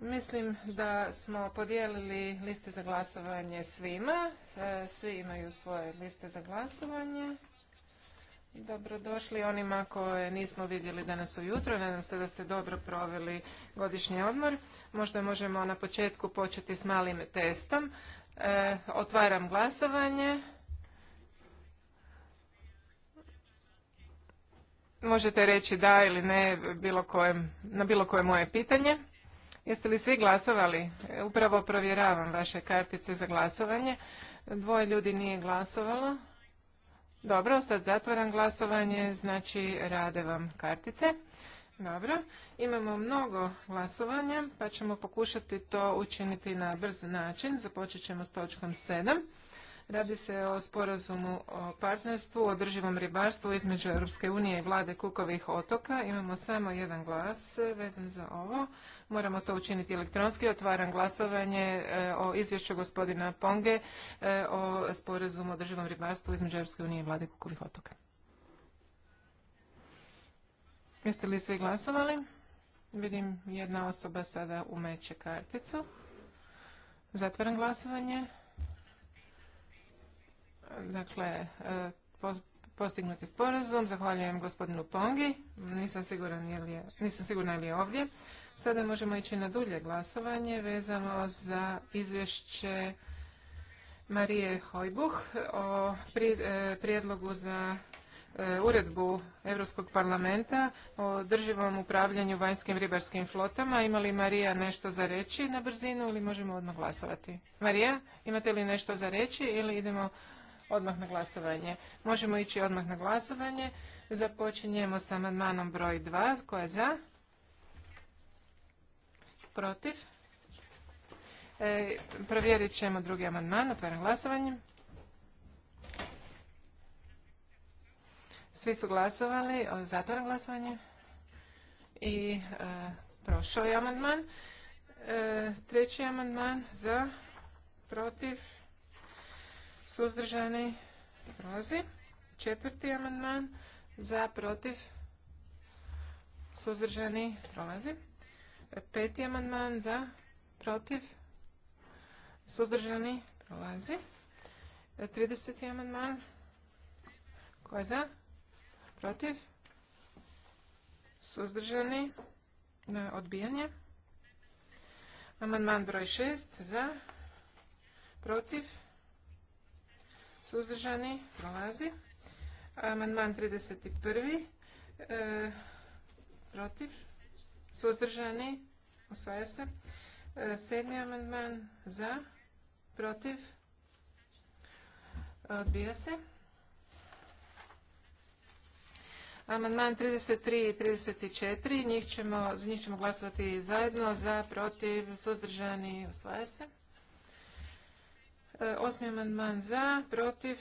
Mislim da smo podijelili liste za glasovanje svima. E, svi imaju svoje liste za glasovanje. Dobrodošli onima koje nismo vidjeli danas ujutro. Nadam se da ste dobro proveli godišnji odmor. Možda možemo na početku početi s malim testom. E, otvaram glasovanje. Možete reći da ili ne bilo koje na bilo koje moje pitanje. Jeste li svi glasovali? Upravo provjeravam vaše kartice za glasovanje. Dvoje ljudi nije glasovalo. Dobro, sad zatvaram glasovanje, znači rade vam kartice. Dobro, imamo mnogo glasovanja, pa ćemo pokušati to učiniti na brz način. Započet ćemo s točkom 7. Radi se o sporazumu o partnerstvu, o drživom ribarstvu između Europske unije i vlade Kukovih otoka. Imamo samo jedan glas vezan za ovo. Moramo to učiniti elektronski. Otvaram glasovanje eh, o izvješću gospodina Ponge eh, o sporazumu o drživom ribarstvu između Europske unije i vlade Kukovih otoka. Jeste li svi glasovali? Vidim jedna osoba sada umeće karticu. Zatvaram glasovanje. Dakle, e, postignuti sporazum. Zahvaljujem gospodinu Pongi. Nisam, siguran nisam sigurna je je ovdje. Sada možemo ići na dulje glasovanje vezano za izvješće Marije Hojbuh o e, prijedlogu za e, uredbu Europskog parlamenta o održivom upravljanju vanjskim ribarskim flotama. Ima li Marija nešto za reći na brzinu ili možemo odmah glasovati? Marija, imate li nešto za reći ili idemo odmah na glasovanje. Možemo ići odmah na glasovanje. Započinjemo sa amandmanom broj 2. koja je za? Protiv? E, provjerit ćemo drugi amandman. Otvaram glasovanje. Svi su glasovali. Zatvaram glasovanje. I e, prošao je amandman. E, treći amandman za protiv suzdržani, prolazi. Četvrti amandman za, protiv, suzdržani, prolazi. Peti amandman za, protiv, suzdržani, prolazi. 30. amandman. Ko je za? Protiv? Suzdržani? Odbijanje. Amandman broj šest Za? Protiv? Suzdržani? Prolazi. Amandman 31. E, protiv? Suzdržani? Usvaja se. E, sedmi amandman za? Protiv? Odbija se. Amandman 33 i 34, njih ćemo, njih ćemo glasovati zajedno, za, protiv, suzdržani, usvaja se. Osmi amandman za, protiv,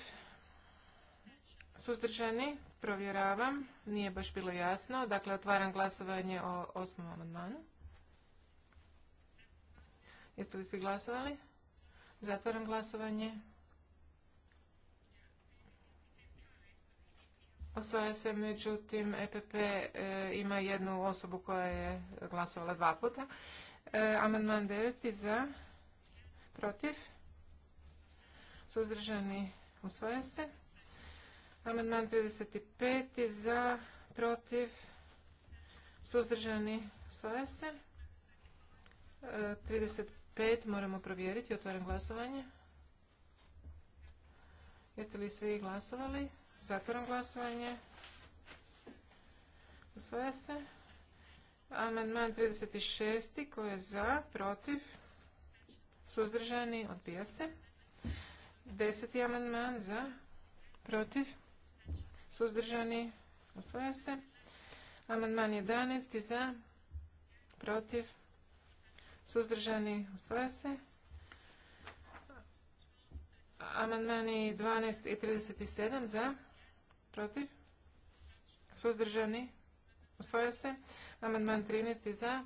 suzdržani, provjeravam, nije baš bilo jasno. Dakle, otvaram glasovanje o osmom amandmanu. Jeste li svi glasovali? Zatvaram glasovanje. Osvaja se, međutim, EPP e, ima jednu osobu koja je glasovala dva puta. E, amandman 9 za, protiv, suzdržani, usvaja se. Amandman 35. za, protiv, suzdržani, usvaja se. 35. moramo provjeriti, otvaram glasovanje. Jeste li svi glasovali? Zatvaram glasovanje. Usvaja se. Amandman 36. Ko je za? Protiv? Suzdržani? Odbija se. 10. amandman za, protiv, suzdržani, osvaja se. Amandman 11 za, protiv, suzdržani, usvaja se. Amandmani 12 i 37 za, protiv, suzdržani, usvaja se. Amandman 13 za,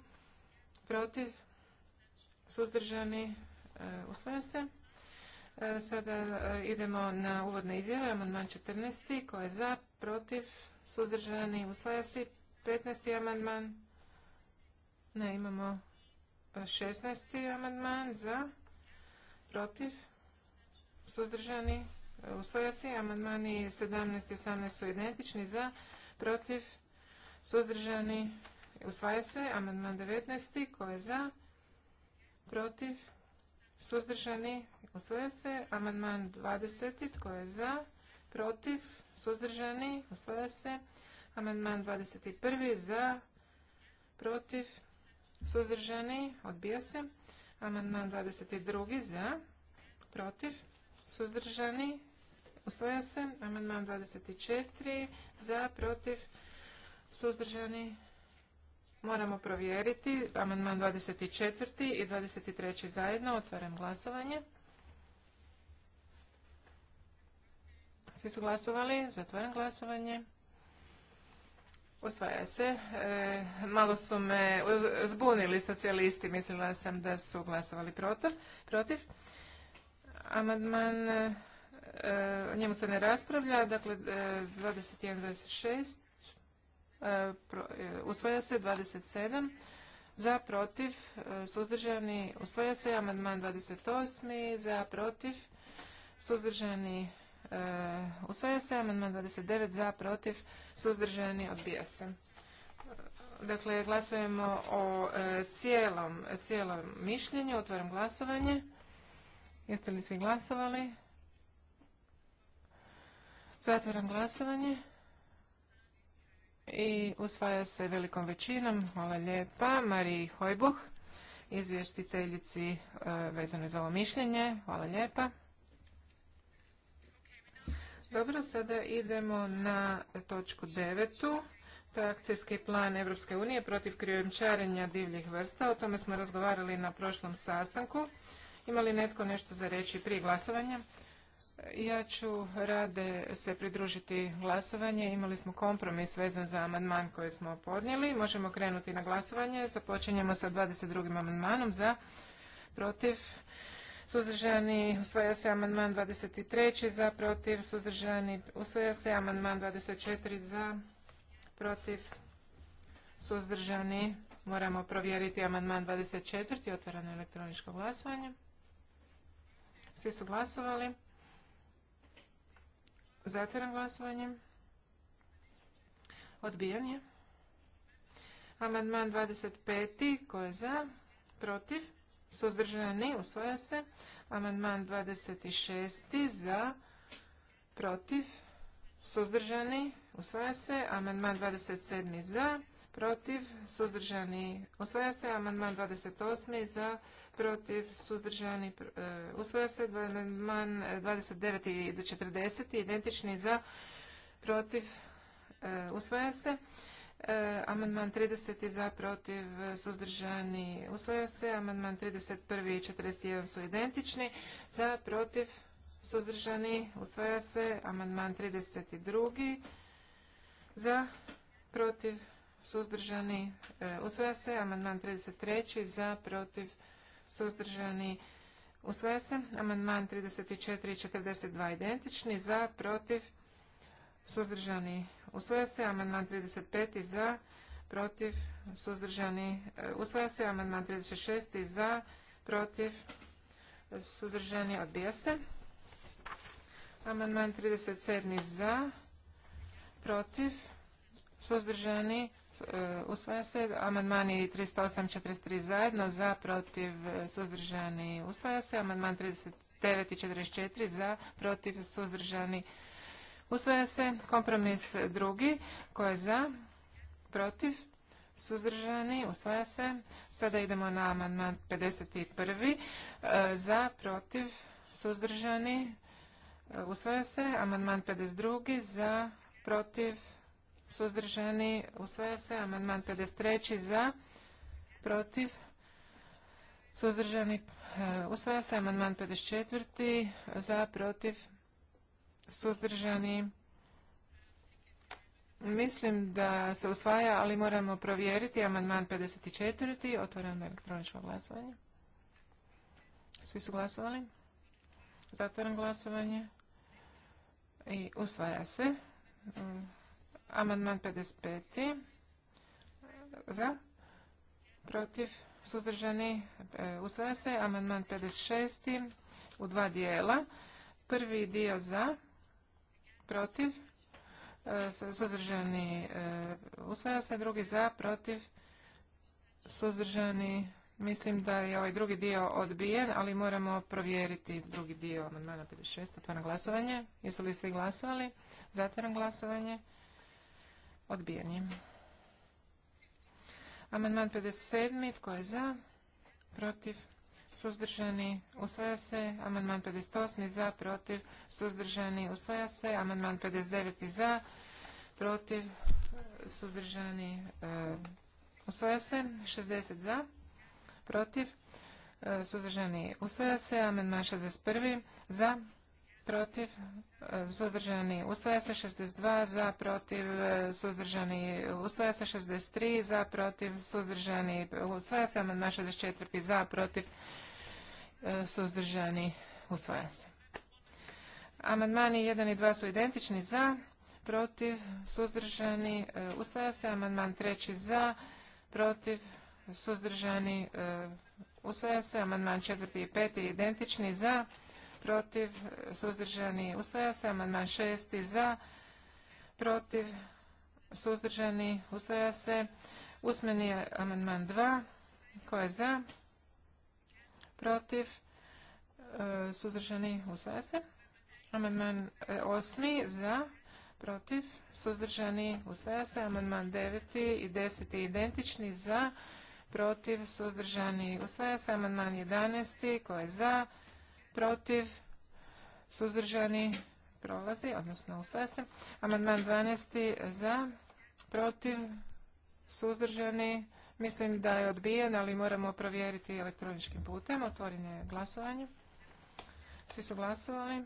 protiv, suzdržani, e, usvaja se. E, sada e, idemo na uvodne izjave. Amandman 14. Ko je za, protiv, suzdržani, usvaja se. 15. amandman. Ne, imamo 16. E, amandman za, protiv, suzdržani, usvaja se. Amandmani 17. i 18. su identični za, protiv, suzdržani, usvaja se. Amandman 19. Ko je za, protiv, suzdržani, usvaja se. Amandman 20. Tko je za? Protiv, suzdržani, usvaja se. Amandman 21. Za, protiv, suzdržani, odbija se. Amandman 22. Za, protiv, suzdržani, usvaja se. Amandman 24. Za, protiv, suzdržani, Moramo provjeriti amandman 24. i 23. zajedno. Otvaram glasovanje. Svi su glasovali. Zatvaram glasovanje. Usvaja se. E, malo su me zbunili socijalisti. Mislila sam da su glasovali protiv. protiv. Amandman, e, o njemu se ne raspravlja. Dakle, 21.26. E, E, e, usvaja se 27 za protiv e, suzdržani usvaja se amandman 28 za protiv suzdržani usvaja se amandman 29 za protiv suzdržani odbija se dakle glasujemo o cijelom cijelom mišljenju otvaram glasovanje jeste li se glasovali zatvaram glasovanje i usvaja se velikom većinom. Hvala lijepa Mariji Hojbuh, izvještiteljici e, vezano za ovo mišljenje. Hvala lijepa. Dobro, sada idemo na točku devetu. To je akcijski plan Europske unije protiv krijumčarenja divljih vrsta. O tome smo razgovarali na prošlom sastanku. Ima li netko nešto za reći prije glasovanja? Ja ću rade se pridružiti glasovanje. Imali smo kompromis vezan za amandman koji smo podnijeli. Možemo krenuti na glasovanje. Započinjemo sa 22. amandmanom za protiv suzdržani usvaja se amandman 23. za protiv suzdržani usvaja se amandman 24. za protiv suzdržani moramo provjeriti amandman 24. otvoreno elektroničko glasovanje. Svi su glasovali. Zatvaram glasovanje. Odbijan je. Amandman 25. Ko je za? Protiv? Suzdržani? Usvaja se. Amandman 26. Za? Protiv? Suzdržani? Usvaja se. Amandman 27. Za? Protiv? Suzdržani? Usvaja se. Amandman 28. Za? protiv, suzdržani, e, usvaja se. Amandman 29. E, i 40. identični za, protiv, e, usvaja se. Amandman 30. za, protiv, suzdržani, usvaja se. Amandman 31. i 41. su identični. Za, protiv, suzdržani, usvaja se. Amandman 32. za, protiv, suzdržani, usvaja se. Amandman 33. za, protiv, suzdržani, usvaja se. Amandman 34 i 42 identični, za, protiv, suzdržani, usvaja se. Amandman 35 za, protiv, suzdržani, e, usvaja se. Amandman 36 za, protiv, suzdržani, odbija se. Amandman 37 za, protiv, suzdržani, E, usvaja se. Amandmani 308, 43 zajedno, za, protiv, suzdržani, usvaja se. Amandman 39 i 44 za, protiv, suzdržani, usvaja se. Kompromis drugi, ko je za, protiv, suzdržani, usvaja se. Sada idemo na amandman 51. E, za, protiv, suzdržani, e, usvaja se. Amandman 52. Za, protiv, suzdržani, usvaja se. Amandman 53. za, protiv, suzdržani, e, usvaja se. Amandman 54. za, protiv, suzdržani. Mislim da se usvaja, ali moramo provjeriti. Amandman 54. Otvaram elektroničko glasovanje. Svi su glasovali? Zatvaram glasovanje. I usvaja se. Amandman 55. Za. Protiv. Suzdržani. E, usvaja se. Amandman 56. U dva dijela. Prvi dio za. Protiv. E, suzdržani. E, usvaja se. Drugi za. Protiv. Suzdržani. Mislim da je ovaj drugi dio odbijen, ali moramo provjeriti drugi dio amandmana 56. Otvaram glasovanje. Jesu li svi glasovali? Zatvaram glasovanje odbijeni Amandman 57. Tko je za? Protiv? Suzdržani? Usvaja se. Amandman 58. Za? Protiv? Suzdržani? Usvaja se. Amandman 59. Za? Protiv? Suzdržani? E, usvaja se. 60. Za? Protiv? E, suzdržani? Usvaja se. Amandman 61. Za? protiv, suzdržani, usvaja se 62 za, protiv, suzdržani, usvaja se 63 za, protiv, suzdržani, usvaja se amandman 64 za, protiv, suzdržani, usvaja se. Amandmani 1 i 2 su identični za, protiv, suzdržani, usvaja se amandman 3 za, protiv, suzdržani, usvaja se amandman 4 i 5 identični za, protiv, protiv, suzdržani, usvaja se. Amandman 6 za, protiv, suzdržani, usvaja se. Usmeni je amandman dva ko je za, protiv, e, suzdržani, usvaja se. Amandman 8 e, za, protiv, suzdržani, usvaja se. Amandman 9 i 10 identični za, protiv, suzdržani, usvaja se. Amandman 11 ko je za, protiv, suzdržani, prolazi, odnosno usvaja se. Amandman 12. za, protiv, suzdržani, mislim da je odbijen, ali moramo provjeriti elektroničkim putem. Otvoreno je glasovanje. Svi su glasovali.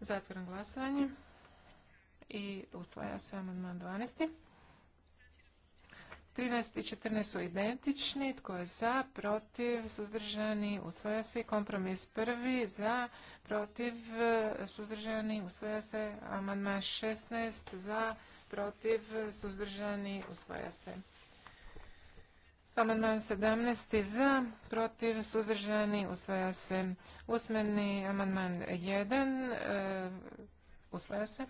Zatvaram glasovanje. I usvaja se amandman 12. 13 i 14 su identični. Tko je za, protiv, suzdržani, usvaja se. Kompromis prvi, za, protiv, suzdržani, usvaja se. Amandman 16, za, protiv, suzdržani, usvaja se. Amandman 17. za, protiv, suzdržani, usvaja se. Usmeni amandman 1, e, usvaja se.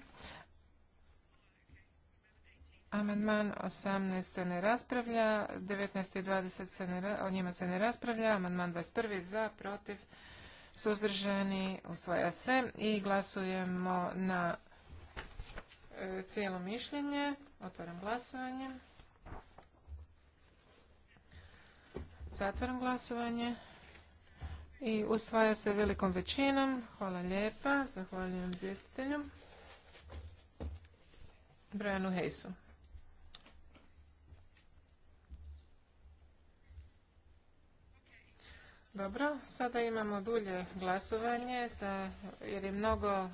Amandman 18 se ne raspravlja, 19 i 20 se o njima se ne raspravlja, amandman 21 za, protiv, suzdržani, usvaja se i glasujemo na e, cijelo mišljenje. Otvaram glasovanje. Zatvaram glasovanje. I usvaja se velikom većinom. Hvala lijepa. Zahvaljujem izvjestitelju. Brianu Hejsu. Dobro, sada imamo dulje glasovanje jer je mnogo e,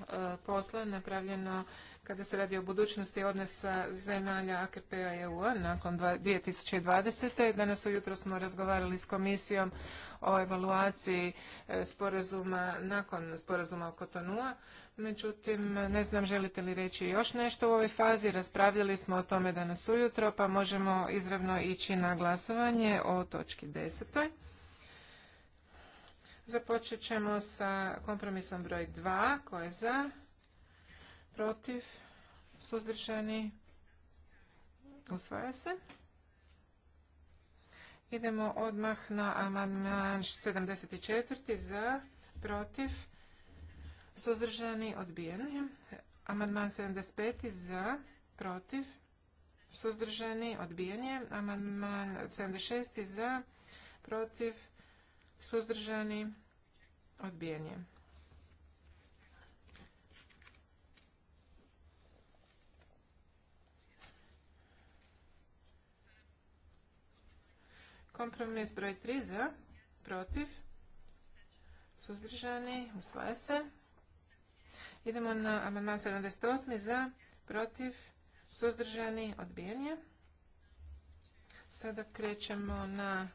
posla napravljeno kada se radi o budućnosti odnosa zemalja AKP-a i EU-a nakon 2020. Danas ujutro smo razgovarali s komisijom o evaluaciji e, sporazuma nakon sporazuma o Kotonua. Međutim, ne znam želite li reći još nešto u ovoj fazi. Raspravljali smo o tome danas ujutro, pa možemo izravno ići na glasovanje o točki desetoj. Započet ćemo sa kompromisom broj 2. Ko je za? Protiv? Suzdržani? Usvaja se. Idemo odmah na amandman 74. Za? Protiv? Suzdržani? Odbijeni. Amandman 75. Za? Protiv? Suzdržani? Odbijen je. Amandman 76. Za? Protiv? suzdržani, odbijen Kompromis broj 3 za, protiv, suzdržani, usvaja se. Idemo na amandman 78 za, protiv, suzdržani, odbijanje. Sada krećemo na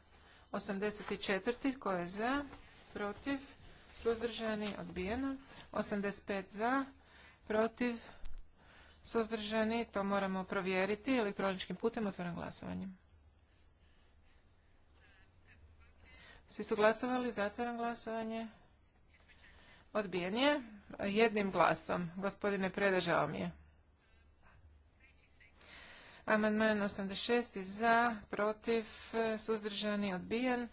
84. Tko je za? Protiv? Suzdržani? Odbijeno. 85. Za? Protiv? Suzdržani? To moramo provjeriti elektroničkim putem. Otvaram glasovanjem. Svi su glasovali? Zatvaram glasovanje. Odbijen je jednim glasom. Gospodine, predažao mi je. Amandman 86. za, protiv, suzdržani, odbijen.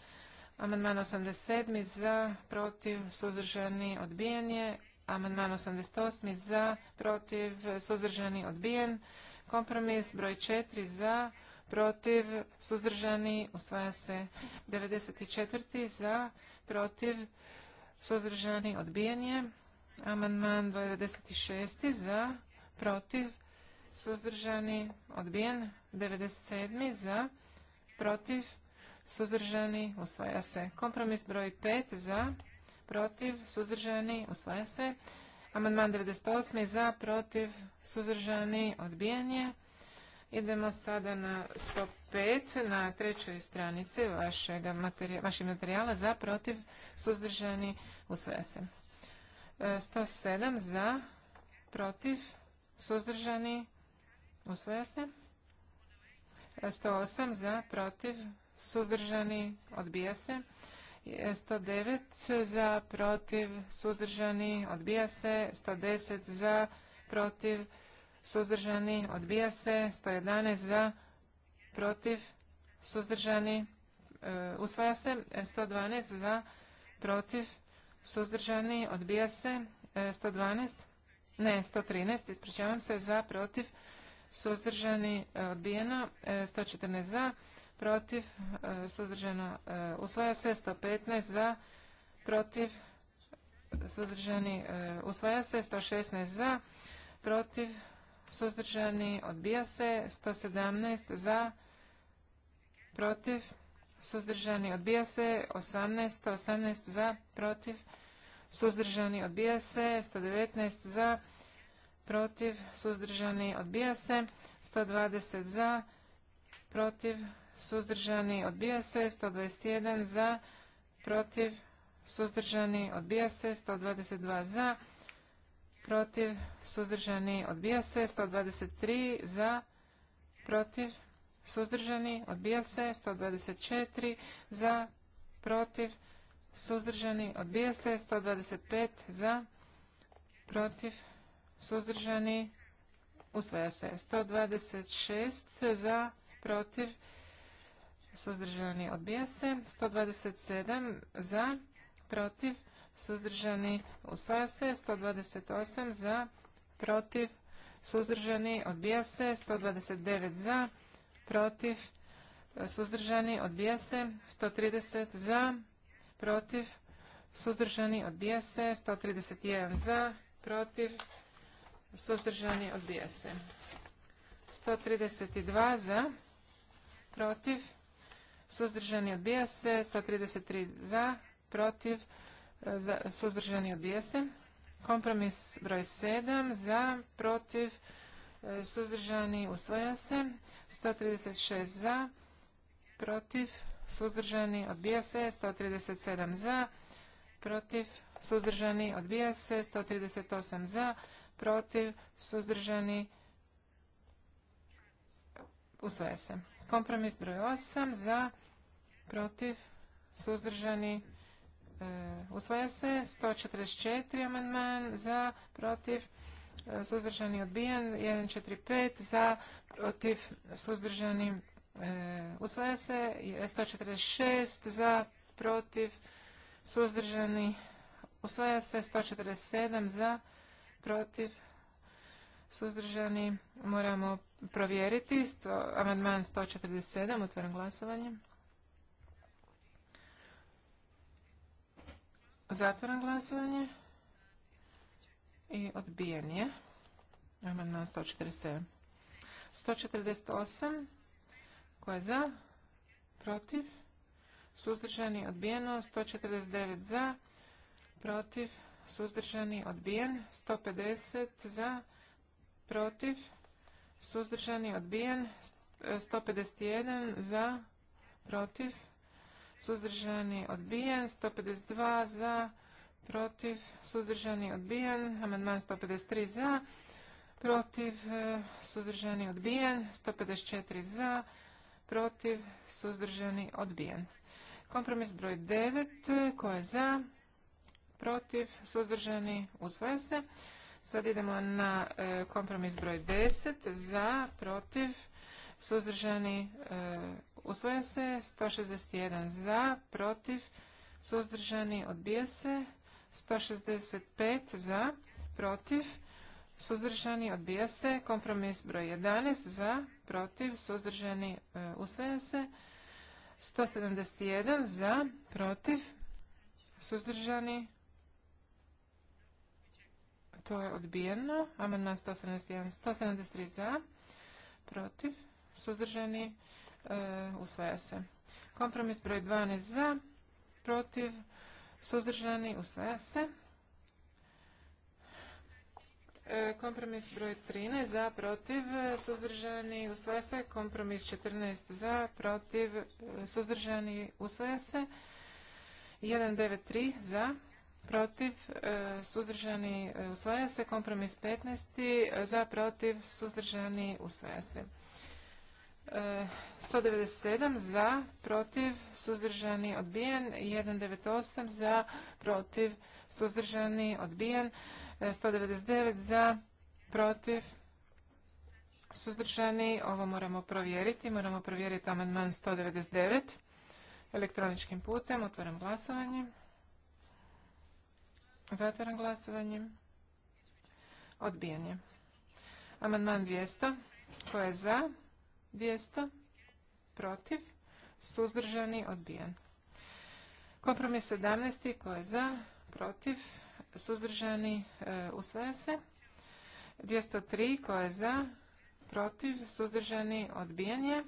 Amandman 87. za, protiv, suzdržani, odbijen je. Amandman 88. za, protiv, suzdržani, odbijen. Kompromis broj 4 za, protiv, suzdržani, usvaja se 94. za, protiv, suzdržani, odbijen je. Amandman 96. za, protiv, suzdržani, odbijen. 97. za, protiv, suzdržani, usvaja se. Kompromis broj 5 za, protiv, suzdržani, usvaja se. Amandman 98. za, protiv, suzdržani, odbijen je. Idemo sada na 105, na trećoj stranici vašeg materijala, materijala za, protiv, suzdržani, usvaja se. 107 e, za, protiv, suzdržani, Usvaja se. 108 za, protiv, suzdržani, odbija se. 109 za, protiv, suzdržani, odbija se. 110 za, protiv, suzdržani, odbija se. 111 za, protiv, suzdržani, e, usvaja se. 112 za, protiv, suzdržani, odbija se. 112, e, ne, 113, ispričavam se, za, protiv, suzdržani, e, odbijeno, 114 e, za, protiv, e, suzdržano, usvaja se, 115 za, protiv, suzdržani, usvaja se, 116 za, protiv, suzdržani, odbija se, 117 za, protiv, suzdržani, odbija se, 18, 118 za, protiv, suzdržani, odbija se, 119 za, protiv, protiv, suzdržani, odbija se. 120 za, protiv, suzdržani, odbija se. 121 za, protiv, suzdržani, odbija se. 122 za, protiv, suzdržani, odbija se. 123 za, protiv, suzdržani, odbija se. 124 za, protiv, suzdržani, odbija se. 125 za, protiv, suzdržani, usvaja se. 126 za, protiv, suzdržani, odbija se. 127 za, protiv, suzdržani, usvaja se. 128 za, protiv, suzdržani, odbija se. 129 za, protiv, suzdržani, odbija se. 130 za, protiv, suzdržani, odbija se. 131 za, protiv, suzdržani, odbija se. 132 za, protiv, suzdržani, odbija se. 133 e, e, za, protiv, suzdržani, odbija se. Kompromis broj 7 za, protiv, suzdržani, usvaja se. 136 za, protiv, suzdržani, odbija se. 137 za, protiv, suzdržani, odbija se. 138 za, protiv, protiv, suzdržani, usvaja se. Kompromis broj 8 e, e, e, za, protiv, suzdržani, usvaja se. 144 amandman za, protiv, suzdržani, odbijan. 145 za, protiv, suzdržani, usvaja se. 146 za, protiv, suzdržani, usvaja se. 147 za, protiv, suzdržani, moramo provjeriti. Sto, amandman 147, otvoren glasovanje. Zatvoren glasovanje i odbijen je. Amandman 147. 148, koja je za, protiv, suzdržani, odbijeno, 149 za, protiv, suzdržani, odbijen. 150 za, protiv, suzdržani, odbijen. 151 za, protiv, suzdržani, odbijen. 152 za, protiv, suzdržani, odbijen. Amandman 153 za, protiv, suzdržani, odbijen. 154 za, protiv, suzdržani, odbijen. Kompromis broj 9, ko je za, protiv, suzdržani, usvaja se. Sad idemo na e, kompromis broj 10, za, protiv, suzdržani, e, usvaja se. 161 za, protiv, suzdržani, odbija se. 165 za, protiv, suzdržani, odbija se. Kompromis broj 11 za, protiv, suzdržani, e, usvaja se. 171 za, protiv, suzdržani, to je odbijeno. Amandman 173 e, e, za, protiv, suzdržani, usvaja se. Kompromis broj 12 za, protiv, e, suzdržani, usvaja se. kompromis broj 13 za, protiv, suzdržani, usvaja se. Kompromis 14 za, protiv, suzdržani, usvaja se. 193 za, protiv, e, suzdržani, e, usvaja se. Kompromis 15. E, za, protiv, suzdržani, usvaja se. 197 za, protiv, suzdržani, odbijen. 198 za, protiv, suzdržani, odbijen. 199 za, protiv, suzdržani. Ovo moramo provjeriti. Moramo provjeriti amandman 199 elektroničkim putem. Otvaram glasovanje. Zatvaram glasovanje. Odbijanje. Amandman 200. Ko je za? 200. Protiv? Suzdržani? odbijan. Kompromis 17. Ko je za? Protiv? Suzdržani? E, usvaja se. 203. Ko je za? Protiv? Suzdržani? odbijanje. je.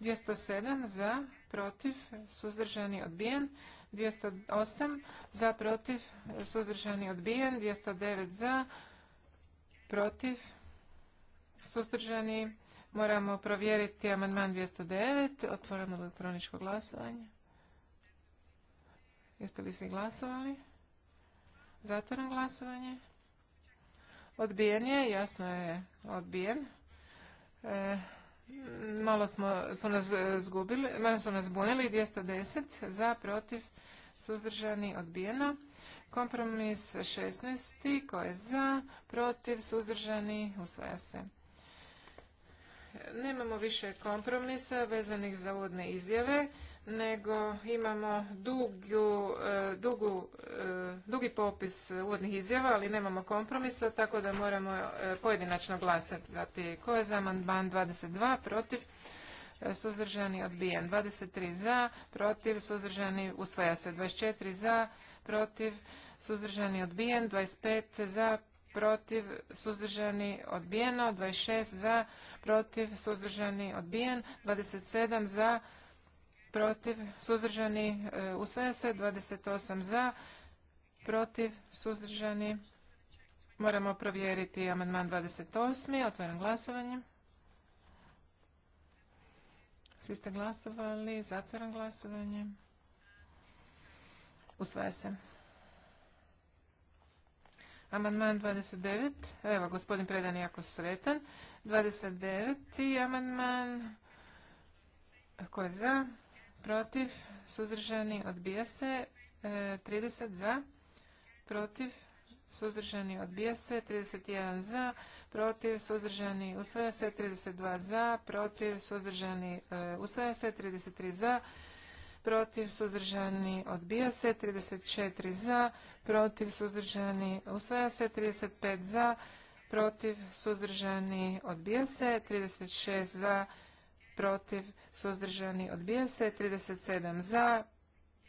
207. Za? Protiv? Suzdržani? Odbijen. 208 za, protiv, suzdržani, odbijen. 209 za, protiv, suzdržani. Moramo provjeriti amandman 209. Otvoramo elektroničko glasovanje. Jeste li svi glasovali? Zatvoram glasovanje. Odbijen je, jasno je odbijen. E, malo smo, su nas e, zgubili, malo su nas bunili, 210 za, protiv, suzdržani, odbijeno. Kompromis 16. Ko je za, protiv, suzdržani, usvaja se. Nemamo više kompromisa vezanih za uvodne izjave, nego imamo dugu, e, dugu, e, dugi popis uvodnih izjava, ali nemamo kompromisa, tako da moramo e, pojedinačno glasati. Dakle, ko je za amandman 22, protiv, suzdržani, odbijen. 23 za, protiv, suzdržani, usvaja se. 24 za, protiv, suzdržani, odbijen. 25 za, protiv, suzdržani, odbijeno. 26 za, protiv, suzdržani, odbijen. 27 za, protiv, suzdržani, e, usvaja se. 28 za, protiv, suzdržani, Moramo provjeriti amandman 28. Otvaram glasovanje. Svi ste glasovali. Zatvaram glasovanje. Usvaja se. Amandman 29. Evo, gospodin Predan je jako sretan. 29. amandman. Ko je za? Protiv? Suzdržani? Odbija se. 30 e, za? Protiv? suzdržani, odbija se. 31 za, protiv, suzdržani, usvaja se. 32 e, za, protiv, suzdržani, usvaja se. 33 za, protiv, suzdržani, odbija se. 34 za, protiv, suzdržani, usvaja se. 35 za, protiv, suzdržani, odbija se. 36 za, protiv, suzdržani, odbija se. 37 za,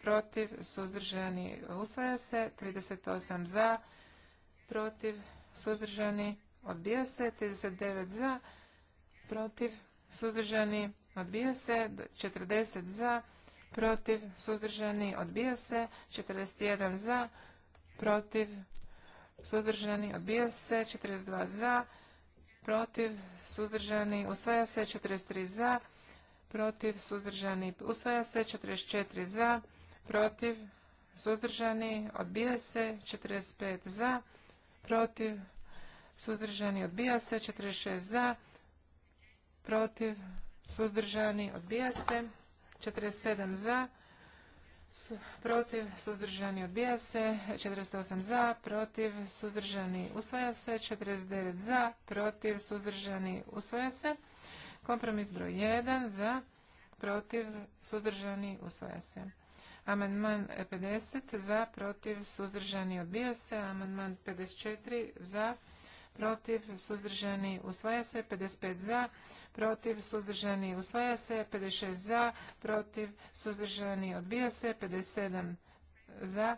protiv, suzdržani, usvaja se. 38 za, protiv, suzdržani, odbija se. 39 za, protiv, suzdržani, odbija se. 40 za, protiv, suzdržani, odbija se. 41 za, protiv, suzdržani, odbija se. 42 za, protiv, suzdržani, usvaja se. 43 za, protiv, suzdržani, usvaja se. 44 za, protiv, suzdržani, odbija se. 45 za, protiv, suzdržani, odbija se. 46 za, protiv, suzdržani, odbija se. 47 za, protiv, suzdržani, odbija se. 48 za, protiv, suzdržani, usvaja se. 49 za, protiv, suzdržani, usvaja se. Kompromis broj 1 za, protiv, suzdržani, usvaja se. Amandman 50 za, protiv, suzdržani, odbija se. Amandman 54 za, protiv, suzdržani, usvaja se. 55 za, protiv, suzdržani, usvaja se. 56 za, protiv, suzdržani, odbija se. 57 za,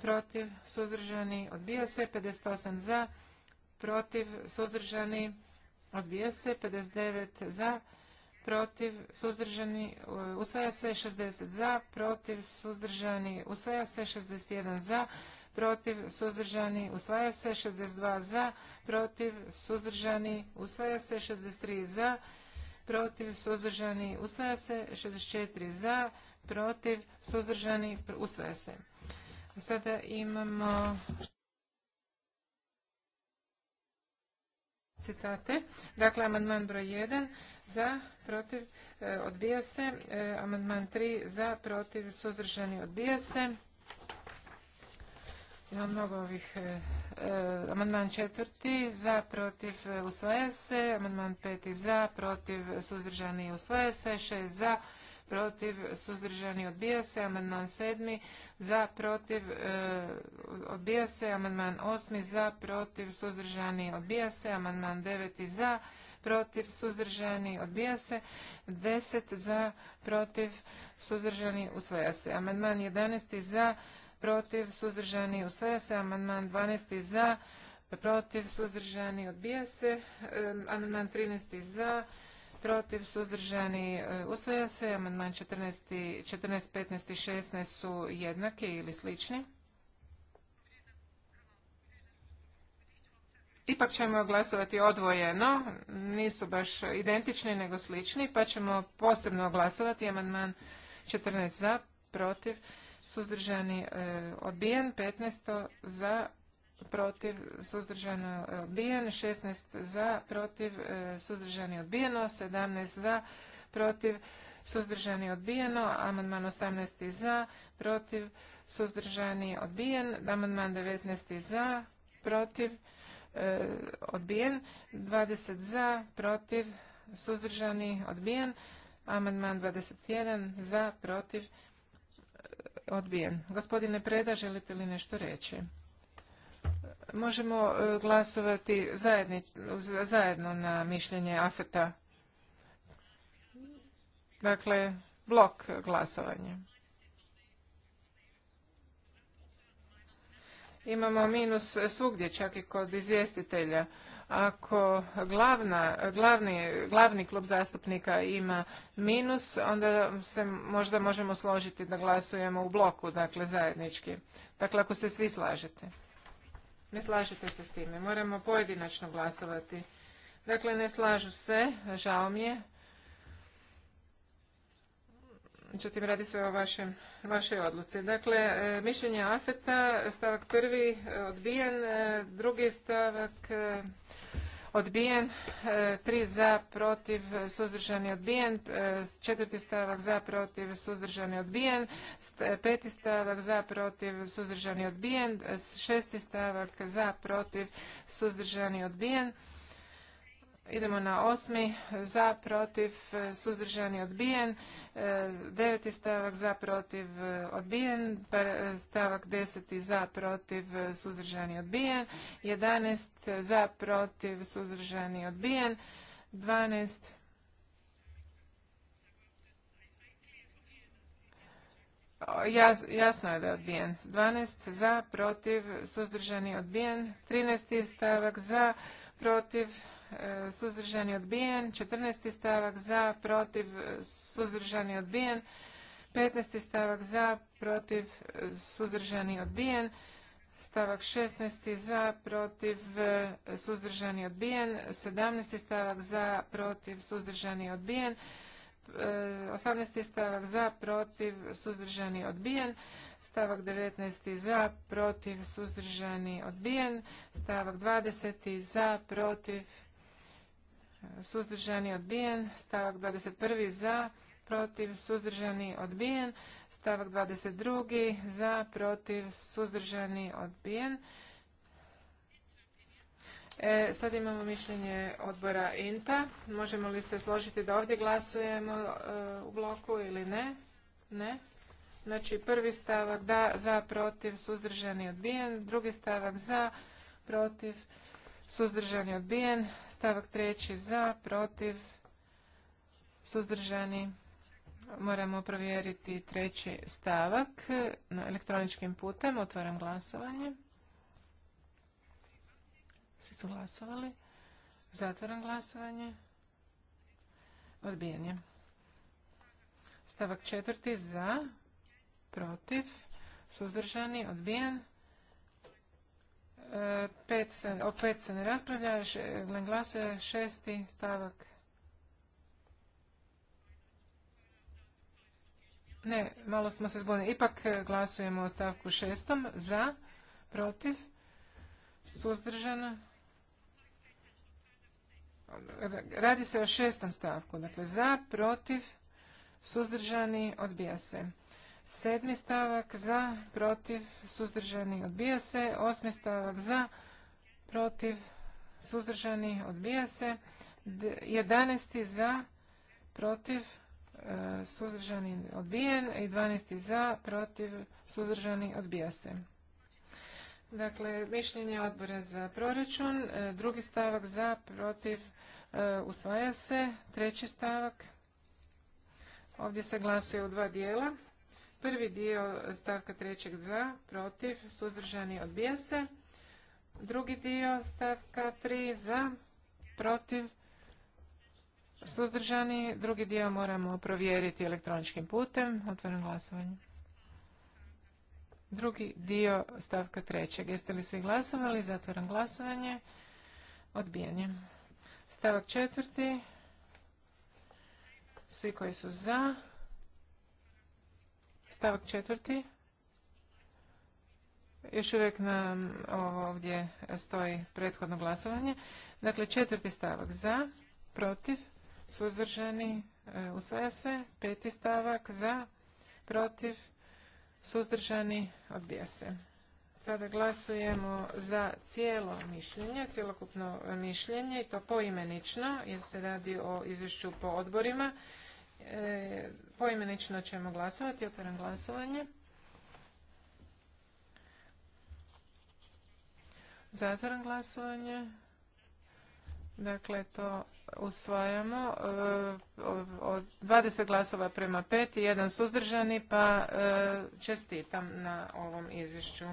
protiv, suzdržani, odbija se. 58 za, protiv, suzdržani, odbija se. 59 za, protiv, suzdržani, usvaja se 60 za, protiv, suzdržani, usvaja se 61 za, protiv, suzdržani, usvaja se 62 za, protiv, suzdržani, usvaja se 63 za, protiv, suzdržani, usvaja se 64 za, protiv, suzdržani, usvaja se. Sada imamo citate. Dakle, amandman broj 1 za, protiv, e, odbija se. E, amandman 3 za, protiv, suzdržani, odbija se. imam mnogo ovih. E, amandman četvrti za, protiv, usvaja se. Amandman peti za, protiv, suzdržani, usvaja se. Šest za, protiv, suzdržani, odbija se. Amandman 7. za, protiv, e, odbija se. Amandman 8. za, protiv, suzdržani, odbija se. Amandman 9. za, protiv, suzdržani, odbija se. deset za, protiv, suzdržani, usvaja se. Amandman 11. za, protiv, suzdržani, usvaja se. Amandman 12. za, protiv, suzdržani, odbija se. E, amandman 13. za, protiv, suzdržani, e, usvaja se. Amandman 14, 14, 15 i 16 su jednaki ili slični. Ipak ćemo glasovati odvojeno, nisu baš identični nego slični, pa ćemo posebno glasovati amandman 14 za, protiv, suzdržani, e, odbijen, 15 za, protiv, suzdržano odbijen, 16 za, protiv, e, suzdržani odbijeno, 17 za, protiv, suzdržani odbijeno, amandman 18 za, protiv, suzdržani odbijen, amandman 19 za, protiv, e, odbijen, 20 za, protiv, suzdržani odbijen, amandman 21 za, protiv, e, odbijen. Gospodine Preda, želite li nešto reći? možemo e, glasovati zajedno na mišljenje AFETA. Dakle, blok glasovanja. Imamo minus svugdje, čak i kod izvjestitelja. Ako glavna, glavni, glavni klub zastupnika ima minus, onda se možda možemo složiti da glasujemo u bloku, dakle zajednički. Dakle, ako se svi slažete. Ne slažete se s time. Moramo pojedinačno glasovati. Dakle, ne slažu se. Žao mi je. Međutim, radi se o vašem, vašoj odluci. Dakle, e, mišljenje AFETA, stavak prvi e, odbijen, e, drugi stavak odbijen, e, tri za, protiv, suzdržani, odbijen, e, četvrti stavak za, protiv, suzdržani, odbijen, e, peti stavak za, protiv, suzdržani, odbijen, šesti stavak za, protiv, suzdržani, odbijen, Idemo na osmi, za, protiv, suzdržani, odbijen. E, deveti stavak za, protiv, odbijen. Pa, e, stavak deseti za, protiv, suzdržani, odbijen. Jedanest za, protiv, suzdržani, odbijen. Dvanest Jasno je da je odbijen. 12 za, protiv, suzdržani, odbijen. 13. stavak za, protiv, suzdržani odbijen, 14. stavak za, protiv, suzdržani odbijen, 15. stavak za, protiv, suzdržani odbijen, stavak 16. za, protiv, suzdržani odbijen, 17. stavak za, protiv, suzdržani odbijen, 18. E, stavak za, protiv, suzdržani odbijen, stavak 19. za, protiv, suzdržani odbijen, stavak 20. za, protiv, suzdržani odbijen, stavak 21. za, protiv, suzdržani odbijen, stavak 22. za, protiv, suzdržani odbijen. E, sad imamo mišljenje odbora INTA. Možemo li se složiti da ovdje glasujemo e, u bloku ili ne? Ne. Znači prvi stavak da, za, protiv, suzdržani odbijen, drugi stavak za, protiv, suzdržani odbijen, stavak treći za, protiv, suzdržani. Moramo provjeriti treći stavak e, na elektroničkim putem. Otvaram glasovanje. Svi su glasovali. Zatvaram glasovanje. Odbijen je. Stavak četvrti za, protiv, suzdržani, odbijen o pet se ne raspravlja, ne glasuje šesti stavak. Ne, malo smo se zbunili. Ipak eh, glasujemo o stavku šestom. Za, protiv, suzdržano. Radi se o šestom stavku. Dakle, za, protiv, suzdržani, odbija se. Sedmi stavak za, protiv, suzdržani, odbija se. Osmi stavak za, protiv, suzdržani, odbija se. Jedanesti za, protiv, e, suzdržani, odbijen. I dvanesti za, protiv, suzdržani, odbija se. Dakle, mišljenje odbora za proračun. E, drugi stavak za, protiv, e, usvaja se. Treći stavak. Ovdje se glasuje u dva dijela. Prvi dio stavka trećeg za, protiv, suzdržani odbija se. Drugi dio stavka tri za, protiv, suzdržani. Drugi dio moramo provjeriti elektroničkim putem. Otvaram glasovanje. Drugi dio stavka trećeg. Jeste li svi glasovali? Zatvaram glasovanje. Odbijanje. Stavak četvrti. Svi koji su za, Stavak četvrti. Još uvijek nam ovdje stoji prethodno glasovanje. Dakle, četvrti stavak za, protiv, suzdržani, e, usvaja se. Peti stavak za, protiv, suzdržani, odbija se. Sada glasujemo za cijelo mišljenje, cijelokupno mišljenje i to poimenično jer se radi o izvješću po odborima. E, poimenično ćemo glasovati, otvaram glasovanje. Zatvaram glasovanje. Dakle, to usvajamo. E, od 20 glasova prema 5 i jedan suzdržani, pa e, čestitam na ovom izvješću.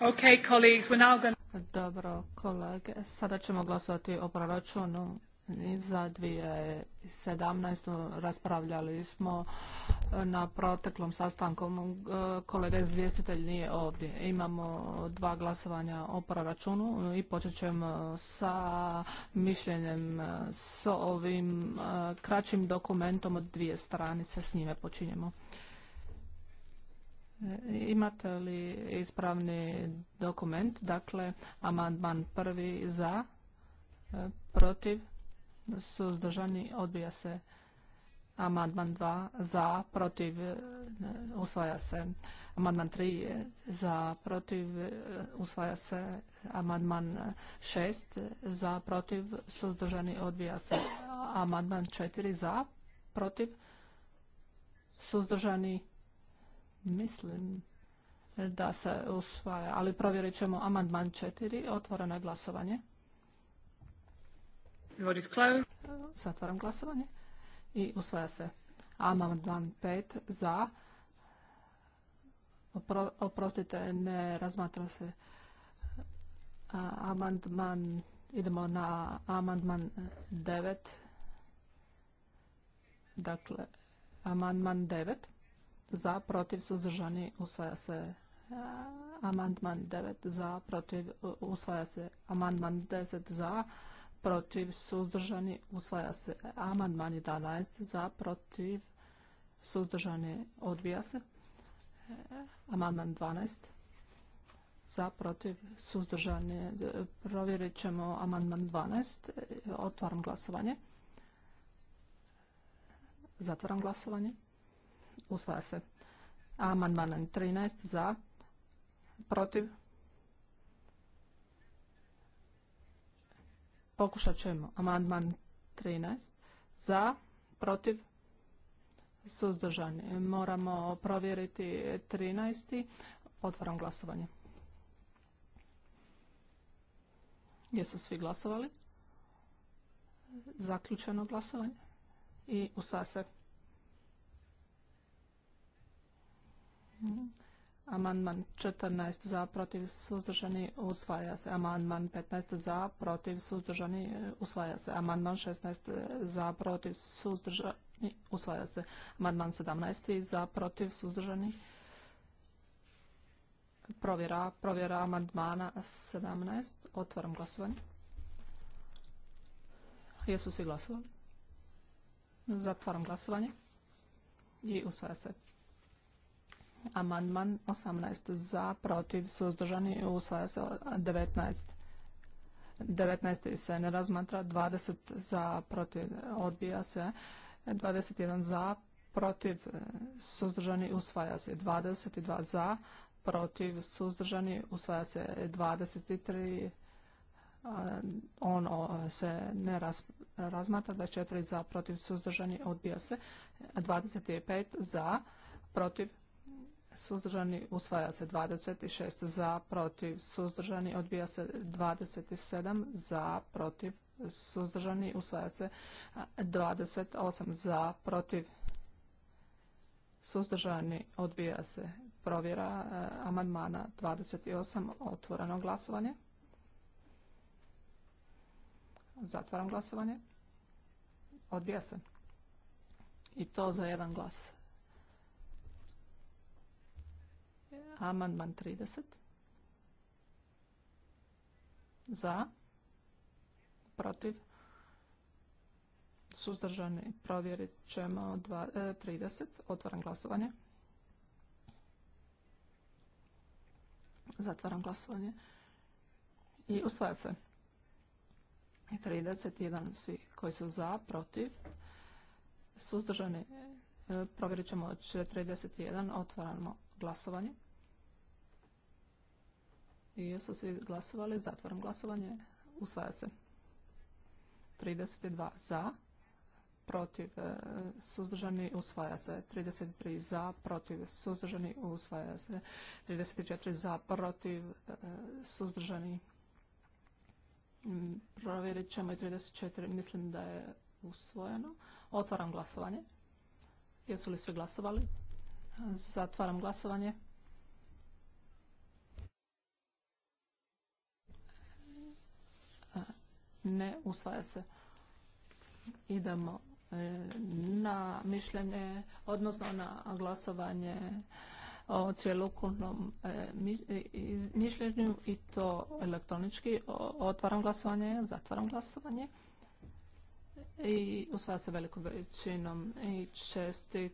Okay, colleagues, we're now going dobro, kolege. Sada ćemo glasovati o proračunu za 2017. Raspravljali smo na proteklom sastanku kolega izvjestitelj nije ovdje. Imamo dva glasovanja o proračunu i počet ćemo sa mišljenjem e, s ovim e, kraćim dokumentom od dvije stranice. S njime počinjemo. E, imate li ispravni dokument? Dakle, amandman prvi za, protiv, suzdržani, odbija se Amandman 2 za, protiv, e, usvaja se. Amandman 3 za, protiv, e, usvaja se. Amandman 6 za, protiv, suzdržani, odbija se. Amandman 4 za, protiv, suzdržani, mislim da se usvaja, ali provjerit ćemo amandman 4, otvoreno je glasovanje. Zatvaram glasovanje i usvaja se. Amandman 5 za. oprostite, ne razmatra se. Amandman, idemo na amandman 9. Dakle, amandman 9 za, protiv, suzdržani, usvaja se. Amandman 9 za, protiv, usvaja se. Amandman 10 za, protiv, suzdržani, usvaja se. Amandman 11 za, protiv, suzdržani, odbija se. Amandman 12 za, protiv, suzdržani, provjerit ćemo amandman 12. Otvaram glasovanje. Zatvaram glasovanje. Usvaja se. Amandman 13 za, protiv, Pokušat ćemo amandman 13 za, protiv, suzdržani. Moramo provjeriti 13. Otvaram glasovanje. Jesu svi glasovali? Zaključeno glasovanje i u se. Mm Amandman 14 za, protiv, suzdržani, usvaja se. Amandman 15 za, protiv, suzdržani, usvaja se. Amandman 16 za, protiv, suzdržani, usvaja se. Amandman 17 za, protiv, suzdržani, provjera, provjera amandmana 17. Otvaram glasovanje. Jesu svi glasovali? Zatvaram glasovanje i usvaja se. Amandman 18 za, protiv, suzdržani, usvaja se 19. 19 se ne razmatra, 20 za, protiv, odbija se, 21 za, protiv, suzdržani, usvaja se, 22 za, protiv, suzdržani, usvaja se, 23 on se ne razmata 24 za, protiv, suzdržani, odbija se, 25 za, protiv, suzdržani, usvaja se 26 za, protiv, suzdržani, odbija se 27 za, protiv, suzdržani, usvaja se 28 za, protiv, suzdržani, odbija se provjera e, amandmana 28, otvoreno glasovanje. Zatvaram glasovanje. Odbija se. I to za jedan glas. Amandman 30. Za. Protiv. Suzdržani. Provjerit ćemo 30. E, Otvaram glasovanje. Zatvaram glasovanje. I usvaja se. 31 svi koji su za, protiv. Suzdržani. E, provjerit ćemo 31, Otvaramo glasovanje. Jesu svi glasovali? Zatvaram glasovanje. Usvaja se. 32 e, za, protiv suzdržani usvaja se. 33 za, protiv e, suzdržani usvaja se. 34 za, protiv suzdržani provjerit ćemo i 34. Mislim da je usvojeno. Otvaram glasovanje. Jesu li svi glasovali? Zatvaram glasovanje. Ne usvaja se. Idemo e, na mišljenje, odnosno na glasovanje o cjelokupnom e, e, mišljenju i to elektronički. Otvaram glasovanje, zatvaram glasovanje i usvaja se velikom većinom i čestit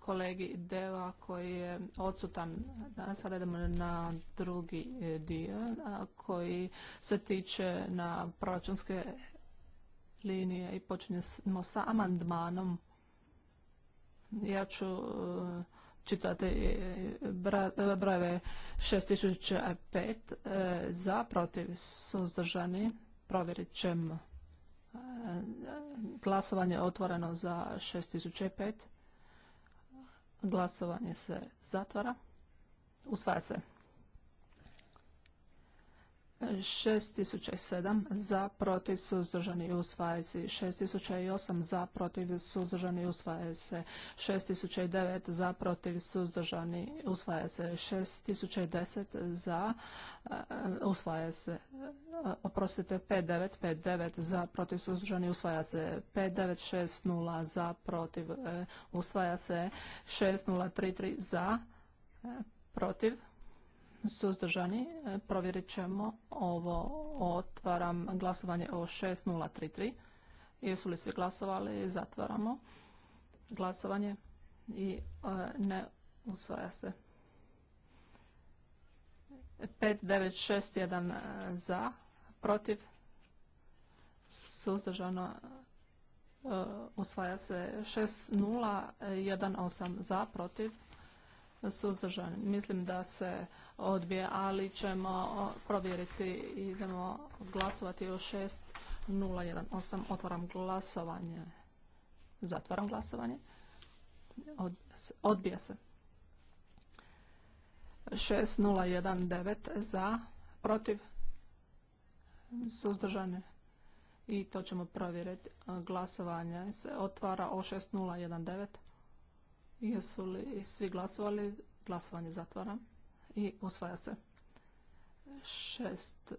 kolegi Deva koji je odsutan. Danas sada idemo na drugi e, dio koji se tiče na proračunske linije i počinjemo sa amandmanom. Ja ću e, čitati e, brojeve 6005 za, protiv suzdržani. Provjerit ćemo. Glasovanje otvoreno za 6005. Glasovanje se zatvara. Usvaja se. 6007 za, protiv, suzdržani, usvaja se. 6008 za, protiv, suzdržani, usvaja se. 6009 za, protiv, suzdržani, usvaja se. 6010 za, e, usvaja se. E, oprostite, 5959 za, protiv, suzdržani, usvaja se. 5960 za, protiv, e, usvaja se. 6033 za, protiv, suzdržani, e, provjerit ćemo ovo. Otvaram glasovanje o 6033. Jesu li svi glasovali? Zatvaramo glasovanje i e, ne usvaja se. 5961 e, za, protiv, suzdržano, usvaja se 6018 za, protiv, Suzdržan. Mislim da se odbije, ali ćemo provjeriti. Idemo glasovati o 6.018. Otvaram glasovanje. Zatvaram glasovanje. Odbija se. 6.019 za, protiv, suzdržani. I to ćemo provjeriti. Glasovanje se otvara o 6.019. Jesu li svi glasovali? Glasovanje zatvaram. i usvaja se. Šest.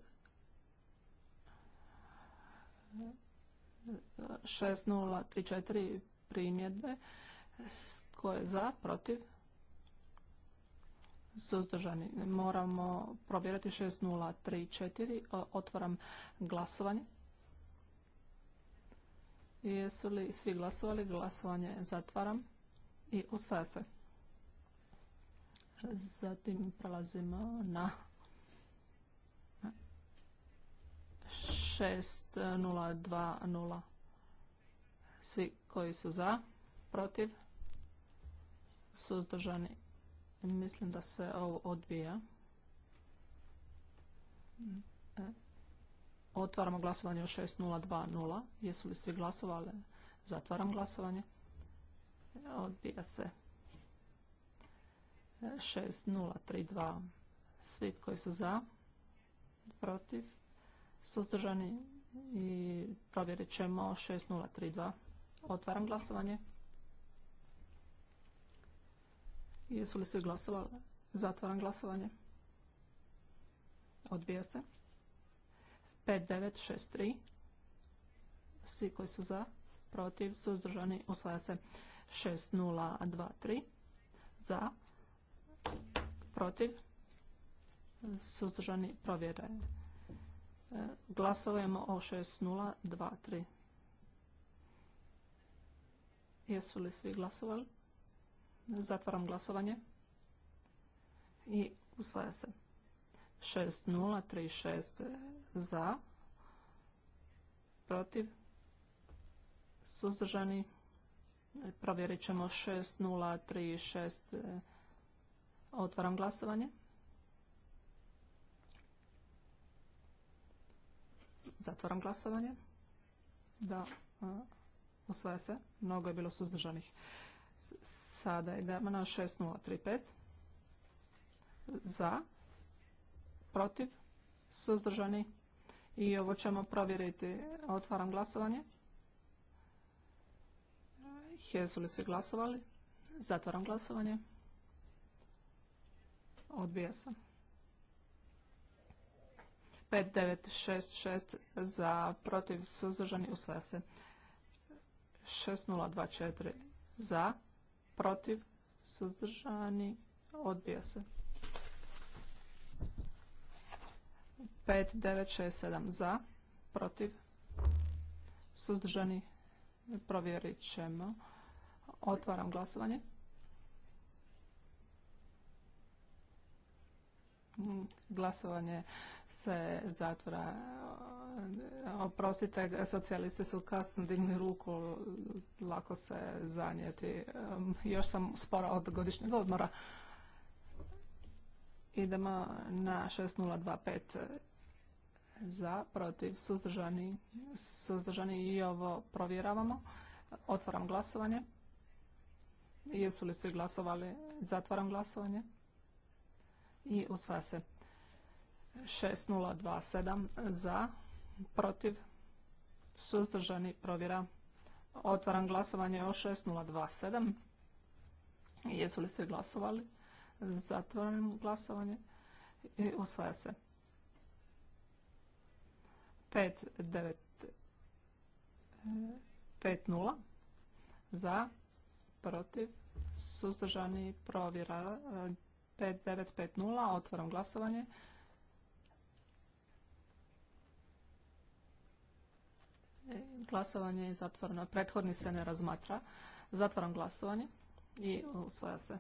Šest, nula, tri, četiri primjedbe. Tko je za, protiv? Suzdržani. Moramo tri četiri. Otvaram glasovanje. Jesu li svi glasovali? Glasovanje zatvaram i usvaja se. Zatim prelazimo na 6020. Svi koji su za, protiv, su suzdržani. Mislim da se ovo odbija. E, otvaramo glasovanje o 6020. Jesu li svi glasovali? Zatvaram glasovanje odbija se 6032 svi koji su za protiv suzdržani i provjerit ćemo 6032 otvaram glasovanje jesu li svi glasovali zatvaram glasovanje odbija se 5963 svi koji su za protiv suzdržani usvaja se 6023 za protiv suzdržani provjera e, glasujemo o 6023 jesu li svi glasovali zatvaram glasovanje i usvaja se 6036 za protiv suzdržani Provjerit ćemo 6036. Otvaram glasovanje. Zatvaram glasovanje. Da, usvaja se. Mnogo je bilo suzdržanih. Sada idemo na 6035. Za, protiv, suzdržani. I ovo ćemo provjeriti. Otvaram glasovanje. Jesu li svi glasovali? Zatvaram glasovanje. Odbija se. 5966 za protiv suzdržani usvaja se. 6024 za protiv suzdržani odbija se. 5967 za protiv suzdržani provjerit ćemo. Otvaram glasovanje. Glasovanje se zatvora. Oprostite, socijaliste su kasno digli ruku, lako se zanijeti. Još sam spora od godišnjeg odmora. Idemo na 6025 za, protiv, suzdržani, suzdržani i ovo provjeravamo. Otvaram glasovanje. Jesu li svi glasovali? Zatvaram glasovanje. I usvaja se 6027 za, protiv, suzdržani provjera. Otvaram glasovanje o 6027. Jesu li svi glasovali? Zatvaram glasovanje. I usvaja se pet za, protiv, suzdržani provjera 5950, e, otvorom glasovanje. E, glasovanje je zatvoreno, prethodni se ne razmatra. Zatvaram glasovanje i usvoja se.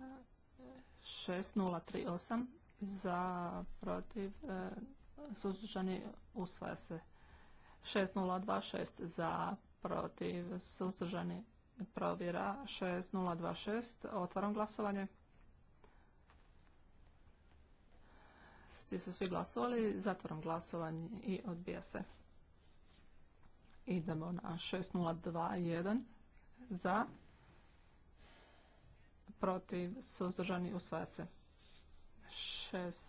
E, šest nula tri osam za protiv suzdržani usvaja se 6026 za protiv suzdržani provjera 6026 otvaram glasovanje svi su svi glasovali zatvaram glasovanje i odbija se idemo na 6021 za protiv suzdržani usvaja se 6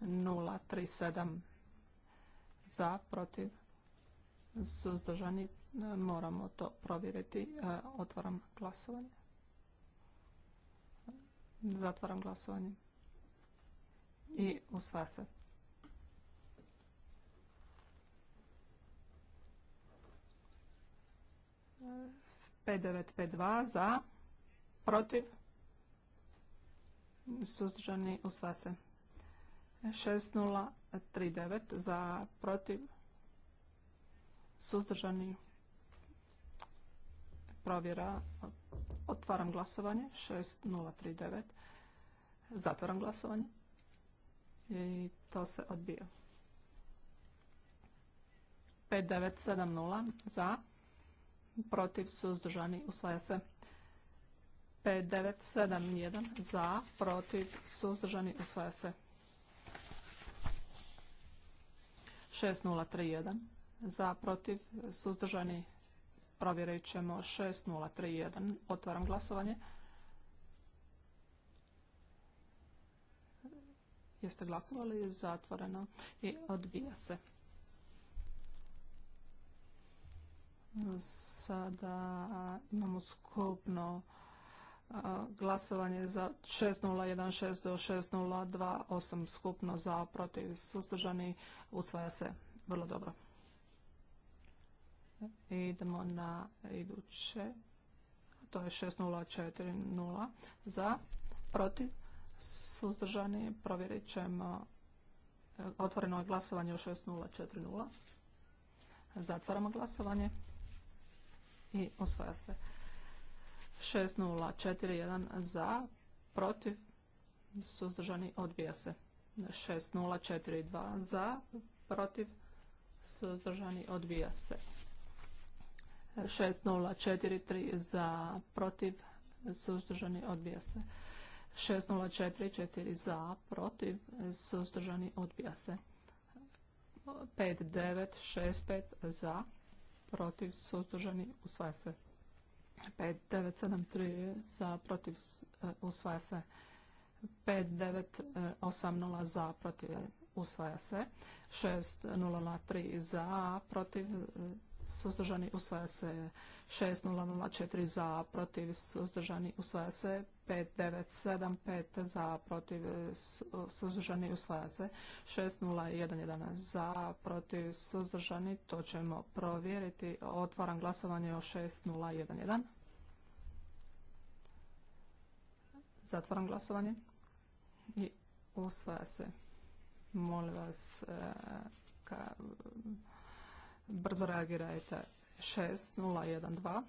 037 za, protiv, suzdržani. Moramo to provjeriti. E, otvaram glasovanje. Zatvaram glasovanje. I usva se. p za, protiv, suzdržani, usva se. 6039 za protiv suzdržani provjera otvaram glasovanje 6039 zatvaram glasovanje i to se odbija 5970 za protiv suzdržani usvaja se 5971 za protiv suzdržani usvaja se 6031 za protiv suzdržani provjerit ćemo 6031 otvaram glasovanje jeste glasovali zatvoreno i odbija se sada imamo skupno glasovanje za 6016 do 6028 skupno za protiv suzdržani usvaja se vrlo dobro. Idemo na iduće. To je 6040 za protiv suzdržani. Provjerit ćemo otvoreno je glasovanje u 6040. Zatvaramo glasovanje i usvaja se. 6041 za, protiv, suzdržani, odbija se. 6042 za, protiv, suzdržani, odbija se. 6043 za, protiv, suzdržani, odbija se. 6044 za, protiv, suzdržani, odbija se. 5965 za, protiv, suzdržani, usvaja se. 5973 za protiv e, usvaja se. 5980 e, za protiv e, usvaja se. 6003 za protiv suzdržani usvaja se. 6004 za protiv suzdržani usvaja se. 5975 za, protiv, suzdržani, usvaja se. 6011 za, protiv, suzdržani, to ćemo provjeriti. Otvaram glasovanje o 6011. Zatvaram glasovanje i usvaja se. Molim vas, e, ka, brzo reagirajte. 6012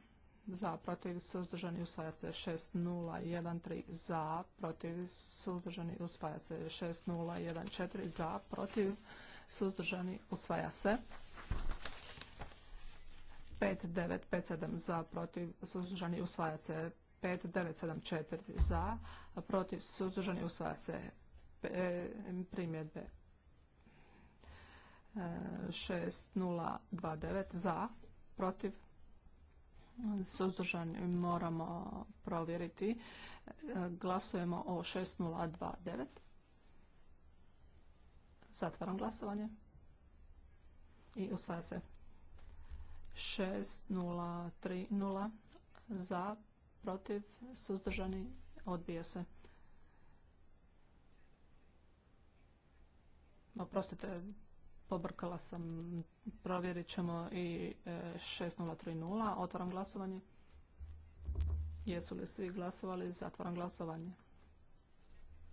za, protiv, suzdržani, usvaja se 6013 za, protiv, suzdržani, usvaja se 6014 za, protiv, suzdržani, usvaja se 5957 za, protiv, suzdržani, usvaja se 5974 za, protiv, suzdržani, usvaja se e, primjedbe 6029 e, za, protiv, Suzdržan moramo provjeriti. E, glasujemo o 6029. Zatvaram glasovanje. I usvaja se 6030 za, protiv, suzdržani, odbija se. Oprostite, pobrkala sam, provjerit ćemo i 6030. E, Otvaram glasovanje. Jesu li svi glasovali? Zatvaram glasovanje.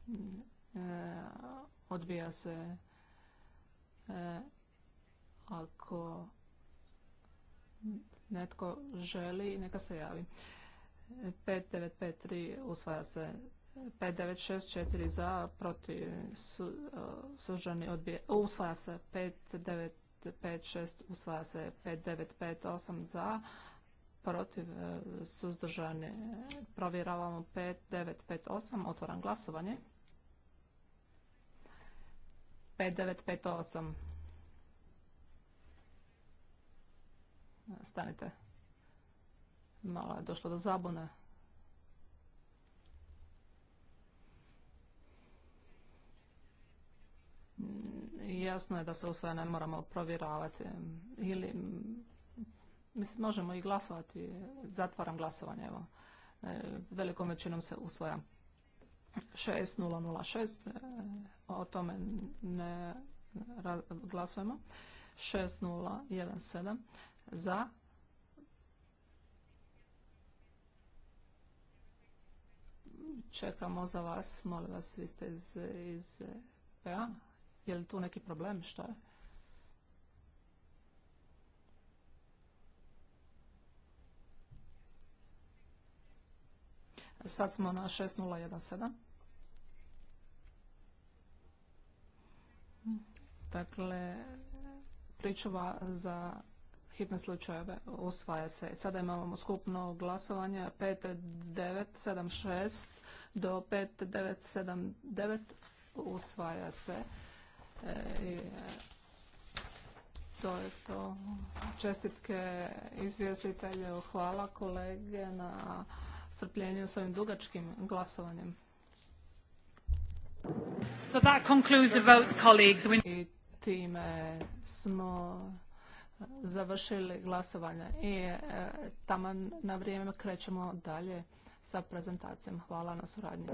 E, odbija se e, ako netko želi, neka se javi. 5953 usvaja se 5964 za, protiv, e, suzdržani odbije, usvaja se 5956, usvaja se 5958 za, protiv, e, suzdržani, provjeravamo 5958, otvoram glasovanje. 5958. Stanite. Malo je došlo do zabune. jasno je da se usvaja ne moramo provjeravati. Ili, mislim, možemo i glasovati. Zatvaram glasovanje, evo. E, velikom većinom se usvaja 6006. E, o tome ne glasujemo. 6017 za čekamo za vas molim vas vi ste iz, iz je li tu neki problem? Što je? Sad smo na 6017. Dakle, pričuva za hitne slučajeve usvaja se. Sada imamo skupno glasovanje 5976 do 5979 usvaja se. E, to je to. Čestitke izvjestitelju, hvala kolege na strpljenju s ovim dugačkim glasovanjem. So that concludes the votes, colleagues. I time smo završili glasovanje i e, tamo na vrijeme krećemo dalje sa prezentacijom. Hvala na suradnji.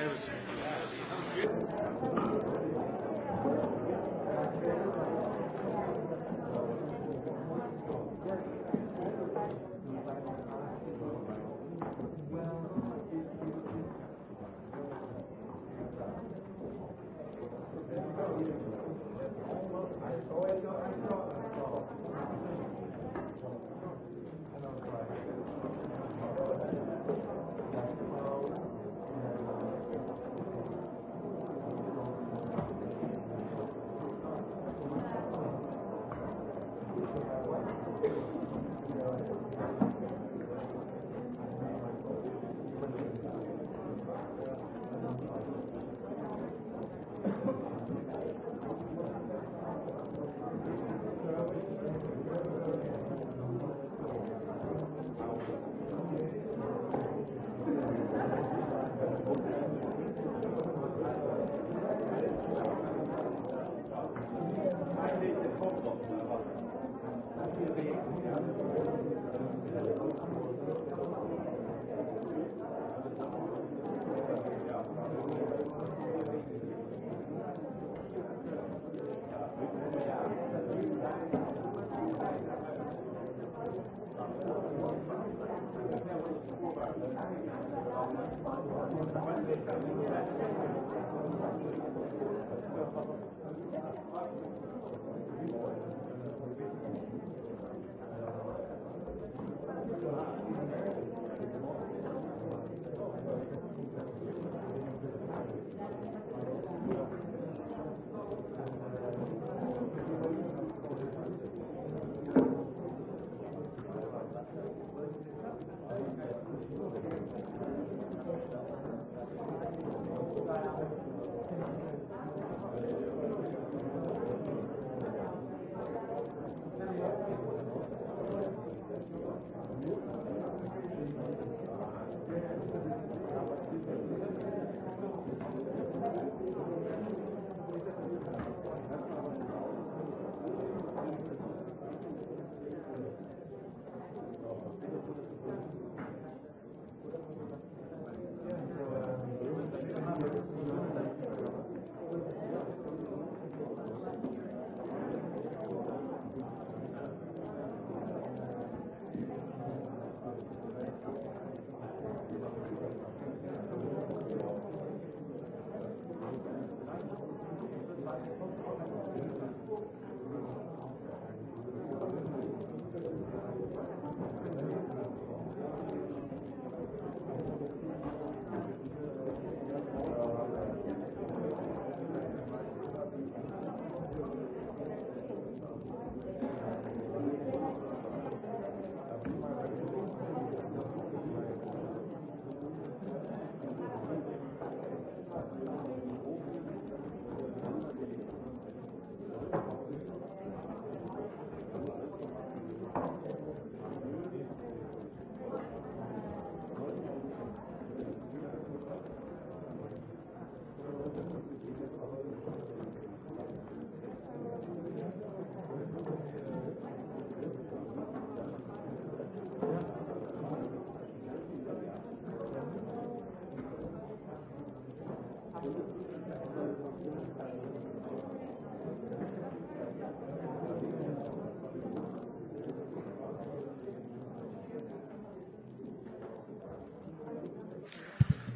Hvala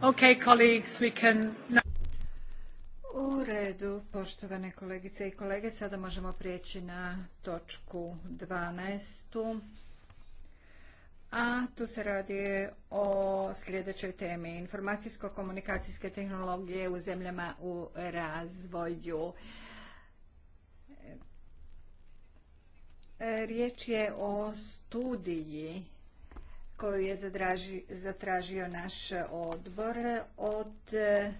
Okay, colleagues, U redu, poštovane kolegice i kolege, sada možemo prijeći na točku 12. A tu se radi o sljedećoj temi. Informacijsko-komunikacijske tehnologije u zemljama u razvoju. E, riječ je o studiji koju je zatražio naš odbor od e,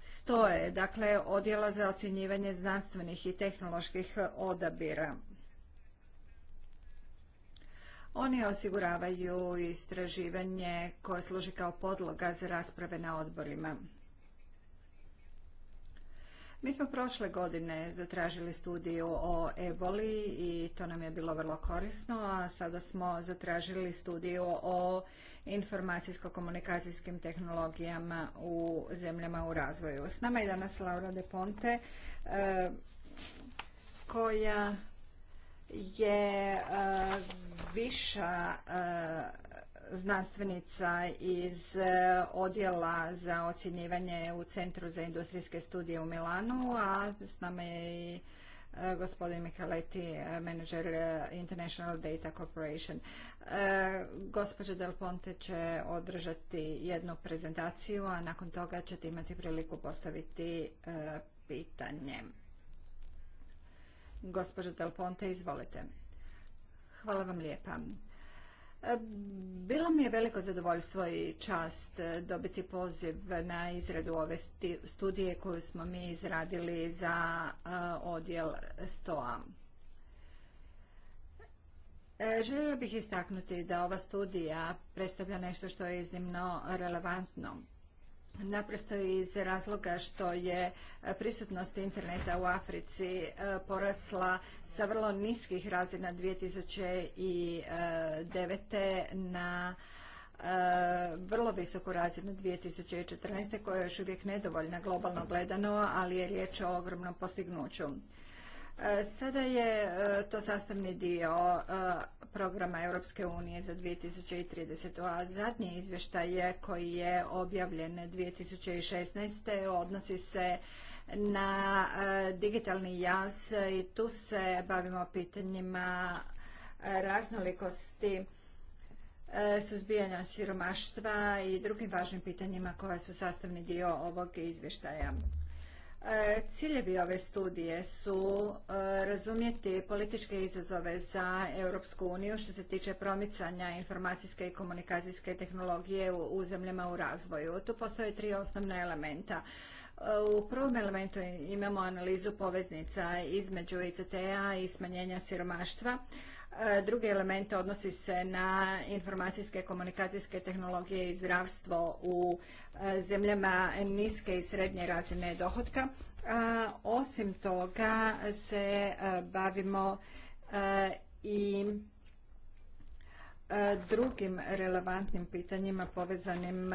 stoje, dakle odjela za ocjenjivanje znanstvenih i tehnoloških odabira. Oni osiguravaju istraživanje koje služi kao podloga za rasprave na odborima. Mi smo prošle godine zatražili studiju o eboli i to nam je bilo vrlo korisno, a sada smo zatražili studiju o informacijsko-komunikacijskim tehnologijama u zemljama u razvoju. S nama je danas Laura de Ponte, e, koja je e, viša e, znanstvenica iz e, odjela za ocjenjivanje u Centru za industrijske studije u Milanu, a s nama je i e, gospodin Mikaleti, e, menadžer International Data Corporation. Gospođa Del Ponte će održati jednu prezentaciju, a nakon toga ćete imati priliku postaviti pitanje. Gospođa Del Ponte, izvolite. Hvala vam lijepa. Bilo mi je veliko zadovoljstvo i čast dobiti poziv na izradu ove studije koju smo mi izradili za eh, odjel STOA. Eh, Željela bih istaknuti da ova studija predstavlja nešto što je iznimno relevantno naprosto iz razloga što je e, prisutnost interneta u Africi e, porasla sa vrlo niskih razina 2009. E, na vrlo visoku razinu 2014. koja je još uvijek nedovoljna globalno gledano, ali je riječ o ogromnom postignuću. E, sada je e, to sastavni dio e, programa Europske unije za 2030. A zadnji izvještaj koji je objavljen 2016. odnosi se na digitalni jaz i tu se bavimo pitanjima raznolikosti suzbijanja siromaštva i drugim važnim pitanjima koja su sastavni dio ovog izvještaja. E, ciljevi ove studije su e, razumjeti političke izazove za Europsku uniju što se tiče promicanja informacijske i komunikacijske tehnologije u zemljama u razvoju. Tu postoje tri osnovna elementa. E, u prvom elementu imamo analizu poveznica između ICT-a i smanjenja siromaštva. E, Drugi element odnosi se na informacijske komunikacijske tehnologije i zdravstvo u e, zemljama niske i srednje razine dohotka. E, osim toga se bavimo i drugim relevantnim pitanjima povezanim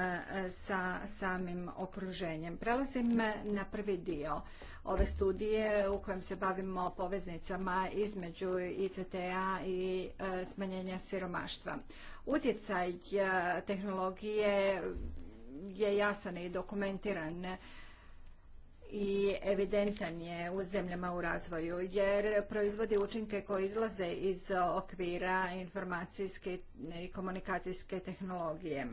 sa samim okruženjem. Prelazim na prvi dio ove studije u kojem se bavimo poveznicama između ICT-a i e, smanjenja siromaštva. Utjecaj e, tehnologije je jasan i dokumentiran i evidentan je u zemljama u razvoju jer proizvodi učinke koje izlaze iz okvira informacijske i komunikacijske tehnologije.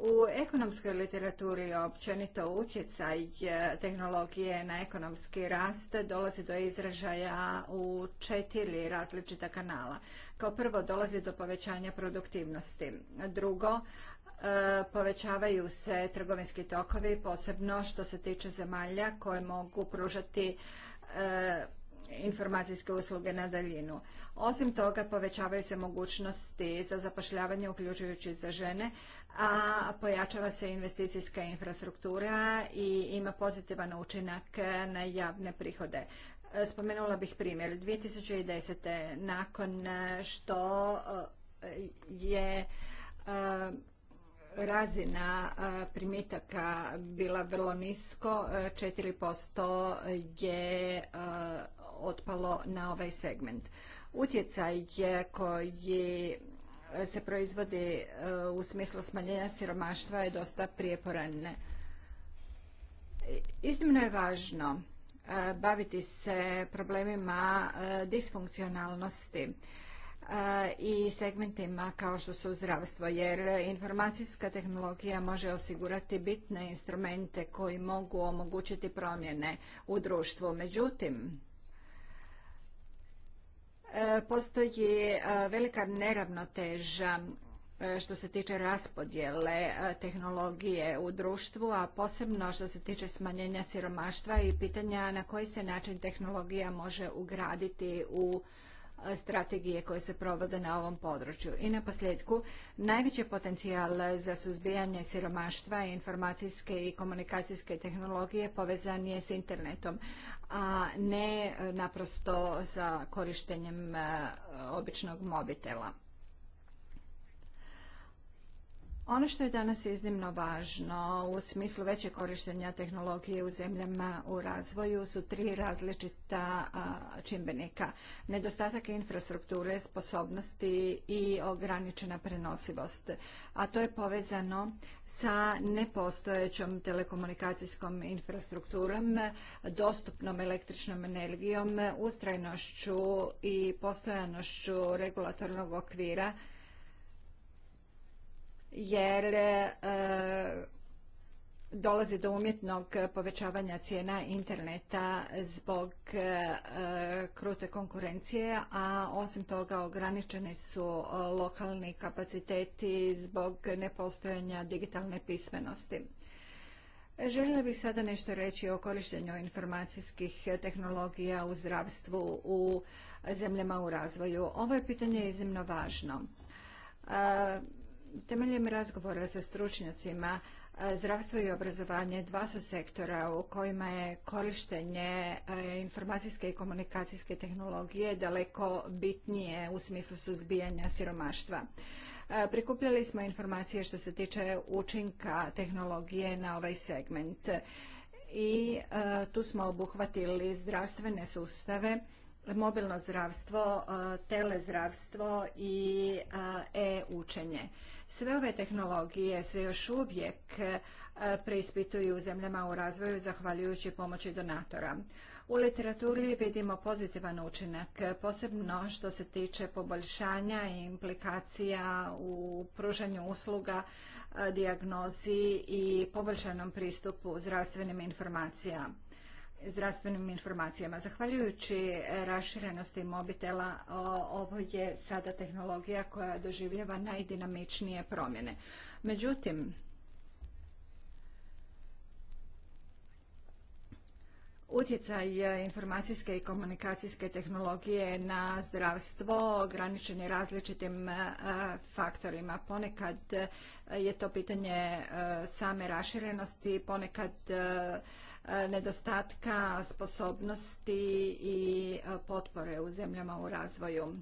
U ekonomskoj literaturi općenito utjecaj e, tehnologije na ekonomski rast dolazi do izražaja u četiri različita kanala. Kao prvo dolazi do povećanja produktivnosti. Drugo, e, povećavaju se trgovinski tokovi, posebno što se tiče zemalja koje mogu pružati e, informacijske usluge na daljinu. Osim toga, povećavaju se mogućnosti za zapošljavanje, uključujući za žene, a pojačava se investicijska infrastruktura i ima pozitivan učinak na javne prihode. E, spomenula bih primjer. 2010. nakon što e, je e, razina primitaka bila vrlo nisko, 4% je otpalo na ovaj segment. Utjecaj koji se proizvodi e, u smislu smanjenja siromaštva je dosta prijeporan. Iznimno je važno e, baviti se problemima e, disfunkcionalnosti i segmentima kao što su zdravstvo, jer informacijska tehnologija može osigurati bitne instrumente koji mogu omogućiti promjene u društvu. Međutim, E, postoji e, velika neravnoteža e, što se tiče raspodjele tehnologije u društvu, a posebno što se tiče smanjenja siromaštva i pitanja na koji se način tehnologija može ugraditi u E, strategije koje se provode na ovom području. I na posljedku, najveći potencijal za suzbijanje siromaštva informacijske i komunikacijske tehnologije povezan je s internetom, a ne e, naprosto sa korištenjem e, običnog mobitela. Ono što je danas iznimno važno u smislu većeg korištenja tehnologije u zemljama u razvoju su tri različita čimbenika. Nedostatak infrastrukture, sposobnosti i ograničena prenosivost. A to je povezano sa nepostojećom telekomunikacijskom infrastrukturom, dostupnom električnom energijom, ustrajnošću i postojanošću regulatornog okvira jer e, dolazi do umjetnog povećavanja cijena interneta zbog e, krute konkurencije, a osim toga ograničeni su e, lokalni kapaciteti zbog nepostojanja digitalne pismenosti. Željela bih sada nešto reći o korištenju informacijskih tehnologija u zdravstvu u zemljama u razvoju. Ovo je pitanje iznimno važno. Temeljem razgovora sa stručnjacima, e, zdravstvo i obrazovanje dva su sektora u kojima je korištenje e, informacijske i komunikacijske tehnologije daleko bitnije u smislu suzbijanja siromaštva. E, prikupljali smo informacije što se tiče učinka tehnologije na ovaj segment i tu smo obuhvatili zdravstvene sustave, mobilno zdravstvo, e, telezdravstvo i e, e-učenje. Sve ove tehnologije se još uvijek e, preispituju u zemljama u razvoju zahvaljujući pomoći donatora. U literaturi vidimo pozitivan učinak, posebno što se tiče poboljšanja i implikacija u pružanju usluga, dijagnozi i poboljšanom pristupu zdravstvenim informacijama zdravstvenim informacijama. Zahvaljujući raširenosti mobitela, ovo je sada tehnologija koja doživljava najdinamičnije promjene. Međutim, Utjecaj informacijske i komunikacijske tehnologije na zdravstvo ograničen je različitim e, faktorima. Ponekad e, je to pitanje e, same raširenosti, ponekad E, nedostatka sposobnosti i e, potpore u zemljama u razvoju.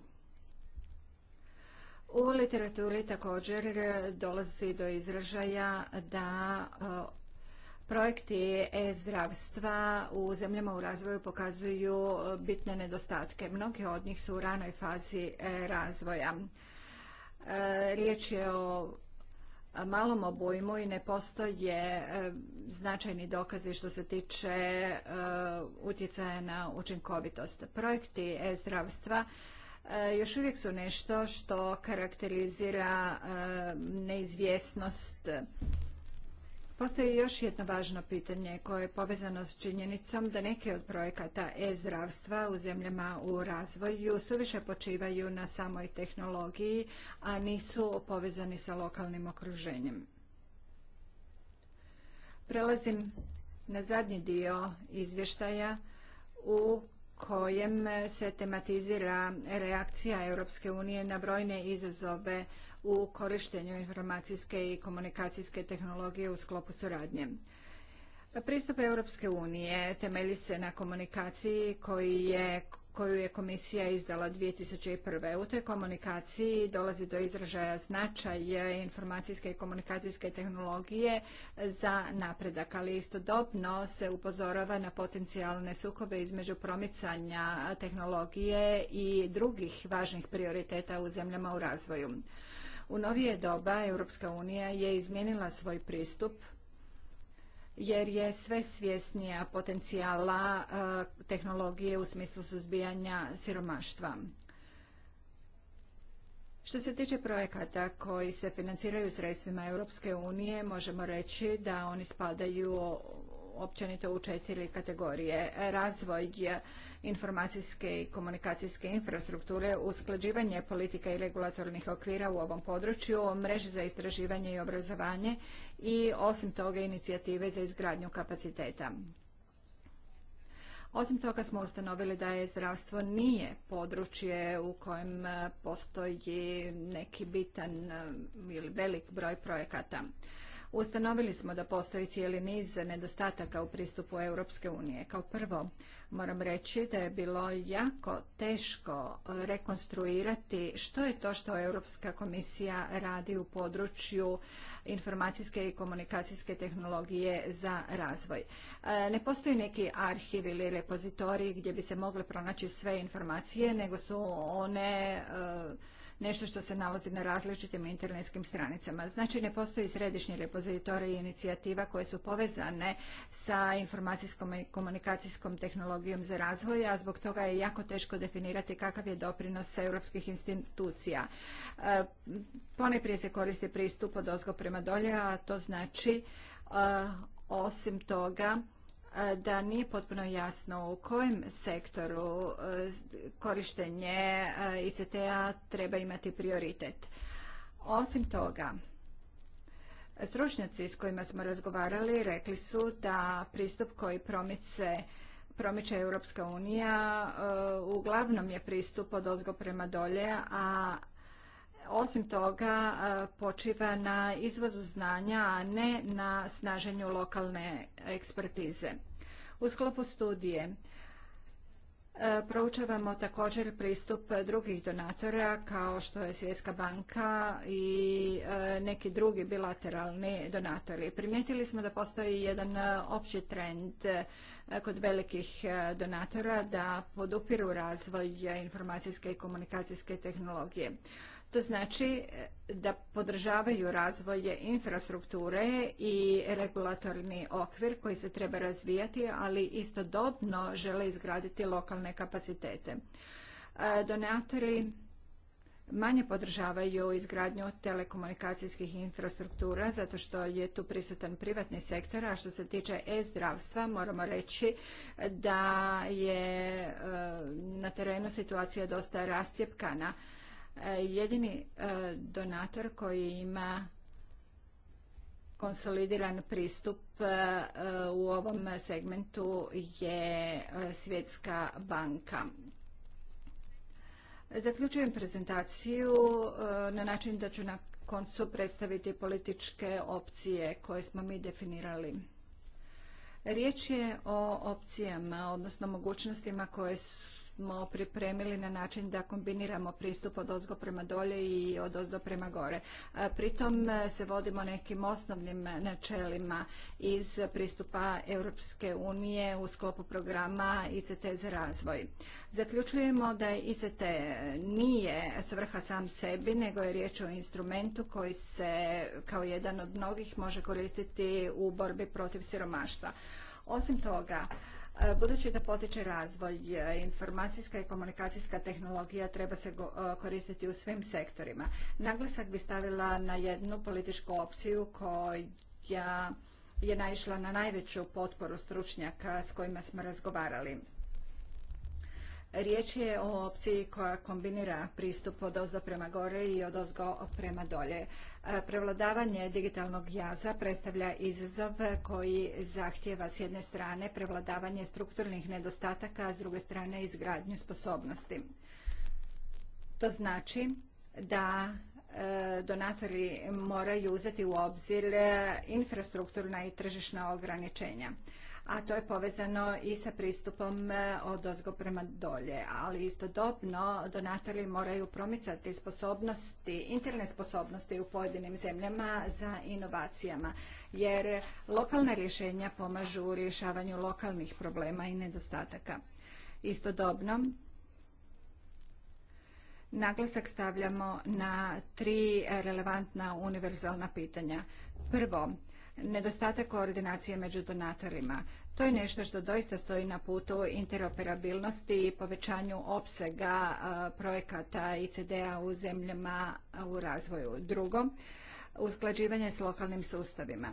U literaturi također e, dolazi do izražaja da projekti e-zdravstva u zemljama u razvoju pokazuju bitne nedostatke. Mnogi od njih su u ranoj fazi razvoja. Riječ je o malom obujmu i ne postoje e, značajni dokazi što se tiče e, utjecaja na učinkovitost. Projekti e-zdravstva e, još uvijek su nešto što karakterizira neizvjesnost Postoji još jedno važno pitanje koje je povezano s činjenicom da neke od projekata e-zdravstva u zemljama u razvoju više počivaju na samoj tehnologiji, a nisu povezani sa lokalnim okruženjem. Prelazim na zadnji dio izvještaja u kojem se tematizira reakcija Europske unije na brojne izazove u korištenju informacijske i komunikacijske tehnologije u sklopu suradnje. Pristup Europske unije temelji se na komunikaciji koji je koju je komisija izdala 2001. U toj komunikaciji dolazi do izražaja značaj informacijske i komunikacijske tehnologije za napredak, ali istodobno se upozorava na potencijalne sukobe između promicanja tehnologije i drugih važnih prioriteta u zemljama u razvoju. U novije doba Europska unija je izmijenila svoj pristup jer je sve svjesnija potencijala e, tehnologije u smislu suzbijanja siromaštva. Što se tiče projekata koji se financiraju sredstvima Europske unije, možemo reći da oni spadaju općenito u četiri kategorije. Razvoj informacijske i komunikacijske infrastrukture, usklađivanje politika i regulatornih okvira u ovom području, mreže za istraživanje i obrazovanje i osim toga inicijative za izgradnju kapaciteta. Osim toga smo ustanovili da je zdravstvo nije područje u kojem e, postoji neki bitan e, ili velik broj projekata. Ustanovili smo da postoji cijeli niz nedostataka u pristupu Europske unije. Kao prvo, moram reći da je bilo jako teško rekonstruirati što je to što Europska komisija radi u području informacijske i komunikacijske tehnologije za razvoj. E, ne postoji neki arhiv ili repozitorij gdje bi se mogle pronaći sve informacije, nego su one e, nešto što se nalazi na različitim internetskim stranicama. Znači ne postoji središnji repozitorij i inicijativa koje su povezane sa informacijskom i komunikacijskom tehnologijom za razvoj, a zbog toga je jako teško definirati kakav je doprinos europskih institucija. E, Poneprije se koristi pristup od ozgo prema dolje, a to znači e, osim toga da nije potpuno jasno u kojem sektoru e, korištenje ICT-a treba imati prioritet. Osim toga, stručnjaci s kojima smo razgovarali rekli su da pristup koji promice promiče Europska unija, e, uglavnom je pristup od ozgo prema dolje, a osim toga e, počiva na izvozu znanja, a ne na snaženju lokalne ekspertize. U sklopu studije e, Proučavamo također pristup drugih donatora kao što je Svjetska banka i e, neki drugi bilateralni donatori. Primijetili smo da postoji jedan opći trend kod velikih donatora da podupiru razvoj informacijske i komunikacijske tehnologije. To znači e, da podržavaju razvoj infrastrukture i regulatorni okvir koji se treba razvijati, ali istodobno žele izgraditi lokalne kapacitete. E, donatori manje podržavaju izgradnju telekomunikacijskih infrastruktura zato što je tu prisutan privatni sektor, a što se tiče e-zdravstva moramo reći da je e, na terenu situacija dosta rastjepkana. E, jedini e, donator koji ima konsolidiran pristup e, u ovom segmentu je Svjetska banka. Zaključujem prezentaciju na način da ću na koncu predstaviti političke opcije koje smo mi definirali. Riječ je o opcijama, odnosno mogućnostima koje su smo pripremili na način da kombiniramo pristup od ozgo prema dolje i od prema gore. Pritom e, se vodimo nekim osnovnim načelima iz pristupa Europske unije u sklopu programa ICT za razvoj. Zaključujemo da ICT nije svrha sam sebi, nego je riječ o instrumentu koji se kao jedan od mnogih može koristiti u borbi protiv siromaštva. Osim toga, E, budući da potiče razvoj, e, informacijska i komunikacijska tehnologija treba se e, koristiti u svim sektorima. Naglasak bi stavila na jednu političku opciju koja je naišla na najveću potporu stručnjaka s kojima smo razgovarali. Riječ je o opciji koja kombinira pristup od ozdo prema gore i od ozgo prema dolje. E, prevladavanje digitalnog jaza predstavlja izazov koji zahtjeva s jedne strane prevladavanje strukturnih nedostataka, a s druge strane izgradnju sposobnosti. To znači da e, donatori moraju uzeti u obzir e, infrastrukturna i tržišna ograničenja a to je povezano i sa pristupom e, od ozgo prema dolje. Ali istodobno donatori moraju promicati sposobnosti, interne sposobnosti u pojedinim zemljama za inovacijama, jer lokalna rješenja pomažu u rješavanju lokalnih problema i nedostataka. Istodobno, naglasak stavljamo na tri relevantna univerzalna pitanja. Prvo, nedostatak koordinacije među donatorima. To je nešto što doista stoji na putu interoperabilnosti i povećanju opsega projekata ICD-a u zemljama u razvoju. Drugo, usklađivanje s lokalnim sustavima.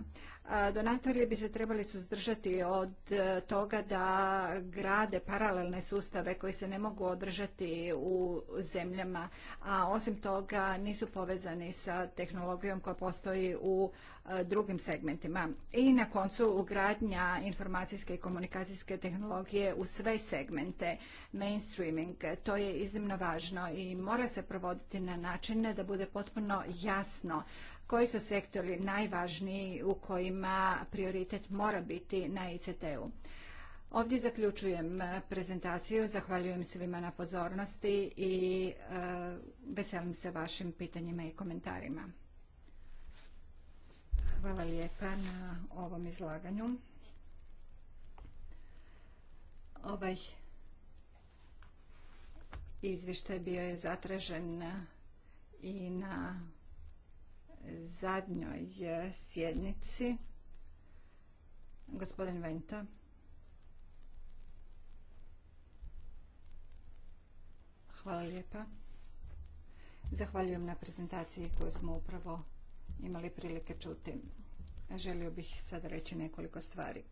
Donatori bi se trebali suzdržati od e, toga da grade paralelne sustave koji se ne mogu održati u zemljama, a osim toga nisu povezani sa tehnologijom koja postoji u e, drugim segmentima. I na koncu ugradnja informacijske i komunikacijske tehnologije u sve segmente, mainstreaming, to je iznimno važno i mora se provoditi na način da bude potpuno jasno koji su sektori najvažniji u kojima prioritet mora biti na ICT-u. Ovdje zaključujem e, prezentaciju, zahvaljujem svima na pozornosti i e, veselim se vašim pitanjima i komentarima. Hvala lijepa na ovom izlaganju. Ovaj izvještaj bio je zatražen i na zadnjoj eh, sjednici. Gospodin Venta. Hvala lijepa. Zahvaljujem na prezentaciji koju smo upravo imali prilike čuti. Želio bih sad reći nekoliko stvari.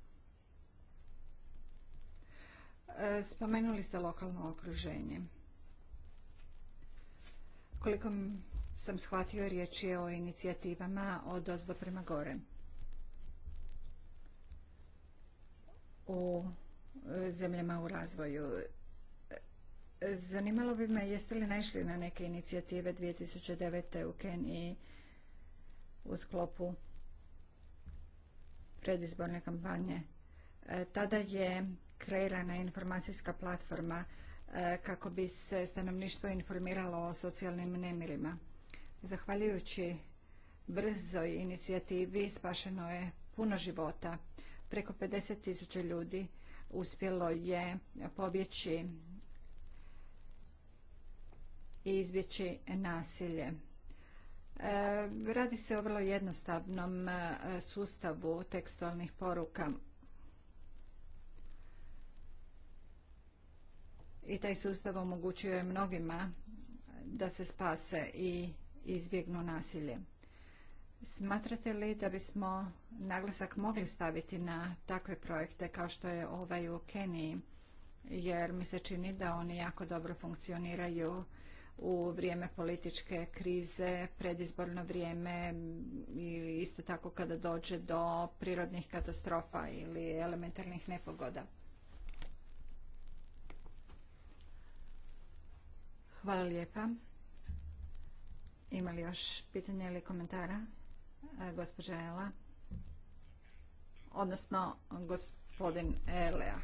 Eh, spomenuli ste lokalno okruženje. Koliko sam shvatio, riječ je o inicijativama od ozdo prema gore. U e, zemljama u razvoju. E, zanimalo bi me jeste li naišli na neke inicijative 2009. u Keniji u sklopu predizborne kampanje. E, tada je kreirana informacijska platforma kako bi se stanovništvo informiralo o socijalnim nemirima. Zahvaljujući brzoj inicijativi spašeno je puno života. Preko 50 tisuća ljudi uspjelo je pobjeći i izbjeći nasilje. E, radi se o vrlo jednostavnom e, sustavu tekstualnih poruka. I taj sustav omogućuje mnogima da se spase i izbjegnu nasilje. Smatrate li da bismo naglasak mogli staviti na takve projekte kao što je ovaj u Keniji? Jer mi se čini da oni jako dobro funkcioniraju u vrijeme političke krize, predizborno vrijeme i isto tako kada dođe do prirodnih katastrofa ili elementarnih nepogoda. Hvala lijepa. Ima li još pitanja ili komentara? E, gospođa Ela. Odnosno, gospodin Elea.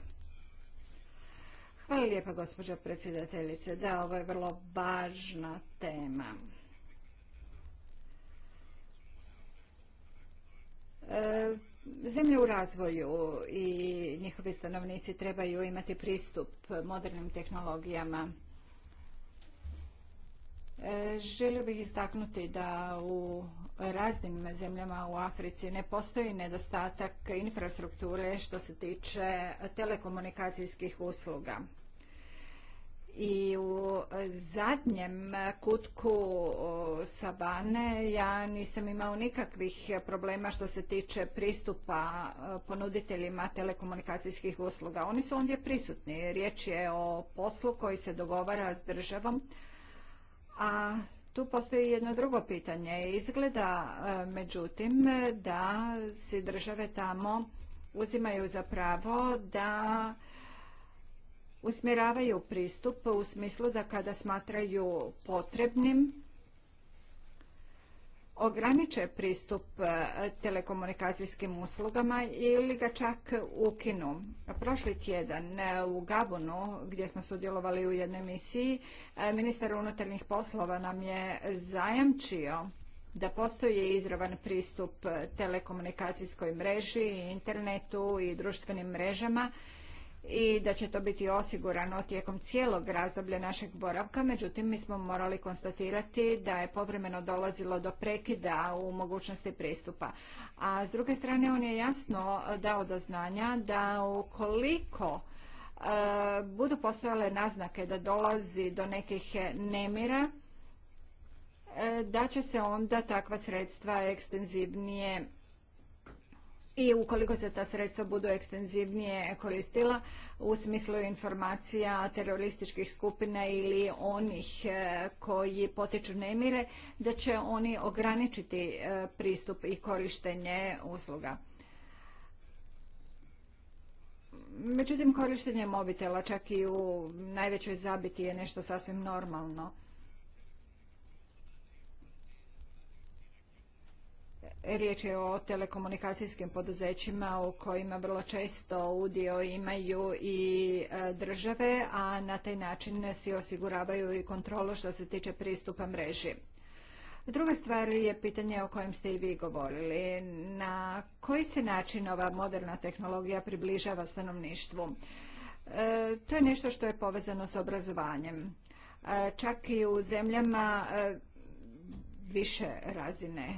Hvala lijepa, gospođa predsjedateljice. Da, ovo je vrlo važna tema. E, zemlje u razvoju i njihovi stanovnici trebaju imati pristup modernim tehnologijama E, želio bih istaknuti da u raznim zemljama u Africi ne postoji nedostatak infrastrukture što se tiče telekomunikacijskih usluga. I u zadnjem kutku Sabane ja nisam imao nikakvih problema što se tiče pristupa ponuditeljima telekomunikacijskih usluga. Oni su ondje prisutni. Riječ je o poslu koji se dogovara s državom a tu postoji jedno drugo pitanje. Izgleda, e, međutim, da si države tamo uzimaju za pravo da usmjeravaju pristup u smislu da kada smatraju potrebnim ograniče pristup e, telekomunikacijskim uslugama ili ga čak ukinu. Prošli tjedan e, u Gabonu, gdje smo sudjelovali u jednoj misiji, e, ministar unutarnjih poslova nam je zajamčio da postoji izravan pristup telekomunikacijskoj mreži, internetu i društvenim mrežama i da će to biti osigurano tijekom cijelog razdoblja našeg boravka. Međutim, mi smo morali konstatirati da je povremeno dolazilo do prekida u mogućnosti pristupa. A s druge strane, on je jasno dao do znanja da ukoliko e, budu postojale naznake da dolazi do nekih nemira, e, da će se onda takva sredstva ekstenzivnije i ukoliko se ta sredstva budu ekstenzivnije koristila u smislu informacija terorističkih skupina ili onih e, koji potiču nemire, da će oni ograničiti e, pristup i korištenje usluga. Međutim, korištenje mobitela čak i u najvećoj zabiti je nešto sasvim normalno. Riječ je o telekomunikacijskim poduzećima u kojima vrlo često udio imaju i e, države, a na taj način si osiguravaju i kontrolu što se tiče pristupa mreži. Druga stvar je pitanje o kojem ste i vi govorili. Na koji se način ova moderna tehnologija približava stanovništvu? E, to je nešto što je povezano s obrazovanjem. E, čak i u zemljama više razine e,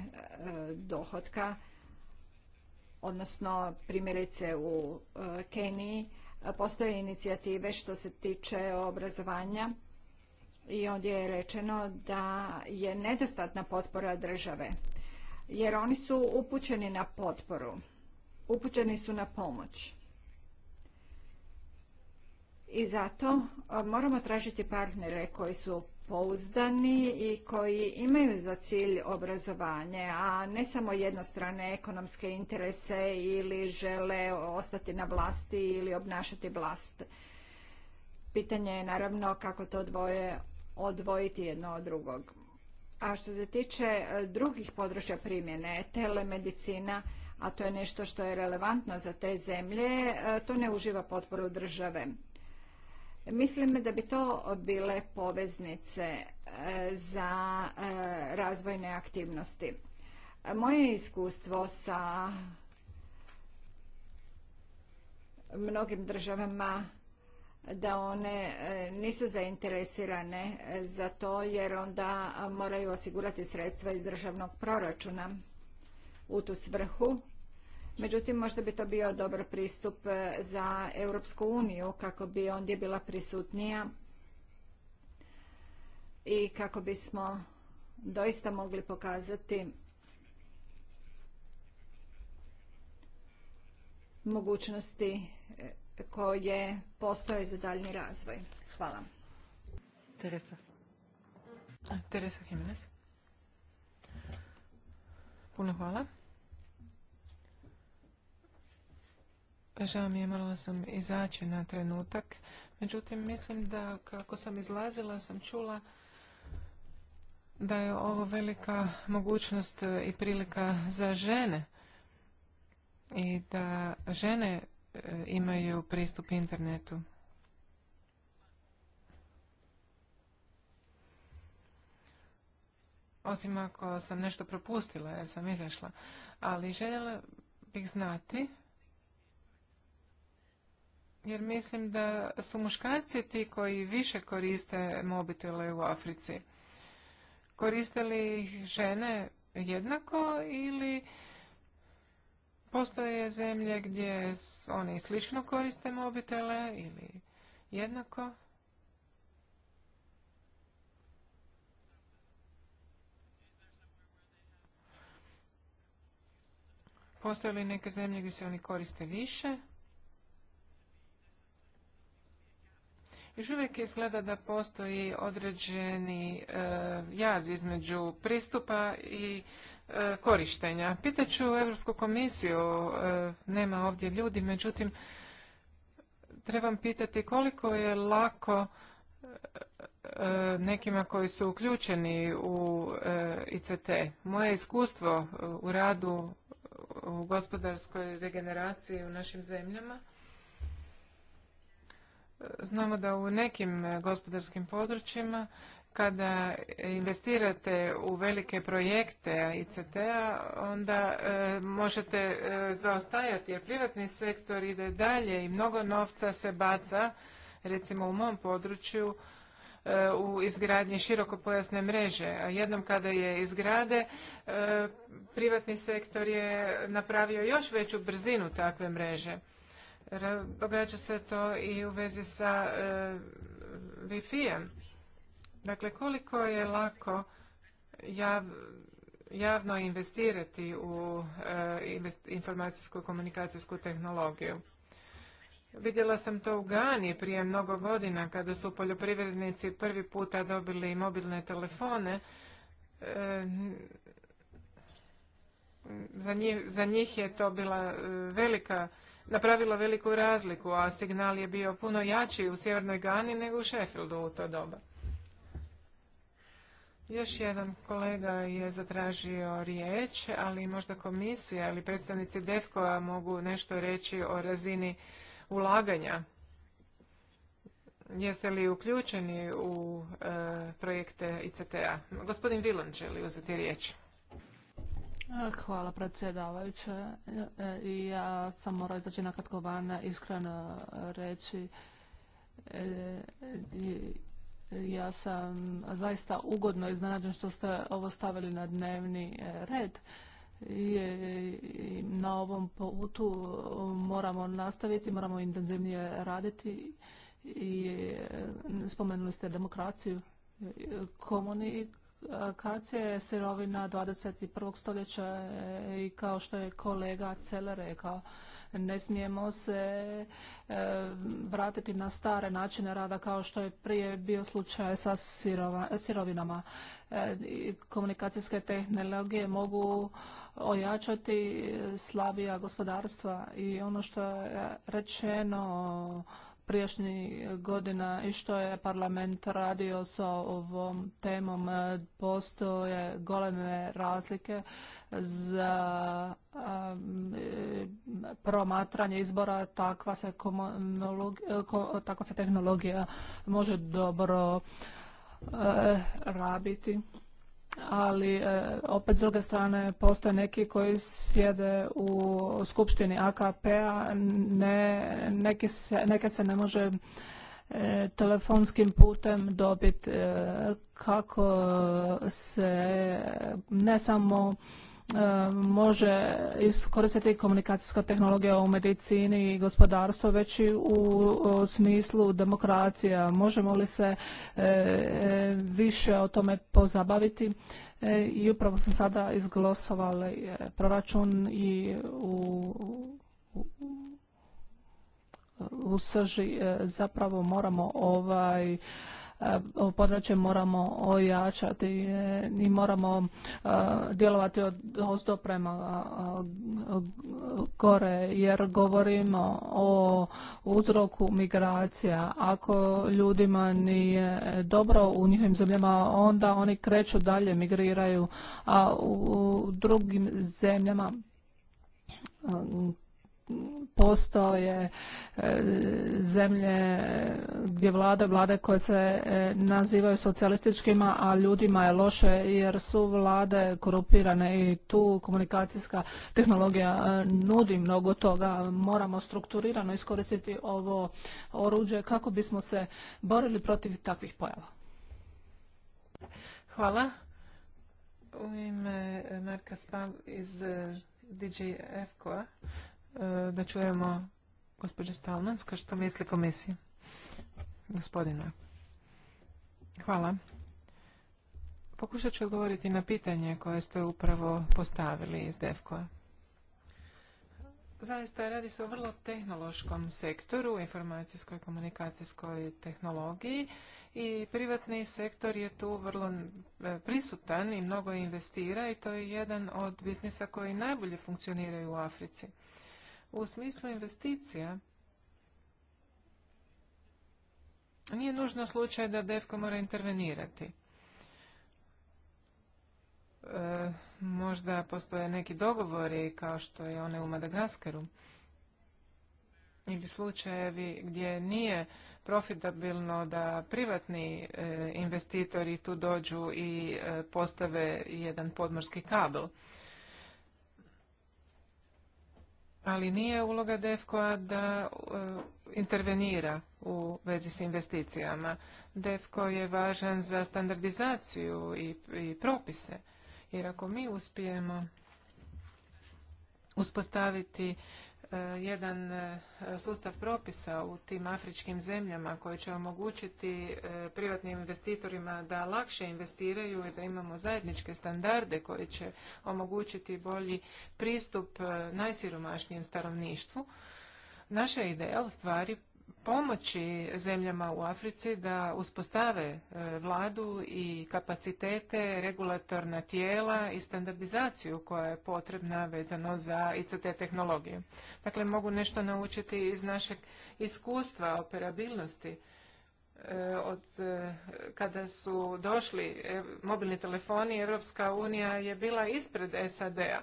dohotka, odnosno primjerice u e, Keniji postoje inicijative što se tiče obrazovanja i ondje je rečeno da je nedostatna potpora države jer oni su upućeni na potporu, upućeni su na pomoć. I zato e, moramo tražiti partnere koji su pouzdani i koji imaju za cilj obrazovanje, a ne samo jednostrane ekonomske interese ili žele ostati na vlasti ili obnašati vlast. Pitanje je naravno kako to dvoje odvojiti jedno od drugog. A što se tiče e, drugih područja primjene, telemedicina, a to je nešto što je relevantno za te zemlje, e, to ne uživa potporu države. Mislim da bi to bile poveznice e, za e, razvojne aktivnosti. Moje iskustvo sa mnogim državama da one e, nisu zainteresirane za to jer onda moraju osigurati sredstva iz državnog proračuna u tu svrhu Međutim, možda bi to bio dobar pristup e, za Europsku uniju kako bi ondje bila prisutnija i kako bismo doista mogli pokazati mogućnosti e, koje postoje za daljni razvoj. Hvala. Teresa. Teresa Puno hvala. Pa žao mi je, morala sam izaći na trenutak. Međutim, mislim da kako sam izlazila, sam čula da je ovo velika mogućnost i prilika za žene i da žene e, imaju pristup internetu. Osim ako sam nešto propustila jer sam izašla. Ali željela bih znati jer mislim da su muškarci ti koji više koriste mobitele u Africi. Koriste li ih žene jednako ili postoje zemlje gdje oni slično koriste mobitele ili jednako? Postoje li neke zemlje gdje se oni koriste više? Još uvijek izgleda da postoji određeni e, jaz između pristupa i e, korištenja. Pitaću Europsku komisiju, e, nema ovdje ljudi, međutim, trebam pitati koliko je lako nekima koji su uključeni u ICT. Moje iskustvo u radu u gospodarskoj regeneraciji u našim zemljama Znamo da u nekim e, gospodarskim područjima kada investirate u velike projekte ICT-a, onda e, možete e, zaostajati jer privatni sektor ide dalje i mnogo novca se baca, recimo u mom području, u izgradnji širokopojasne mreže. A jednom kada je izgrade, privatni sektor je napravio još veću brzinu takve mreže. Događa se to i u vezi sa e, Wi-Fi-em. Dakle, koliko je lako javno investirati u e, informacijsku komunikacijsku tehnologiju. Vidjela sam to u Gani prije mnogo godina kada su poljoprivrednici prvi puta dobili mobilne telefone. E, za njih je to bila velika napravila veliku razliku, a signal je bio puno jači u Sjevernoj Gani nego u Sheffieldu u to doba. Još jedan kolega je zatražio riječ, ali možda komisija ili predstavnici defkova a mogu nešto reći o razini ulaganja. Jeste li uključeni u e, projekte ICT-a? Gospodin Vilan želi uzeti riječ. Hvala predsjedavajuća. E, ja sam morao izaći na kratko iskreno reći. E, ja sam zaista ugodno iznenađen što ste ovo stavili na dnevni e, red. na ovom putu moramo nastaviti, moramo intenzivnije raditi i spomenuli ste demokraciju. Komunik Akacija je sirovina 21. stoljeća e, i kao što je kolega Celer rekao, ne smijemo se e, vratiti na stare načine rada kao što je prije bio slučaj sa sirovinama. E, komunikacijske tehnologije mogu ojačati slabija gospodarstva i ono što je rečeno prijašnjih godina i što je parlament radio sa ovom temom. Postoje goleme razlike za um, promatranje izbora. Takva se, takva se tehnologija može dobro uh, rabiti ali e, opet s druge strane postoje neki koji sjede u skupštini AKP-a, neke se ne može e, telefonskim putem dobiti e, kako se ne samo E, može iskoristiti komunikacijska tehnologija u medicini i gospodarstvo već i u smislu demokracija. Možemo li se e, više o tome pozabaviti? E, I upravo smo sada izglasovali proračun i u u srži zapravo moramo ovaj ovo područje moramo ojačati e, i moramo e, djelovati od ozdo prema gore jer govorimo o uzroku migracija. Ako ljudima nije dobro u njihovim zemljama onda oni kreću dalje, migriraju, a u drugim zemljama postoje e, zemlje gdje vlade, vlade koje se e, nazivaju socijalističkima, a ljudima je loše jer su vlade korupirane i tu komunikacijska tehnologija e, nudi mnogo toga. Moramo strukturirano iskoristiti ovo oruđe kako bismo se borili protiv takvih pojava. Hvala. U ime Marka Spav iz djf E, da čujemo gospođe Stalmanska što misli komisija. Gospodina. Hvala. Pokušat ću odgovoriti na pitanje koje ste upravo postavili iz DEFKO-a. Zaista radi se o vrlo tehnološkom sektoru, informacijskoj komunikacijskoj tehnologiji i privatni sektor je tu vrlo e, prisutan i mnogo investira i to je jedan od biznisa koji najbolje funkcioniraju u Africi. U smislu investicija, nije nužno slučaj da DEFKO mora intervenirati. E, možda postoje neki dogovori kao što je one u Madagaskaru ili slučajevi gdje nije profitabilno da privatni e, investitori tu dođu i e, postave jedan podmorski kabel ali nije uloga DEFKO-a da e, intervenira u vezi s investicijama. DEFKO je važan za standardizaciju i, i propise, jer ako mi uspijemo uspostaviti Eh, jedan eh, sustav propisa u tim afričkim zemljama koji će omogućiti eh, privatnim investitorima da lakše investiraju i da imamo zajedničke standarde koji će omogućiti bolji pristup najsiromašnijem stanovništvu. Naša ideja u stvari pomoći zemljama u Africi da uspostave e, vladu i kapacitete, regulatorna tijela i standardizaciju koja je potrebna vezano za ICT tehnologiju. Dakle, mogu nešto naučiti iz našeg iskustva, operabilnosti. E, od e, kada su došli mobilni telefoni, Evropska unija je bila ispred SAD-a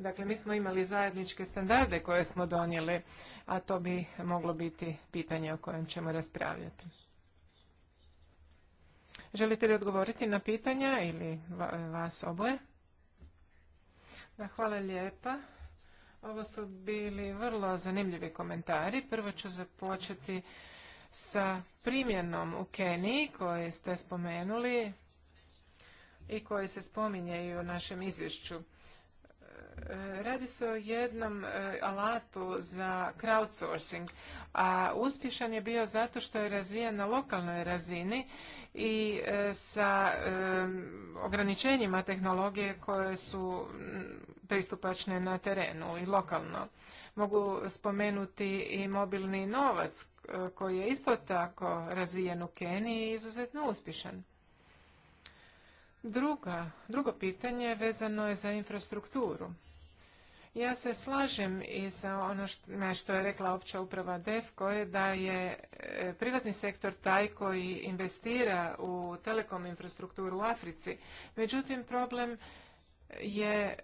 Dakle, mi smo imali zajedničke standarde koje smo donijeli, a to bi moglo biti pitanje o kojem ćemo raspravljati. Želite li odgovoriti na pitanja ili vas oboje? Da, hvala lijepa. Ovo su bili vrlo zanimljivi komentari. Prvo ću započeti sa primjenom u Keniji koje ste spomenuli i koje se spominje i u našem izvješću. E, radi se o jednom e, alatu za crowdsourcing, a uspješan je bio zato što je razvijen na lokalnoj razini i e, sa ograničenjima tehnologije koje su pristupačne na terenu i lokalno. Mogu spomenuti i mobilni novac koji je isto tako razvijen u Keniji i izuzetno uspješan. Druga, drugo pitanje vezano je za infrastrukturu. Ja se slažem i sa ono što, na što je rekla opća uprava DEFCO je da je e, privatni sektor taj koji investira u telekom infrastrukturu u Africi. Međutim, problem je e,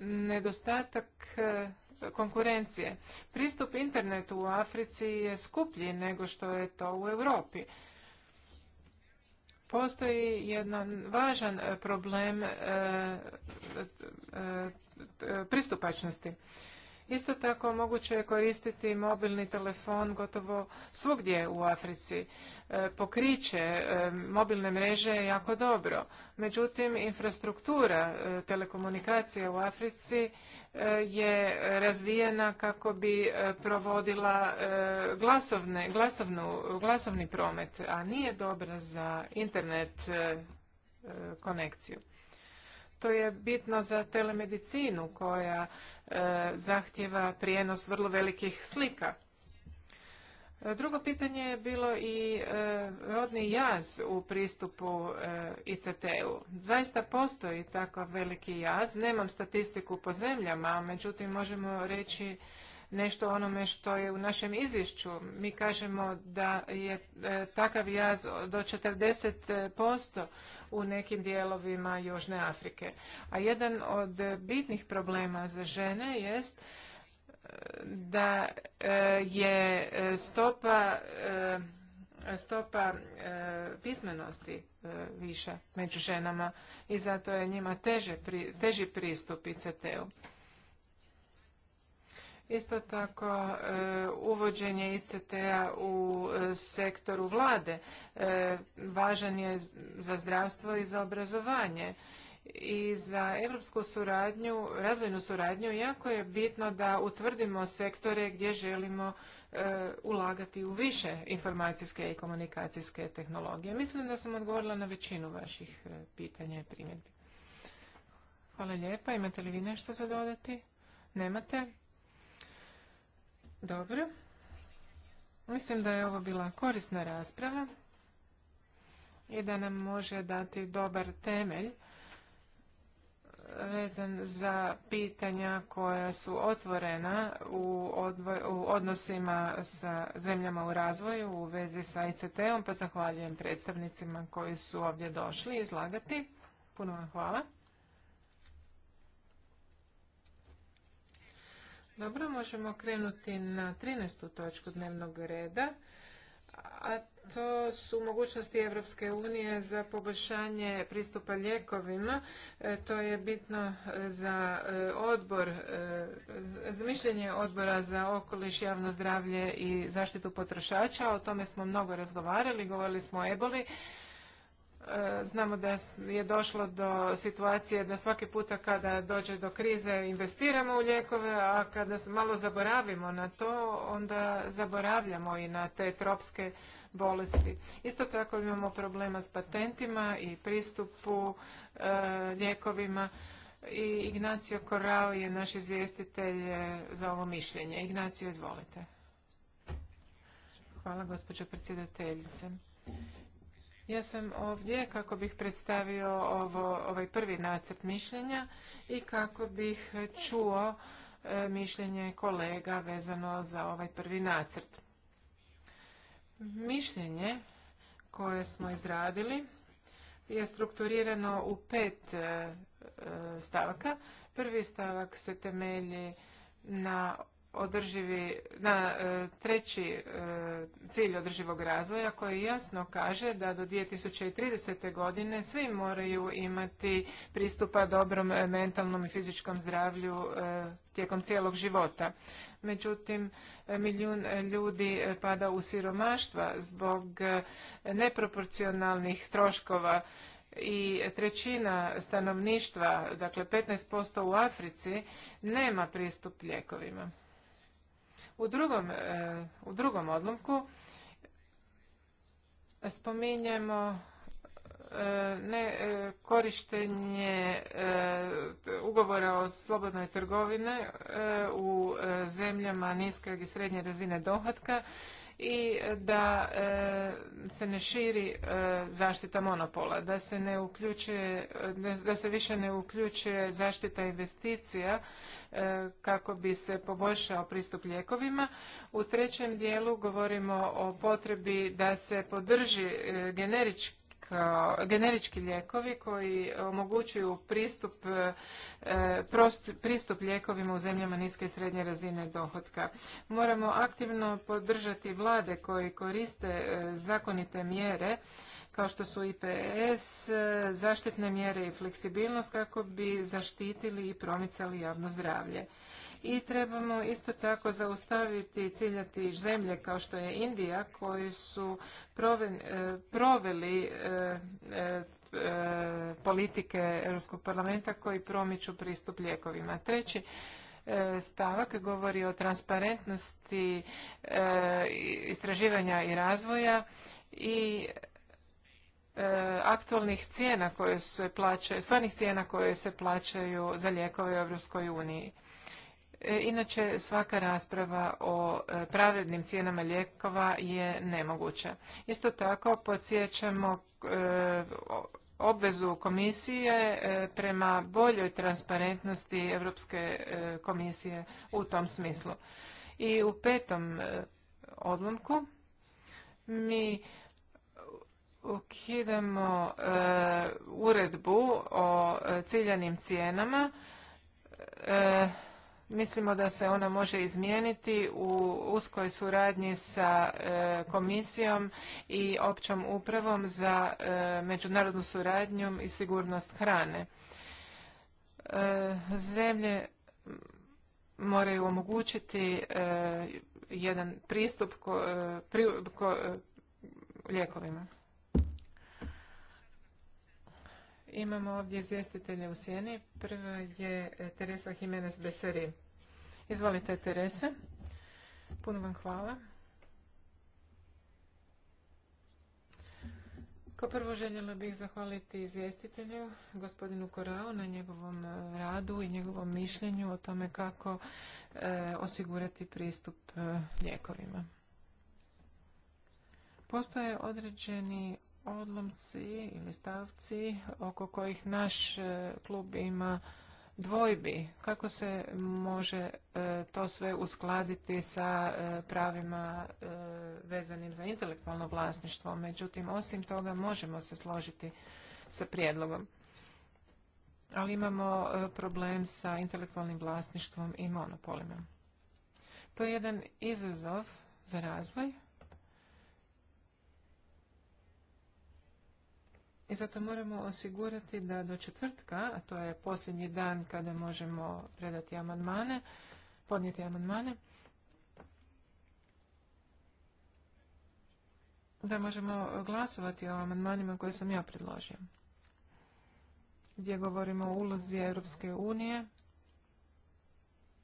nedostatak e, konkurencije. Pristup internetu u Africi je skuplji nego što je to u Europi. Postoji jedan važan e, problem e, e, pristupačnosti. Isto tako moguće je koristiti mobilni telefon gotovo svugdje u Africi. Pokriće mobilne mreže je jako dobro. Međutim, infrastruktura telekomunikacije u Africi je razvijena kako bi e, provodila e, glasovne, glasovnu, glasovni promet, a nije dobra za internet e, konekciju. To je bitno za telemedicinu koja zahtjeva prijenos vrlo velikih slika. Drugo pitanje je bilo i e, rodni jaz u pristupu e, ICT-u. Zaista postoji takav veliki jaz. Nemam statistiku po zemljama, međutim možemo reći nešto onome što je u našem izvješću. Mi kažemo da je e, takav jaz do 40% u nekim dijelovima Južne Afrike. A jedan od bitnih problema za žene jest da e, je e, stopa e, stopa pismenosti viša među ženama i zato je njima teže, teži pristup ICT-u. Isto tako uvođenje ICT-a u sektoru vlade važan je za zdravstvo i za obrazovanje i za europsku suradnju, razvojnu suradnju jako je bitno da utvrdimo sektore gdje želimo e, ulagati u više informacijske i komunikacijske tehnologije. Mislim da sam odgovorila na većinu vaših e, pitanja i primjedbi. Hvala lijepa. Imate li vi nešto za dodati? Nemate? Dobro. Mislim da je ovo bila korisna rasprava i da nam može dati dobar temelj vezan za pitanja koja su otvorena u, odnosima sa zemljama u razvoju u vezi sa ICT-om, pa zahvaljujem predstavnicima koji su ovdje došli izlagati. Puno vam hvala. Dobro, možemo krenuti na 13. točku dnevnog reda, a to su mogućnosti Europske unije za poboljšanje pristupa lijekovima. E, to je bitno e, za e, odbor, za mišljenje odbora za okoliš, javno zdravlje i zaštitu potrošača. O tome smo mnogo razgovarali, govorili smo o eboli. E, znamo da je došlo do situacije da svaki puta kada dođe do krize investiramo u lijekove, a kada malo zaboravimo na to, onda zaboravljamo i na te tropske bolesti. Isto tako imamo problema s patentima i pristupu e, lijekovima i Ignacio Korao je naš izvjestitelj e, za ovo mišljenje. Ignacio, izvolite. Hvala, gospođo predsjedateljice. Ja sam ovdje kako bih predstavio ovo, ovaj prvi nacrt mišljenja i kako bih čuo e, mišljenje kolega vezano za ovaj prvi nacrt. Mišljenje koje smo izradili je strukturirano u pet e, e, stavaka. Prvi stavak se temelji na održivi, na e, treći e, cilj održivog razvoja koji jasno kaže da do 2030. godine svi moraju imati pristupa dobrom e, mentalnom i fizičkom zdravlju tijekom cijelog života. Međutim, milijun ljudi pada u siromaštva zbog neproporcionalnih troškova i trećina stanovništva, dakle 15% u Africi, nema pristup lijekovima. U drugom, e, u odlomku spominjemo e, ne e, korištenje ugovora o slobodnoj trgovine u zemljama niske i srednje razine dohotka i da se ne širi zaštita monopola, da se ne uključuje, da se više ne uključuje zaštita investicija E, kako bi se poboljšao pristup lijekovima. U trećem dijelu govorimo o potrebi da se podrži e, generički generički lijekovi koji omogućuju pristup, e, pristup lijekovima u zemljama niske i srednje razine dohotka. Moramo aktivno podržati vlade koji koriste zakonite mjere kao što su IPS, zaštitne mjere i fleksibilnost kako bi zaštitili i promicali javno zdravlje. I trebamo isto tako zaustaviti ciljati zemlje kao što je Indija koji su e, proveli e, e, politike Europskog parlamenta koji promiču pristup lijekovima. Treći stavak govori o transparentnosti istraživanja i razvoja i E, aktualnih cijena koje se plaćaju, stvarnih cijena koje se plaćaju za lijekove u Europskoj uniji. E, inače, svaka rasprava o e, pravednim cijenama lijekova je nemoguća. Isto tako, podsjećamo obvezu komisije prema boljoj transparentnosti Europske komisije u tom smislu. I u petom odlomku mi ukidamo e, uredbu o e, ciljanim cijenama. E, mislimo da se ona može izmijeniti u uskoj suradnji sa komisijom i općom upravom za međunarodnu suradnju i sigurnost hrane. Zemlje moraju omogućiti jedan pristup lijekovima. Imamo ovdje izvjestitelje u sjeni. Prva je e, Teresa Jimenez Beseri. Izvolite Teresa. Puno vam hvala. Kao prvo željela bih zahvaliti izvjestitelju, gospodinu Korao, na njegovom e, radu i njegovom mišljenju o tome kako e, osigurati pristup lijekovima. Postoje određeni odlomci ili stavci oko kojih naš e, klub ima dvojbi. Kako se može e, to sve uskladiti sa e, pravima vezanim za intelektualno vlasništvo? Međutim, osim toga možemo se složiti sa prijedlogom. Ali imamo problem sa intelektualnim vlasništvom i monopolima. To je jedan izazov za razvoj I zato moramo osigurati da do četvrtka, a to je posljednji dan kada možemo predati amandmane, podnijeti amandmane, da možemo glasovati o amandmanima koje sam ja predložio. Gdje govorimo o ulozi Europske unije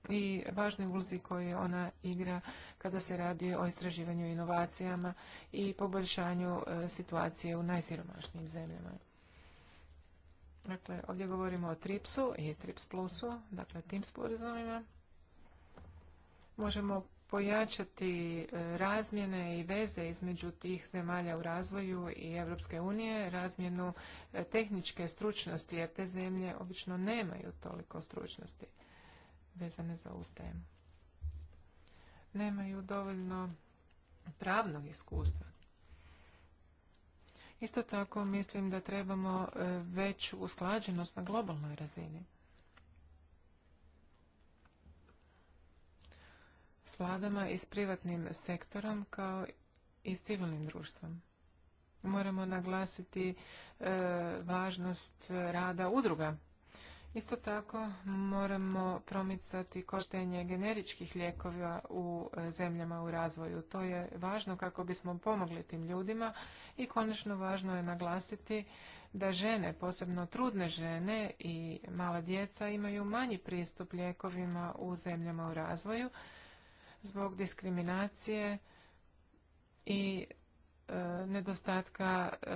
i važnoj ulozi koju ona igra kada se radi o istraživanju inovacijama i poboljšanju e, situacije u najsiromašnijim zemljama. Dakle, ovdje govorimo o TRIPS-u i TRIPS plusu, dakle tim sporazumima. Možemo pojačati e, razmjene i veze između tih zemalja u razvoju i Europske unije, razmjenu e, tehničke stručnosti, jer te zemlje obično nemaju toliko stručnosti vezane za ovu temu. Nemaju dovoljno pravnog iskustva. Isto tako mislim da trebamo e, veću usklađenost na globalnoj razini. S vladama i s privatnim sektorom kao i s civilnim društvom. Moramo naglasiti e, važnost rada udruga Isto tako moramo promicati koštenje generičkih lijekova u e, zemljama u razvoju. To je važno kako bismo pomogli tim ljudima i konačno važno je naglasiti da žene, posebno trudne žene i mala djeca imaju manji pristup lijekovima u zemljama u razvoju zbog diskriminacije i e, nedostatka e,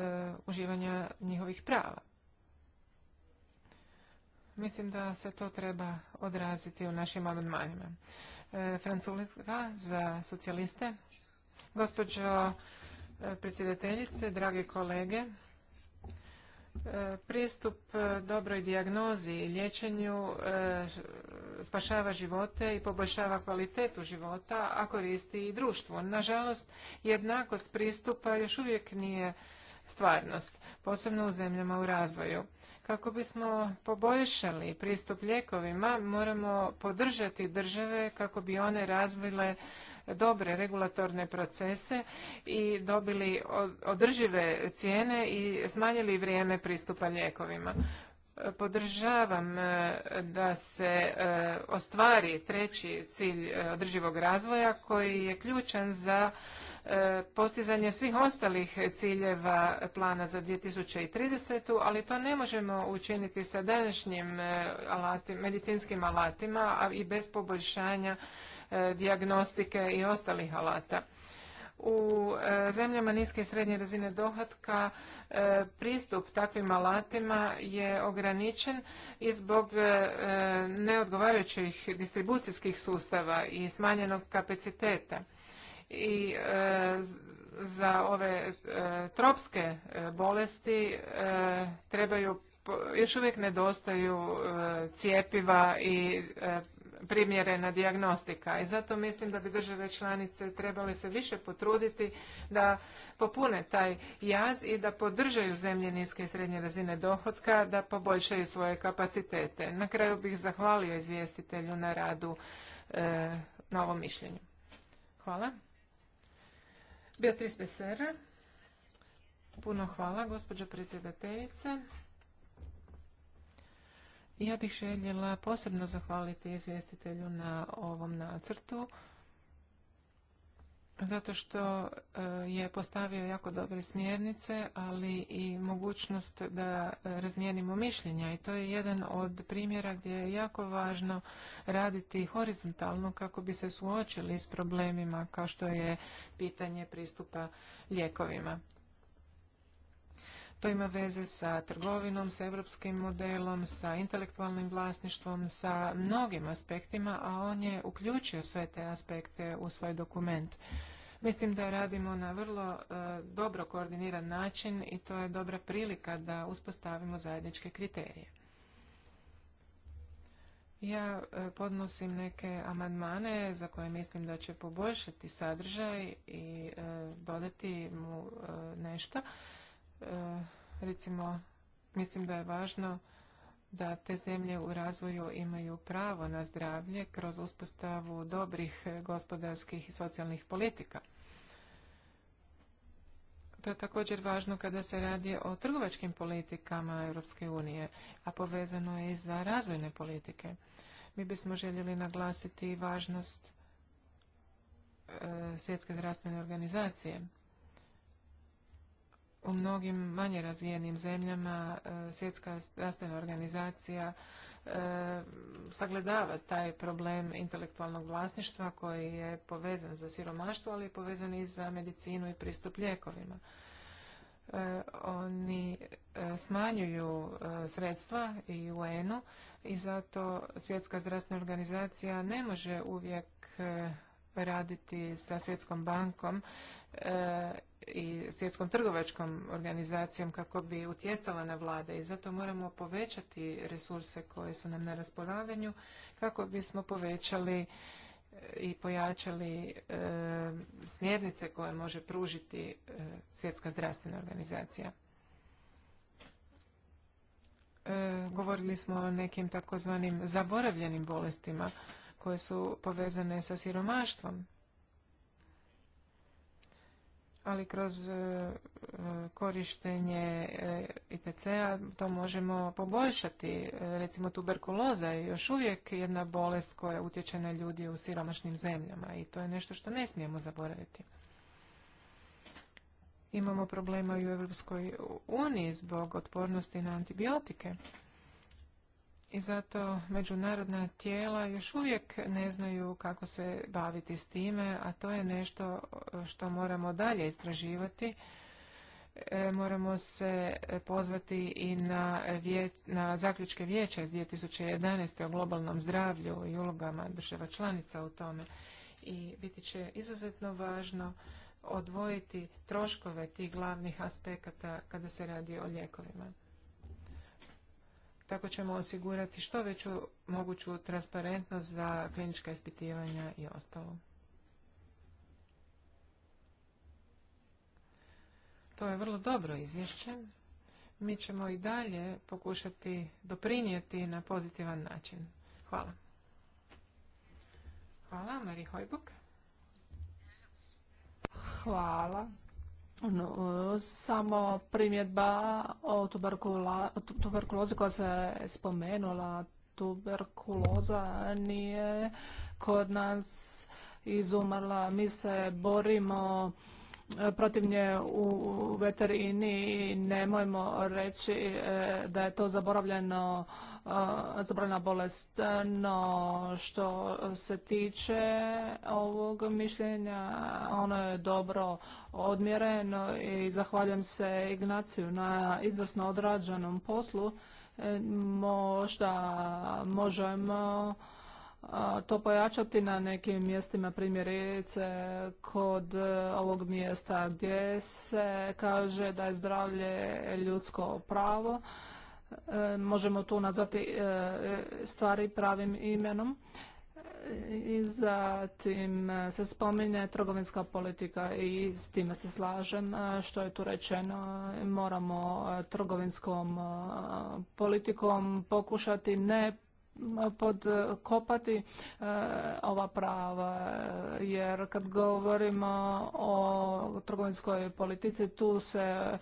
uživanja njihovih prava. Mislim da se to treba odraziti u našim amandmanima. E, Francuska za socijaliste. Gospođo e, predsjedateljice, drage kolege, e, pristup dobroj dijagnozi i liječenju spašava živote i poboljšava kvalitetu života, a koristi i društvu. Nažalost, jednakost pristupa još uvijek nije stvarnost, posebno u zemljama u razvoju. Kako bismo poboljšali pristup ljekovima, moramo podržati države kako bi one razvile dobre regulatorne procese i dobili održive cijene i smanjili vrijeme pristupa ljekovima. Podržavam e, da se e, ostvari treći cilj e, održivog razvoja koji je ključan za postizanje svih ostalih ciljeva plana za 2030. ali to ne možemo učiniti sa današnjim e, alatima, medicinskim alatima a i bez poboljšanja e, diagnostike i ostalih alata. U e, zemljama niske i srednje razine dohotka pristup takvim alatima je ograničen i zbog neodgovarajućih distribucijskih sustava i smanjenog kapaciteta i e, za ove e, tropske e, bolesti trebaju još uvijek nedostaju cijepiva i primjerena dijagnostika i zato mislim da bi države članice trebale se više potruditi da popune taj jaz i da podržaju zemlje niske i srednje razine dohotka da poboljšaju svoje kapacitete. Na kraju bih zahvalio izvjestitelju na radu na ovom mišljenju. Hvala. Beatriz Besera. Puno hvala, gospođo predsjedateljice. Ja bih željela posebno zahvaliti izvjestitelju na ovom nacrtu zato što e, je postavio jako dobre smjernice, ali i mogućnost da e, razmijenimo mišljenja i to je jedan od primjera gdje je jako važno raditi horizontalno kako bi se suočili s problemima kao što je pitanje pristupa lijekovima. To ima veze sa trgovinom, sa europskim modelom, sa intelektualnim vlasništvom, sa mnogim aspektima, a on je uključio sve te aspekte u svoj dokument. Mislim da radimo na vrlo e, dobro koordiniran način i to je dobra prilika da uspostavimo zajedničke kriterije. Ja e, podnosim neke amandmane za koje mislim da će poboljšati sadržaj i e, dodati mu nešto. E, recimo mislim da je važno da te zemlje u razvoju imaju pravo na zdravlje kroz uspostavu dobrih gospodarskih i socijalnih politika. To je također važno kada se radi o trgovačkim politikama Europske unije, a povezano je i za razvojne politike. Mi bismo željeli naglasiti važnost e, Svjetske zdravstvene organizacije u mnogim manje razvijenim zemljama e, svjetska zdravstvena organizacija e, sagledava taj problem intelektualnog vlasništva koji je povezan za siromaštvo, ali je povezan i za medicinu i pristup lijekovima. E, oni smanjuju sredstva i UN-u i zato svjetska zdravstvena organizacija ne može uvijek raditi sa Svjetskom bankom e, i Svjetskom trgovačkom organizacijom kako bi utjecala na vlade i zato moramo povećati resurse koje su nam na raspolaganju kako bismo povećali e, i pojačali e, smjernice koje može pružiti Svjetska zdravstvena organizacija. govorili smo o nekim takozvanim zaboravljenim bolestima koje su povezane sa siromaštvom. Ali kroz e, korištenje e, ITC-a to možemo poboljšati. E, recimo tuberkuloza je još uvijek jedna bolest koja utječe na ljudi u siromašnim zemljama i to je nešto što ne smijemo zaboraviti. Imamo problema i u EU zbog otpornosti na antibiotike i zato međunarodna tijela još uvijek ne znaju kako se baviti s time, a to je nešto e, što moramo dalje istraživati. E, moramo se pozvati i na, na zaključke vijeća iz 2011. o globalnom zdravlju i ulogama država članica u tome. I biti će izuzetno važno odvojiti troškove tih glavnih aspekata kada se radi o lijekovima. Tako ćemo osigurati što veću moguću transparentnost za klinička ispitivanja i ostalo. To je vrlo dobro izvješće. Mi ćemo i dalje pokušati doprinijeti na pozitivan način. Hvala. Hvala, Mari Hojbuk. Hvala. No, e, samo primjedba o tuberkulozi koja se spomenula. Tuberkuloza nije kod nas izumrla. Mi se borimo protiv nje u veterini i nemojmo reći e, da je to zaboravljeno e, zabrana bolest. No što se tiče ovog mišljenja, ono je dobro odmjereno i zahvaljujem se Ignaciju na izvrsno odrađenom poslu. E, možda možemo to pojačati na nekim mjestima, primjerice kod e, ovog mjesta gdje se kaže da je zdravlje ljudsko pravo. E, možemo tu nazvati e, stvari pravim imenom. I zatim se spominje trgovinska politika i s time se slažem što je tu rečeno. Moramo trgovinskom politikom pokušati ne podkopati eh, eh, ova prava eh, jer kad govorimo o trgovinskoj politici tu se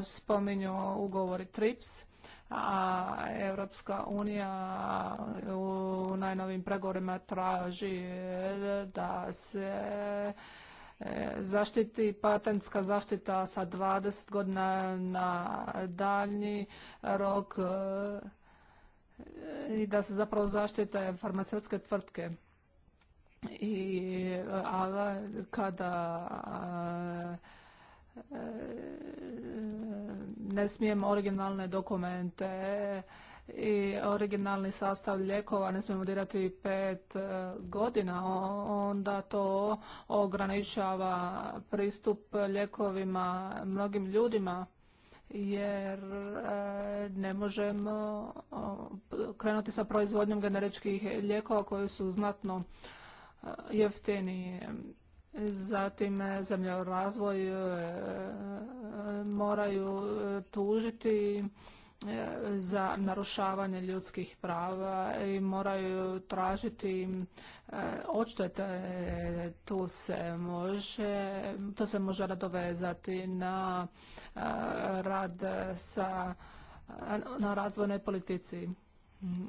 spominju ugovori TRIPS a Europska unija u najnovim pregovorima traži da se zaštiti patentska zaštita sa 20 godina na daljnji rok i da se zapravo zaštite farmaceutske tvrtke. I, kada e, ne smijemo originalne dokumente i originalni sastav lijekova ne smijemo dirati pet e, godina, onda to ograničava pristup lijekovima mnogim ljudima jer e, ne možemo krenuti sa proizvodnjom generičkih lijekova koji su znatno e, jeftiniji. Zatim e, zemlje u razvoju moraju tužiti E, za narušavanje ljudskih prava i moraju tražiti e, odštete. Tu se može, to se može radovezati na e, rad sa na razvojnoj politici.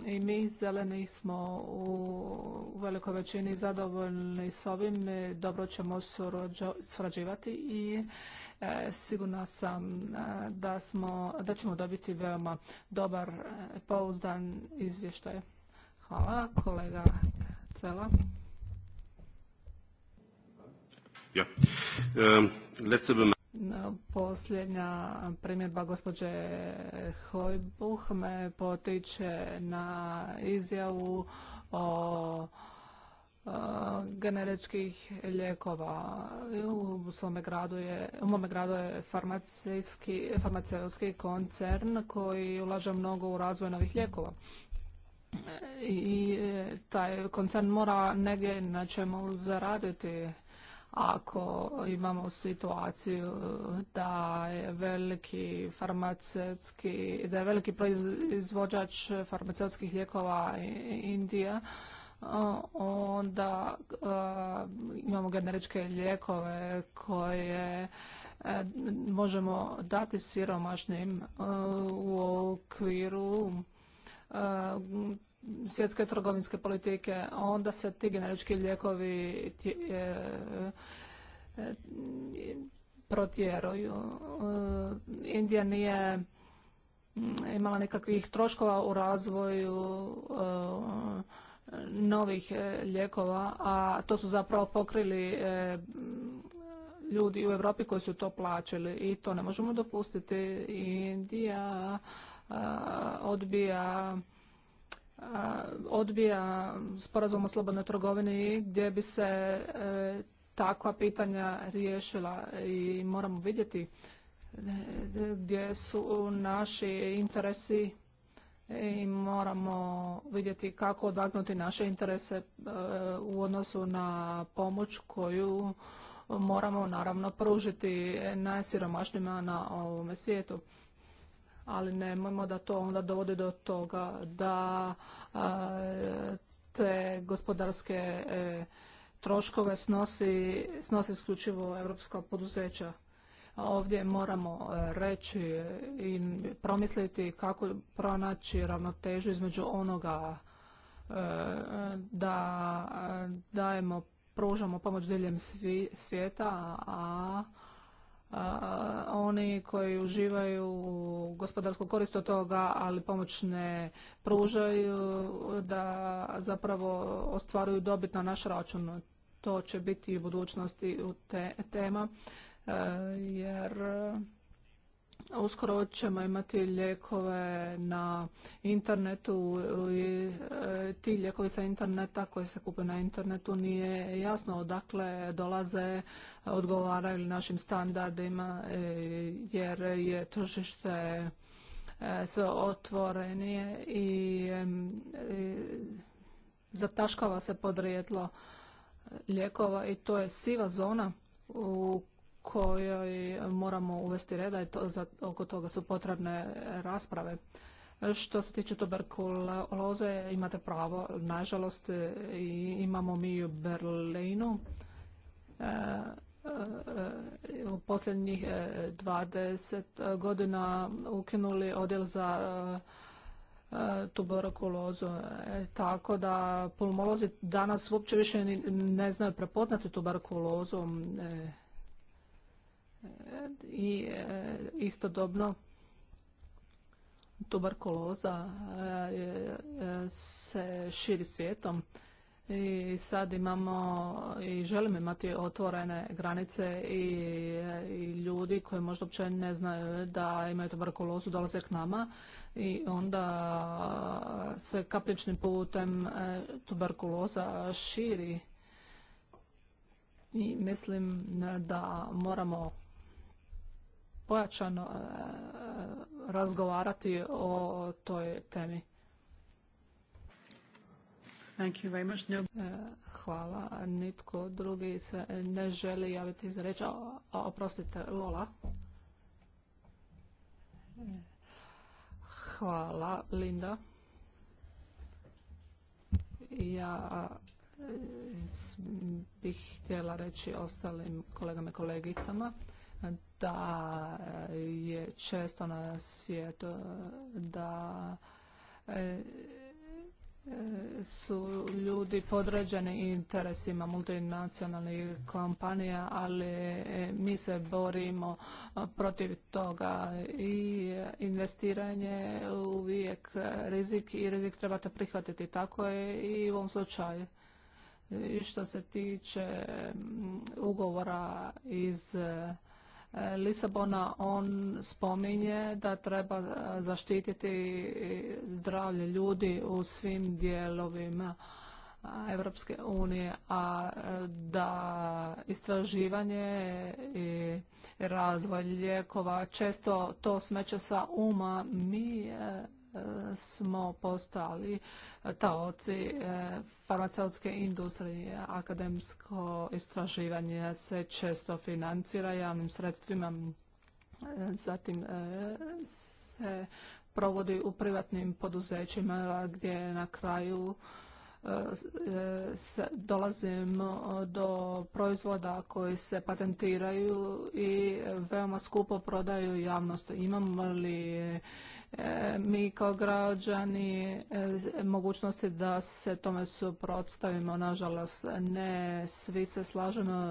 I mi zeleni smo u velikoj većini zadovoljni s ovim, dobro ćemo surađivati i E, sigurna sam e, da, smo, da ćemo dobiti veoma dobar, e, pouzdan izvještaj. Hvala, kolega Cela. Ja. Posljednja primjedba gospođe Hojbuh me potiče na izjavu o generičkih lijekova. U svome gradu je, u mome gradu je farmaceutski koncern koji ulaže mnogo u razvoj novih lijekova. I e, taj koncern mora negdje na čemu zaraditi ako imamo situaciju da je veliki farmaceutski, da je veliki proizvođač farmaceutskih lijekova Indija, onda e, imamo generičke lijekove koje e, možemo dati siromašnim e, u okviru svjetske trgovinske politike, onda se ti generički lijekovi protjeruju. Indija nije imala nekakvih troškova u razvoju novih e, lijekova, a to su zapravo pokrili e, ljudi u Europi koji su to plaćali i to ne možemo dopustiti. Indija e, odbija odbija sporazum o slobodnoj trgovini gdje bi se takva pitanja riješila i moramo vidjeti gdje su naši interesi E, i moramo vidjeti kako odvagnuti naše interese e, u odnosu na pomoć koju moramo naravno pružiti najsiromašnijima na ovome svijetu. Ali nemojmo da to onda dovodi do toga da e, te gospodarske troškove snosi, snosi isključivo europska poduzeća. Ovdje moramo e, reći i promisliti kako pronaći ravnotežu između onoga e, da e, dajemo, pružamo pomoć diljem svijeta, a oni koji uživaju gospodarsku korist od toga, ali pomoć ne pružaju, da zapravo ostvaruju dobit na naš račun. To će biti u budućnosti tema E, jer uskoro ćemo imati lijekove na internetu i e, ti lijekovi sa interneta koji se kupe na internetu nije jasno odakle dolaze, odgovaraju našim standardima e, jer je tržište sve otvorenije i zataškava se podrijetlo lijekova i to je siva zona u kojoj moramo uvesti reda i to, za, oko toga su potrebne rasprave. Što se tiče tuberkuloze, imate pravo, nažalost, i imamo mi u Berlinu. E, e u posljednjih 20 e, godina ukinuli odjel za e, tuberkulozu. Tako da pulmolozi danas uopće više ne znaju prepoznati tuberkulozu i e, istodobno tuberkuloza e, e, se širi svijetom i sad imamo i želimo imati otvorene granice i, ljudi koji možda uopće ne znaju da imaju tuberkulozu dolaze k nama i onda se kapljičnim putem tuberkuloza širi i mislim da moramo pojačano e, razgovarati o toj temi. Thank you e, Hvala. Nitko drugi se ne želi javiti za reč. Oprostite, Lola. Hvala, Linda. Ja e, bih htjela reći ostalim kolegama i kolegicama da e, je često na svijetu e, da e, su ljudi podređeni interesima multinacionalnih kompanija, ali mi se borimo protiv toga i investiranje uvijek rizik i rizik trebate prihvatiti. Tako je i u ovom slučaju. što se tiče ugovora iz E, Lisabona on spominje da treba e, zaštititi zdravlje ljudi u svim dijelovima Europske unije, a e, da istraživanje i razvoj lijekova često to smeće sa uma. Mi smo postali taoci e, farmaceutske industrije. Akademsko istraživanje se često financira javnim sredstvima, zatim e, se provodi u privatnim poduzećima gdje na kraju e, dolazimo do proizvoda koji se patentiraju i veoma skupo prodaju javnosti. Imamo li E, mi kao građani e, mogućnosti da se tome suprotstavimo. Nažalost, ne svi se slažemo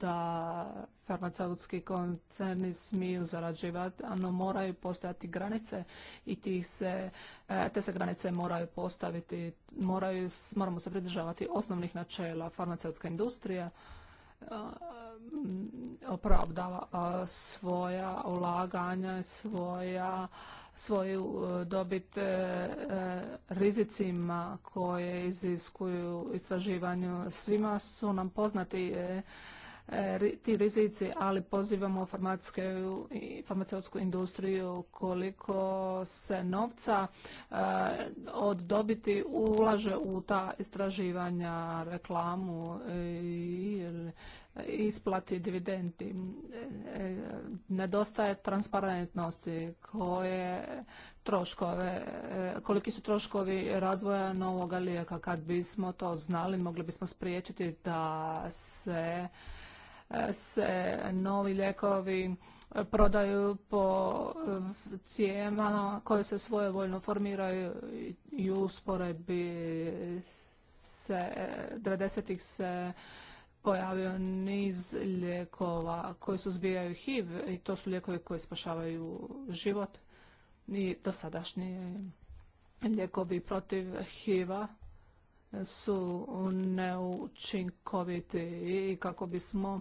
da farmaceutski koncerni smiju zarađivati, ano moraju postojati granice i tih se, e, te se granice moraju postaviti, moraju, moramo se pridržavati osnovnih načela farmaceutska industrija opravdava svoja ulaganja, svoja svoju e, dobit e, e, rizicima koje iziskuju istraživanju. Svima su nam poznati E, ti rizici, ali pozivamo farmaceutsku industriju koliko se novca e, od dobiti ulaže u ta istraživanja, reklamu e, i isplati dividendi. Nedostaje transparentnosti koje troškove, koliki su troškovi razvoja novog lijeka. Kad bismo to znali, mogli bismo spriječiti da se se novi lijekovi prodaju po eh, cijenama koje se svojevoljno formiraju i u usporedbi se 90-ih se pojavio niz lijekova koji su zbijaju HIV i to su lijekovi koji spašavaju život i dosadašnji lijekovi protiv HIV-a su neučinkoviti i kako bismo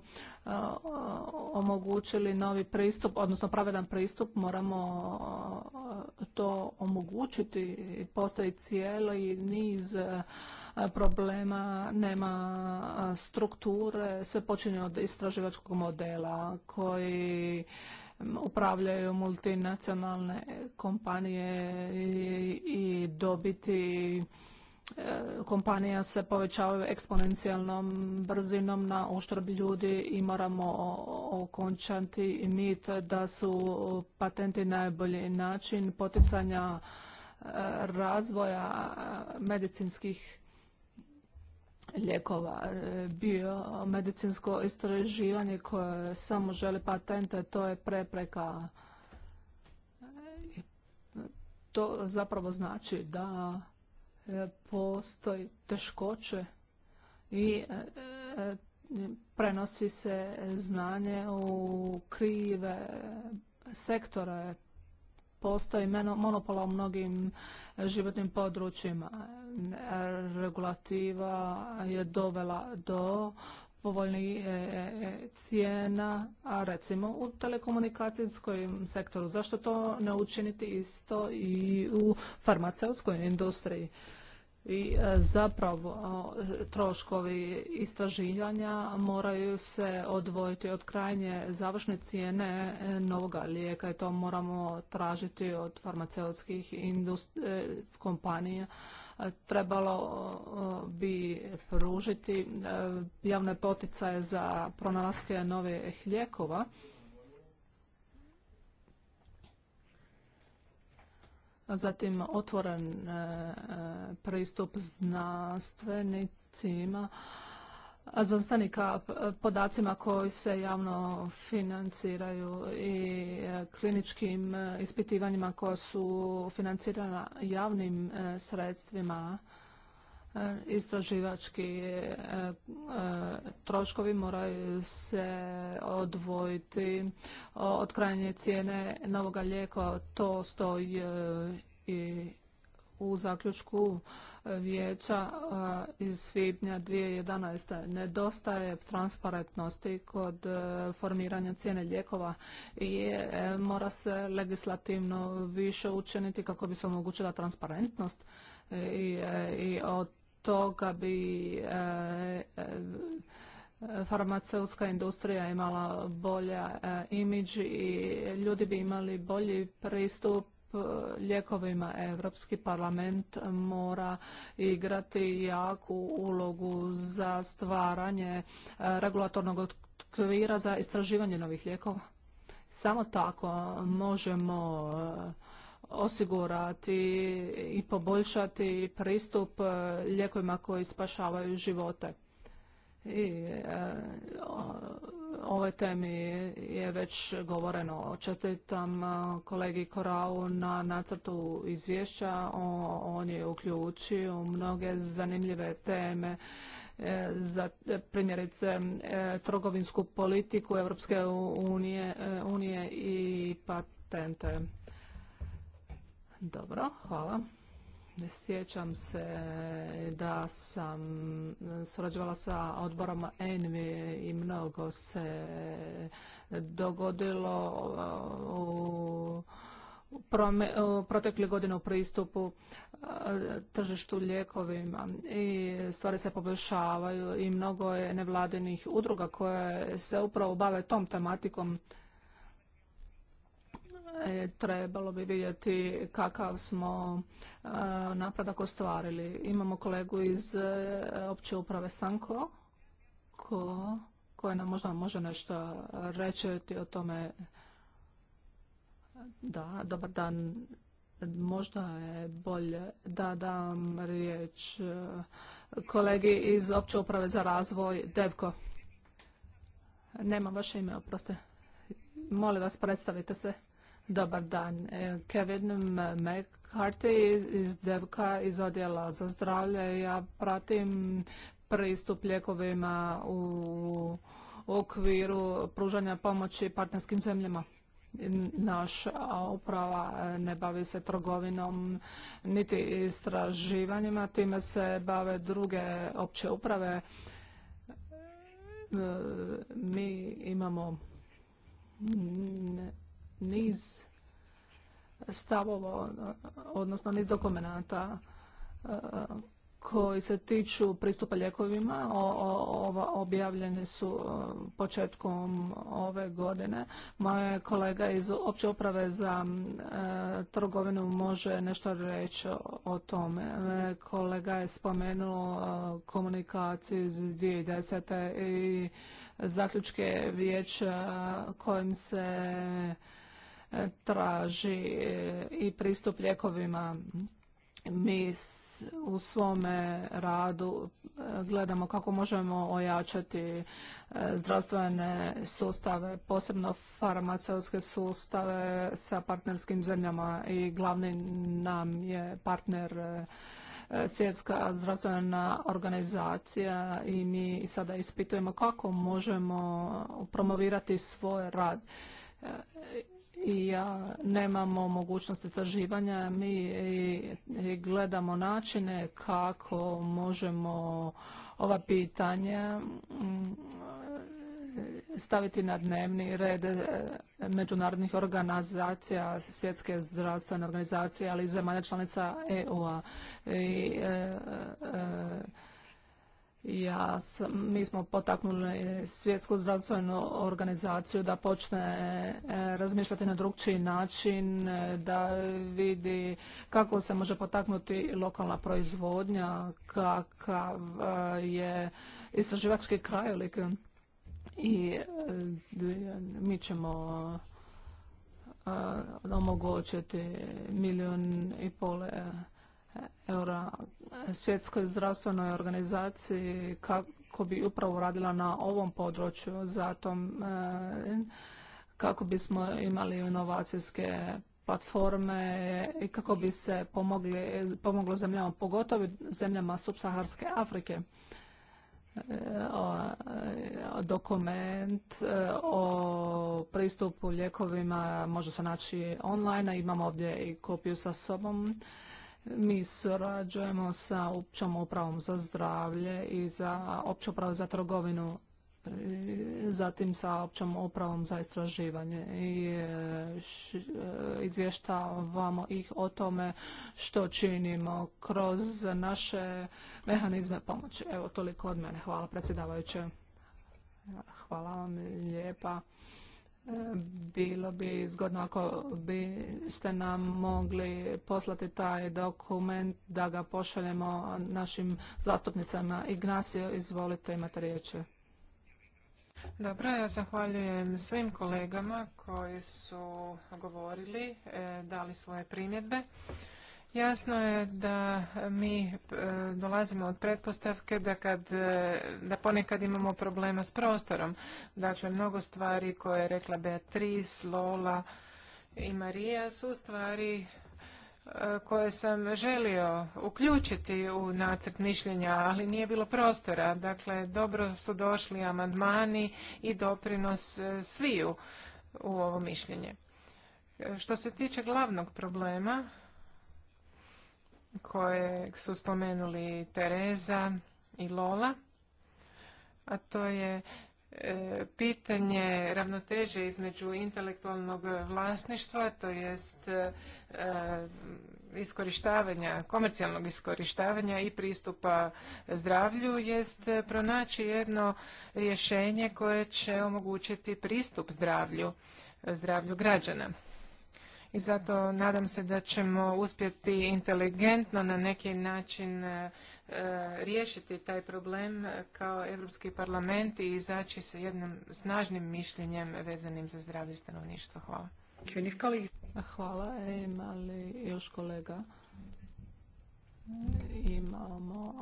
omogućili novi pristup, odnosno pravedan pristup, moramo to omogućiti. Postoji cijeli niz problema, nema strukture, sve počinje od istraživačkog modela koji upravljaju multinacionalne kompanije i dobiti kompanija se povećavaju eksponencijalnom brzinom na oštrb ljudi i moramo okončati mit da su patenti najbolji način poticanja e, razvoja medicinskih lijekova. E, Bio medicinsko istraživanje koje samo želi patente, to je prepreka. E, to zapravo znači da E, postoji teškoće i e, e, prenosi se znanje u krive sektore. Postoji monopola u mnogim životnim područjima. Regulativa je dovela do povoljnih e, e, cijena, a recimo u telekomunikacijskom sektoru. Zašto to ne učiniti isto i u farmaceutskoj industriji? i e, zapravo troškovi istraživanja moraju se odvojiti od krajnje završne cijene novoga lijeka i to moramo tražiti od farmaceutskih kompanija Trebalo bi pružiti e, javne poticaje za pronalaske novih lijekova. Zatim otvoren e, e, pristup znanstvenicima znanstvenika podacima koji se javno financiraju i e, kliničkim e, ispitivanjima koja su financirana javnim e, sredstvima istraživački troškovi moraju se odvojiti od krajnje cijene novog lijeka. To stoji i u zaključku e, vijeća e, iz svibnja 2011. Nedostaje transparentnosti kod e, formiranja cijene lijekova i mora se legislativno više učiniti kako bi se omogućila transparentnost i, od toga bi farmaceutska industrija imala bolja imidž i ljudi bi imali bolji pristup lijekovima Europski parlament mora igrati jaku ulogu za stvaranje e, regulatornog okvira za istraživanje novih lijekova. Samo tako možemo e, osigurati i poboljšati pristup e, lijekovima koji spašavaju živote. I, ovoj temi je već govoreno. Čestitam kolegi Korau na nacrtu izvješća. On je uključio mnoge zanimljive teme e, za primjerice e, trgovinsku politiku Europske unije, e, unije i patente. Dobro, hvala. Sjećam se da sam surađivala sa odborom ENVI i mnogo se dogodilo uh, u protekle godine u pristupu uh, tržištu lijekovima i stvari se poboljšavaju i mnogo je nevladinih udruga koje se upravo bave tom tematikom E, trebalo bi vidjeti kakav smo e, napredak ostvarili. Imamo kolegu iz e, opće uprave Sanko ko, koja nam možda može nešto reći o tome. Da, dobar dan. Možda je bolje da dam riječ kolegi iz opće uprave za razvoj Devko. Nema vaše ime, oproste. Molim vas, predstavite se. Dobar dan. E, Kevin McCarthy iz Devka iz Odjela za zdravlje. Ja pratim pristup ljekovima u okviru pružanja pomoći partnerskim zemljama. Naša uprava e, ne bavi se trgovinom niti istraživanjima, time se bave druge opće uprave. E, mi imamo niz stavova, odnosno niz dokumenata e, koji se tiču pristupa ljekovima objavljeni su e, početkom ove godine. Moja kolega iz opće uprave za e, trgovinu može nešto reći o tome. Kolega je spomenuo komunikaciju iz 2010. i zaključke vijeća kojim se traži e, i pristup ljekovima. Mi u svome radu e, gledamo kako možemo ojačati e, zdravstvene sustave, posebno farmaceutske sustave sa partnerskim zemljama i glavni nam je partner svjetska zdravstvena organizacija i mi sada ispitujemo kako možemo promovirati svoj rad i ja nemamo mogućnost istraživanja, mi gledamo načine kako možemo ova pitanja mm, staviti na dnevni red e, međunarodnih organizacija, svjetske zdravstvene organizacije, ali i zemalja članica EU-a. Ja sam, mi smo potaknuli svjetsku zdravstvenu organizaciju da počne e, razmišljati na drugčiji način, e, da vidi kako se može potaknuti lokalna proizvodnja, kakav e, je istraživački krajolik i mi ćemo omogućiti milijun i pol Euro, svjetskoj zdravstvenoj organizaciji kako bi upravo radila na ovom području, zatom e, kako bismo imali inovacijske platforme i kako bi se pomogli, pomoglo zemljama, pogotovo zemljama subsaharske Afrike. E, e, dokument o pristupu lijekovima može se naći online, imamo ovdje i kopiju sa sobom. Mi surađujemo sa općom upravom za zdravlje i za opću upravu za trgovinu zatim sa općom upravom za istraživanje i e, izvještavamo ih o tome što činimo kroz naše mehanizme pomoći. Evo toliko od mene. Hvala predsjedavajuće. Hvala vam lijepa. Bilo bi zgodno ako biste nam mogli poslati taj dokument da ga pošaljemo našim zastupnicama. Ignacio, izvolite, imate riječe. Dobro, ja zahvaljujem svim kolegama koji su govorili, e, dali svoje primjedbe. Jasno je da mi e, dolazimo od pretpostavke da, kad, e, da ponekad imamo problema s prostorom. Dakle, mnogo stvari koje je rekla Beatriz, Lola i Marija su stvari e, koje sam želio uključiti u nacrt mišljenja, ali nije bilo prostora. Dakle, dobro su došli amandmani i doprinos sviju u ovo mišljenje. Što se tiče glavnog problema, koje su spomenuli Tereza i Lola, a to je e, pitanje ravnoteže između intelektualnog vlasništva, to jest e, iskorištavanja, komercijalnog iskorištavanja i pristupa zdravlju, jest pronaći jedno rješenje koje će omogućiti pristup zdravlju, zdravlju građana i zato nadam se da ćemo uspjeti inteligentno na neki način e, e, riješiti taj problem kao Europski parlament i izaći sa jednim snažnim mišljenjem vezanim za zdravlje stanovništva. Hvala. Hvala. E, ima još kolega? Imamo,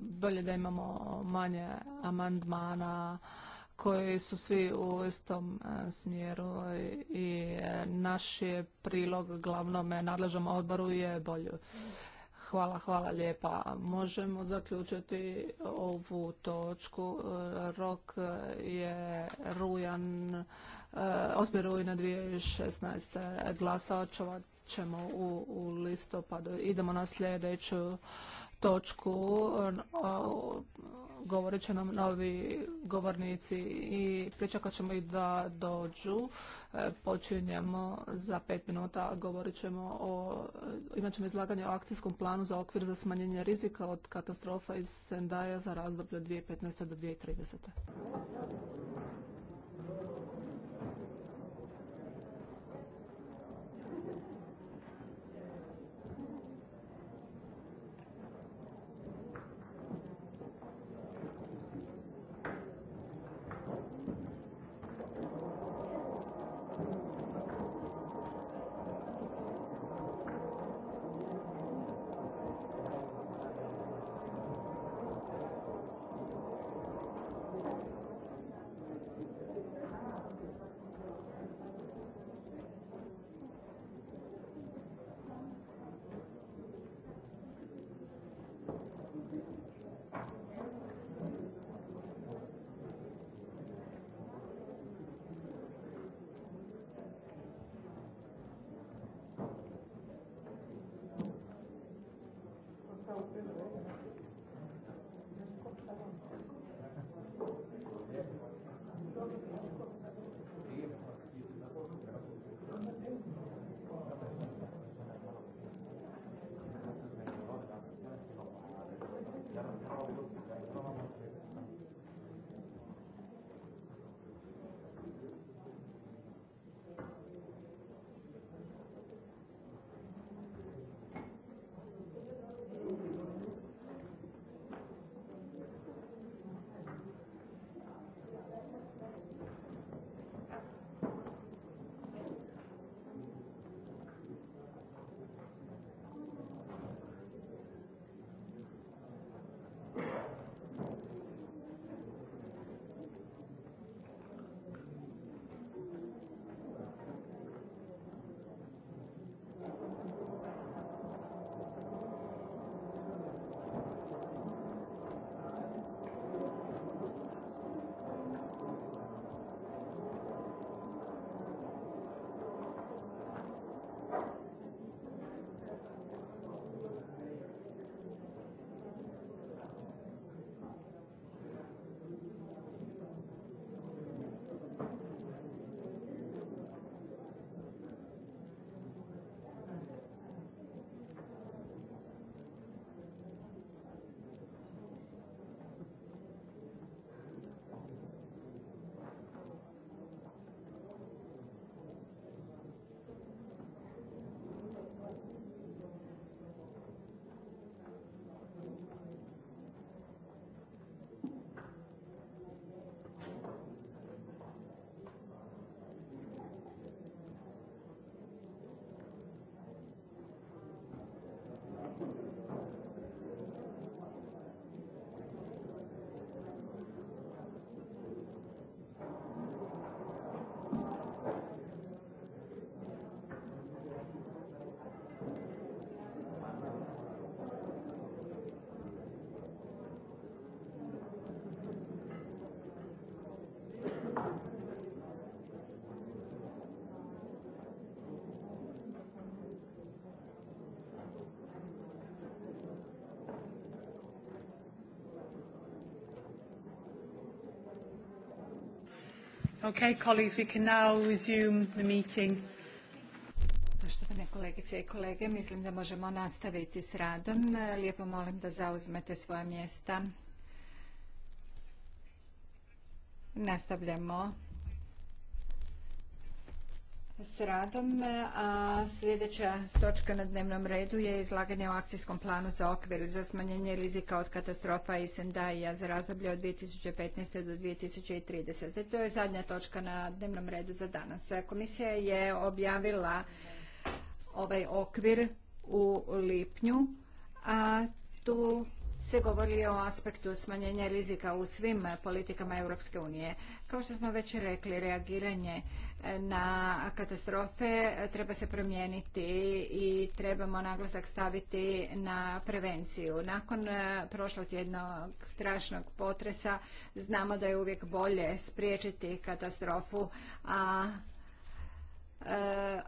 bolje da imamo manje amandmana koji su svi u istom e, smjeru i e, naš je prilog glavnome nadležnom odboru je bolju. Hvala, hvala lijepa. Možemo zaključiti ovu točku. E, rok je rujan, 8. rujna 2016. Glasovat ćemo u, u listopadu. Idemo na sljedeću točku govorit će nam novi govornici i pričakat ćemo ih da dođu. E, počinjemo za pet minuta, govorit ćemo o, imat ćemo izlaganje o akcijskom planu za okvir za smanjenje rizika od katastrofa iz Sendaja za razdoblje 2015. do 2030. Okay, colleagues, we can now resume the meeting. Poštovane kolegice i kolege, mislim da možemo nastaviti s radom. Lijepo molim da zauzmete svoja mjesta. Nastavljamo s radom, a sljedeća točka na dnevnom redu je izlaganje o akcijskom planu za okvir za smanjenje rizika od katastrofa i sendaija za razdoblje od 2015. do 2030. To je zadnja točka na dnevnom redu za danas. Komisija je objavila ovaj okvir u lipnju, a tu se govori o aspektu smanjenja rizika u svim politikama Europske unije. Kao što smo već rekli, reagiranje e, na katastrofe e, treba se promijeniti i trebamo naglasak staviti na prevenciju. Nakon e, prošlog jednog strašnog potresa znamo da je uvijek bolje spriječiti katastrofu, a E,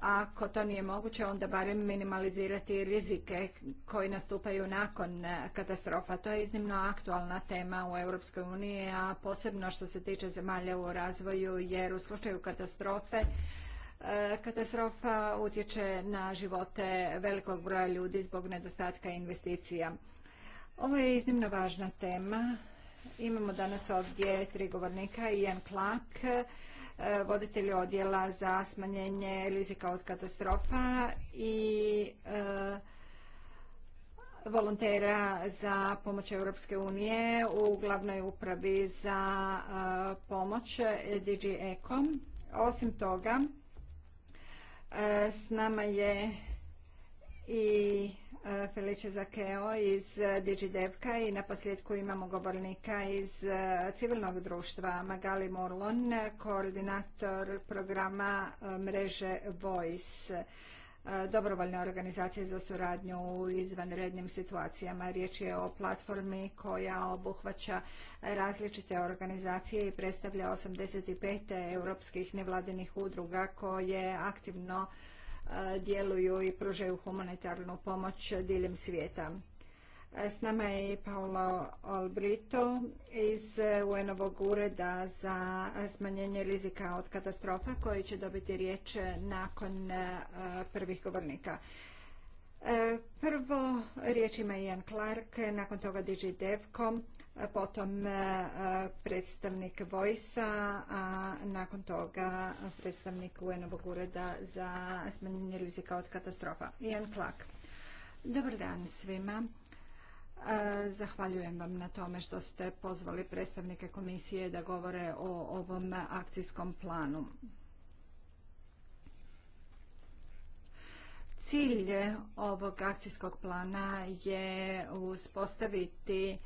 ako to nije moguće, onda barem minimalizirati rizike koji nastupaju nakon e, katastrofa. To je iznimno aktualna tema u Europskoj uniji, a posebno što se tiče zemalja u razvoju, jer u slučaju katastrofe e, katastrofa utječe na živote velikog broja ljudi zbog nedostatka investicija. Ovo je iznimno važna tema. Imamo danas ovdje tri govornika, Ian Clark, E, voditelji odjela za smanjenje rizika od katastrofa i e, volontera za pomoć Europske unije u glavnoj upravi za e, pomoć DG Eco. Osim toga, s nama je i Eh, Felice Zakeo iz eh, DigiDevka i na posljedku imamo govornika iz eh, civilnog društva Magali Morlon, koordinator programa mreže Voice dobrovoljne organizacije za suradnju u izvanrednim situacijama. Riječ je o platformi koja obuhvaća različite organizacije i predstavlja 85 europskih nevladinih udruga koje aktivno djeluju i pružaju humanitarnu pomoć diljem svijeta. S nama je Paolo Olbrito iz UN-ovog ureda za smanjenje rizika od katastrofa koji će dobiti riječ nakon e, prvih govornika. E, prvo riječ ima Ian Clark, nakon toga Digi Devko, potom e, predstavnik Vojsa, a nakon toga predstavnik UN-ovog ureda za smanjenje rizika od katastrofa. Ian Clark. Dobar dan svima. E, zahvaljujem vam na tome što ste pozvali predstavnike komisije da govore o ovom akcijskom planu. Cilj ovog akcijskog plana je uspostaviti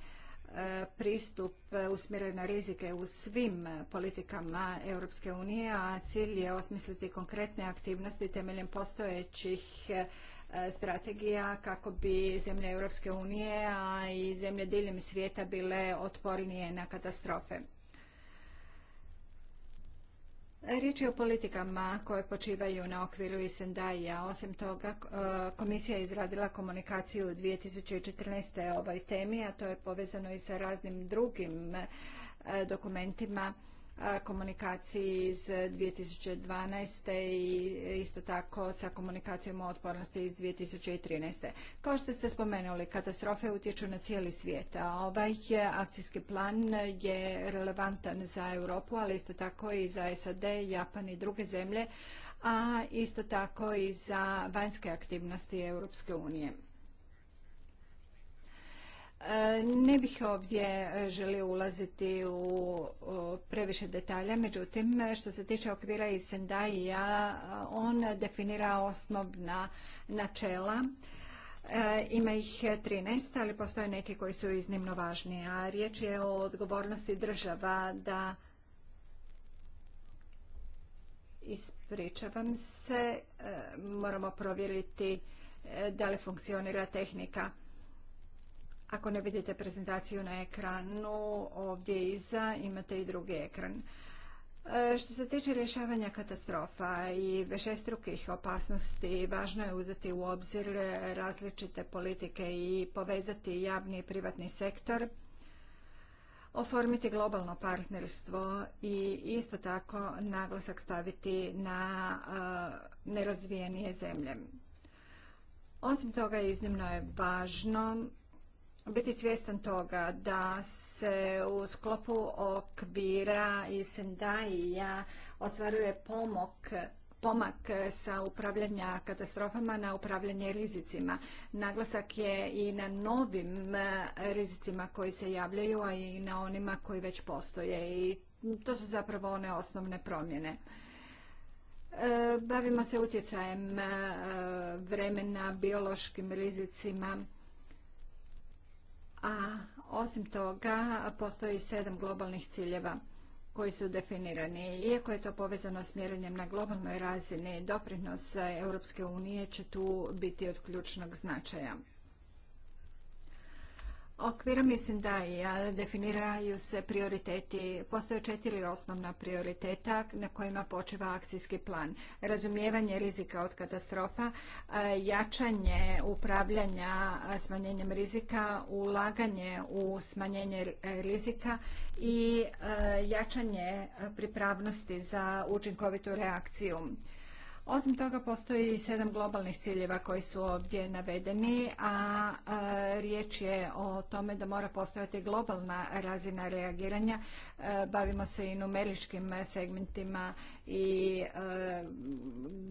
pristup usmjeren na rizike u svim politikama Europske unije, a cilj je osmisliti konkretne aktivnosti temeljem postojećih e, strategija kako bi zemlje Europske unije, a i zemlje diljem svijeta bile otpornije na katastrofe. Riječ je o politikama koje počivaju na okviru Isendaija. Osim toga, e, komisija je izradila komunikaciju 2014. o ovoj temi, a to je povezano i sa raznim drugim e, dokumentima komunikaciji iz 2012. E, i e, isto tako sa komunikacijom o otpornosti iz 2013. Kao što ste spomenuli, katastrofe utječu na cijeli svijet, a ovaj e, akcijski plan je relevantan za Europu, ali isto tako i za SAD, Japan i druge zemlje, a isto tako i za vanjske aktivnosti Europske unije. Ne bih ovdje e, želio ulaziti u previše detalja, međutim što se tiče okvira i Sendaija, on definira osnovna načela. E, ima ih 13, ali postoje neki koji su iznimno važni, a riječ je o odgovornosti država da ispričavam se, e, moramo provjeriti da li funkcionira tehnika. Ako ne vidite prezentaciju na ekranu, ovdje iza imate i drugi ekran. E, što se tiče rješavanja katastrofa i vešestrukih opasnosti, važno je uzeti u obzir različite politike i povezati javni i privatni sektor, oformiti globalno partnerstvo i isto tako naglasak staviti na e, nerazvijenije zemlje. Osim toga, iznimno je važno biti svjestan toga da se u sklopu okvira i sendaija ostvaruje pomok pomak sa upravljanja katastrofama na upravljanje rizicima. Naglasak je i na novim e, rizicima koji se javljaju, a i na onima koji već postoje i to su zapravo one osnovne promjene. E, bavimo se utjecajem e, vremena, biološkim rizicima a osim toga postoji sedam globalnih ciljeva koji su definirani. Iako je to povezano s mjerenjem na globalnoj razini, doprinos Europske unije će tu biti od ključnog značaja okvira mislim da ja, definiraju se prioriteti. Postoje četiri osnovna prioriteta na kojima počiva akcijski plan. Razumijevanje rizika od katastrofa, e, jačanje upravljanja smanjenjem rizika, ulaganje u smanjenje e, rizika i e, jačanje pripravnosti za učinkovitu reakciju. Osim toga postoji sedam globalnih ciljeva koji su ovdje navedeni, a riječ je o tome da mora postojati globalna razina reagiranja. E, bavimo se i numeričkim segmentima i e,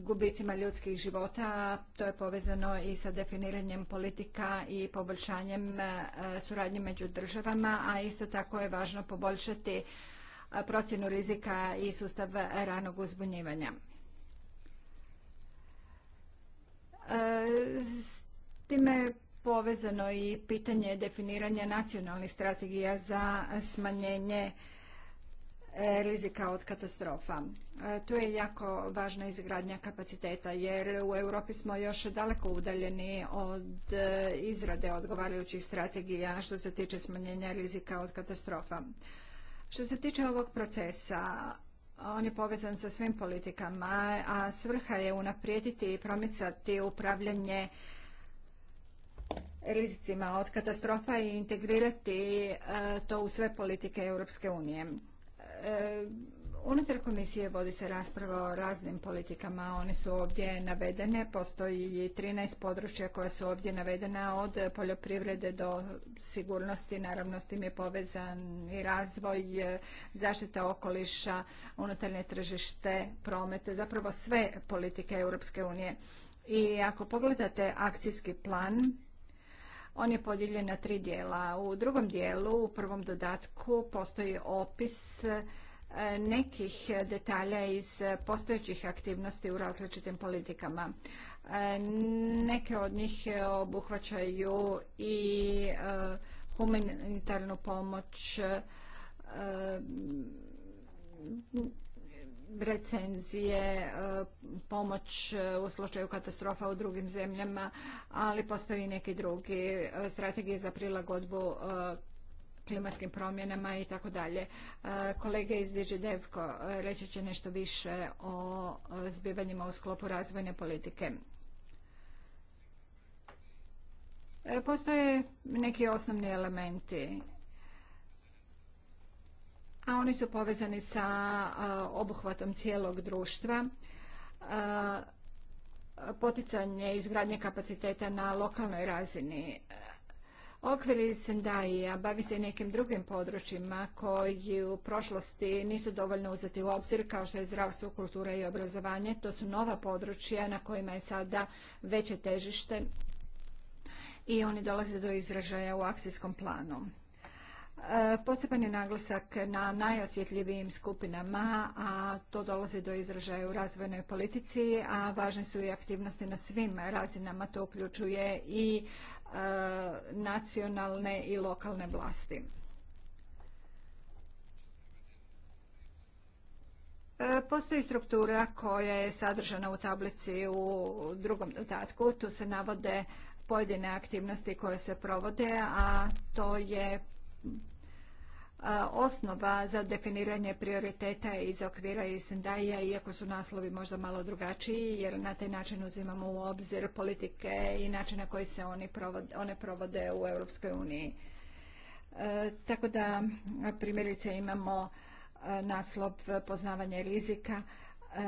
gubicima ljudskih života. To je povezano i sa definiranjem politika i poboljšanjem e, suradnje među državama, a isto tako je važno poboljšati procjenu rizika i sustav ranog uzbunjivanja. E, s time povezano i pitanje definiranja nacionalnih strategija za smanjenje e, rizika od katastrofa. E, tu je jako važna izgradnja kapaciteta jer u Europi smo još daleko udaljeni od izrade odgovarajućih strategija što se tiče smanjenja rizika od katastrofa. Što se tiče ovog procesa, on je povezan sa svim politikama, a svrha je unaprijediti i promicati upravljanje rizicima od katastrofa i integrirati e, to u sve politike Europske unije. E, Unutar komisije vodi se rasprava o raznim politikama, one su ovdje navedene, postoji 13 područja koja su ovdje navedena od poljoprivrede do sigurnosti, naravno s tim je povezan i razvoj, e, zaštita okoliša, unutarnje tržište, promete, zapravo sve politike Europske unije. I ako pogledate akcijski plan, on je podijeljen na tri dijela. U drugom dijelu, u prvom dodatku, postoji opis nekih detalja iz postojećih aktivnosti u različitim politikama. E, neke od njih obuhvaćaju i e, humanitarnu pomoć, e, recenzije, pomoć u slučaju katastrofa u drugim zemljama, ali postoji i neki drugi strategije za prilagodbu klimatskim promjenama i tako dalje. E, kolege iz DigiDevko e, reći će nešto više o zbivanjima u sklopu razvojne politike. E, postoje neki osnovni elementi, a oni su povezani sa obuhvatom cijelog društva, poticanje izgradnje kapaciteta na lokalnoj razini, Okvir iz bavi se i nekim drugim područjima koji u prošlosti nisu dovoljno uzeti u obzir kao što je zdravstvo, kultura i obrazovanje. To su nova područja na kojima je sada veće težište i oni dolaze do izražaja u akcijskom planu. E, poseban je naglasak na najosjetljivijim skupinama, a to dolazi do izražaja u razvojnoj politici, a važne su i aktivnosti na svim razinama, to uključuje i nacionalne i lokalne vlasti. E, postoji struktura koja je sadržana u tablici u drugom dodatku. Tu se navode pojedine aktivnosti koje se provode, a to je osnova za definiranje prioriteta iz okvira i sendaja, iako su naslovi možda malo drugačiji, jer na taj način uzimamo u obzir politike i način na koji se oni provode, one provode u Europskoj uniji. E, tako da primjerice imamo e, naslov poznavanje rizika, e,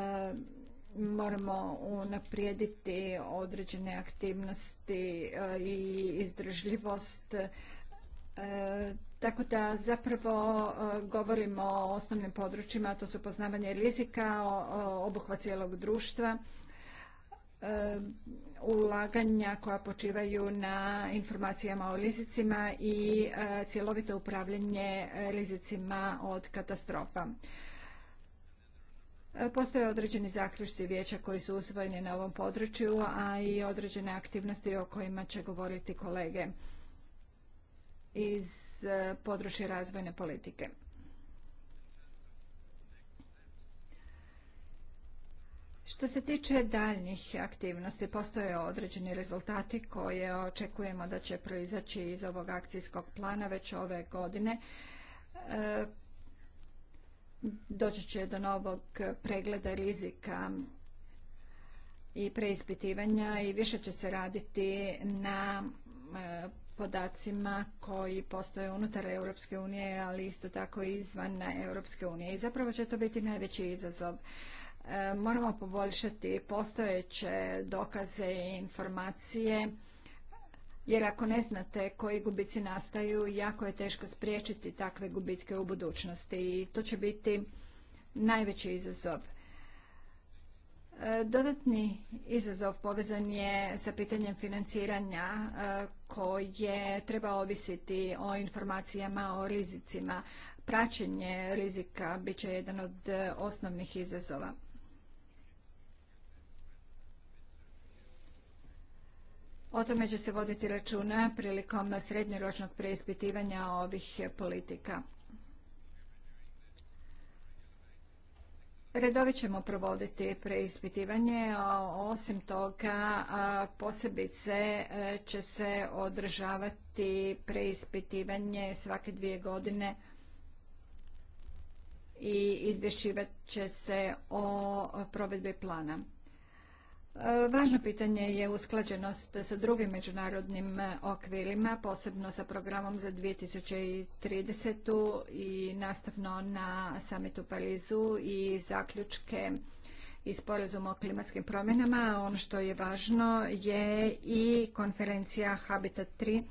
moramo unaprijediti određene aktivnosti i izdržljivost tako da zapravo e, govorimo o osnovnim područjima, to su poznavanje rizika, obuhva cijelog društva, e, ulaganja koja počivaju na informacijama o rizicima i e, cjelovito upravljanje rizicima od katastrofa. Postoje određeni zaključci vijeća koji su usvojeni na ovom području, a i određene aktivnosti o kojima će govoriti kolege iz područje razvojne politike. Što se tiče daljnjih aktivnosti, postoje određeni rezultati koje očekujemo da će proizaći iz ovog akcijskog plana već ove godine. E, doći će do novog pregleda rizika i preispitivanja i više će se raditi na e, podacima koji postoje unutar Europske unije, ali isto tako i izvan Europske unije. I zapravo će to biti najveći izazov. E, moramo poboljšati postojeće dokaze i informacije, jer ako ne znate koji gubici nastaju, jako je teško spriječiti takve gubitke u budućnosti i to će biti najveći izazov. E, dodatni izazov povezan je sa pitanjem financiranja e, koje treba ovisiti o informacijama o rizicima. Praćenje rizika bit će jedan od e, osnovnih izazova. O tome će se voditi računa prilikom srednjoročnog preispitivanja ovih politika. Redovi ćemo provoditi preispitivanje, a osim toga posebice e, će se održavati preispitivanje svake dvije godine i izvješćivat će se o provedbi plana. Važno pitanje je usklađenost sa drugim međunarodnim e, okvirima, posebno sa programom za 2030. i nastavno na samitu Parizu i zaključke i sporazum o klimatskim promjenama. Ono što je važno je i konferencija Habitat 3,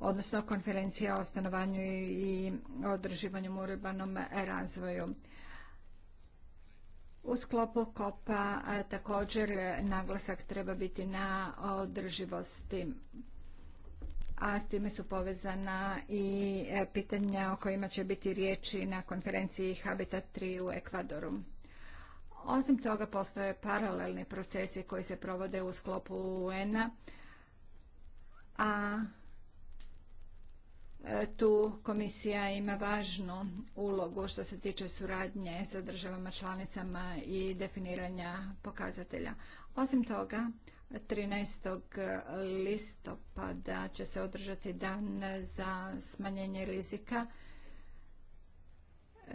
odnosno konferencija o stanovanju i održivanju urbanom razvoju. U sklopu kopa također e, naglasak treba biti na održivosti, a s time su povezana i e, pitanja o kojima će biti riječi na konferenciji Habitat 3 u Ekvadoru. Osim toga postoje paralelni procesi koji se provode u sklopu UN-a, a tu komisija ima važnu ulogu što se tiče suradnje sa državama članicama i definiranja pokazatelja. Osim toga, 13. listopada će se održati dan za smanjenje rizika.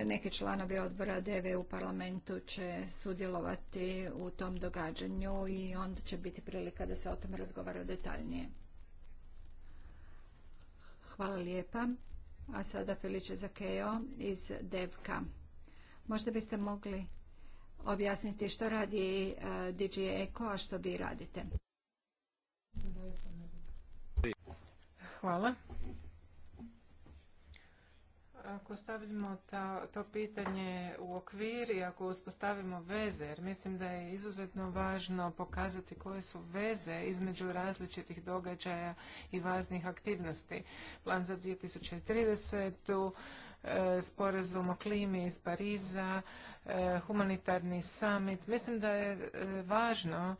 Neki članovi odbora DV u parlamentu će sudjelovati u tom događanju i onda će biti prilika da se o tom razgovara detaljnije. Hvala lijepa. A sada Felice Zakeo iz Devka. Možda biste mogli objasniti što radi e, DJ Eko, a što vi radite. Hvala ako stavimo to pitanje u okvir i ako uspostavimo veze, jer mislim da je izuzetno važno pokazati koje su veze između različitih događaja i važnih aktivnosti. Plan za 2030. trideset e, sporazum o klimi iz Pariza, e, humanitarni summit. Mislim da je e, važno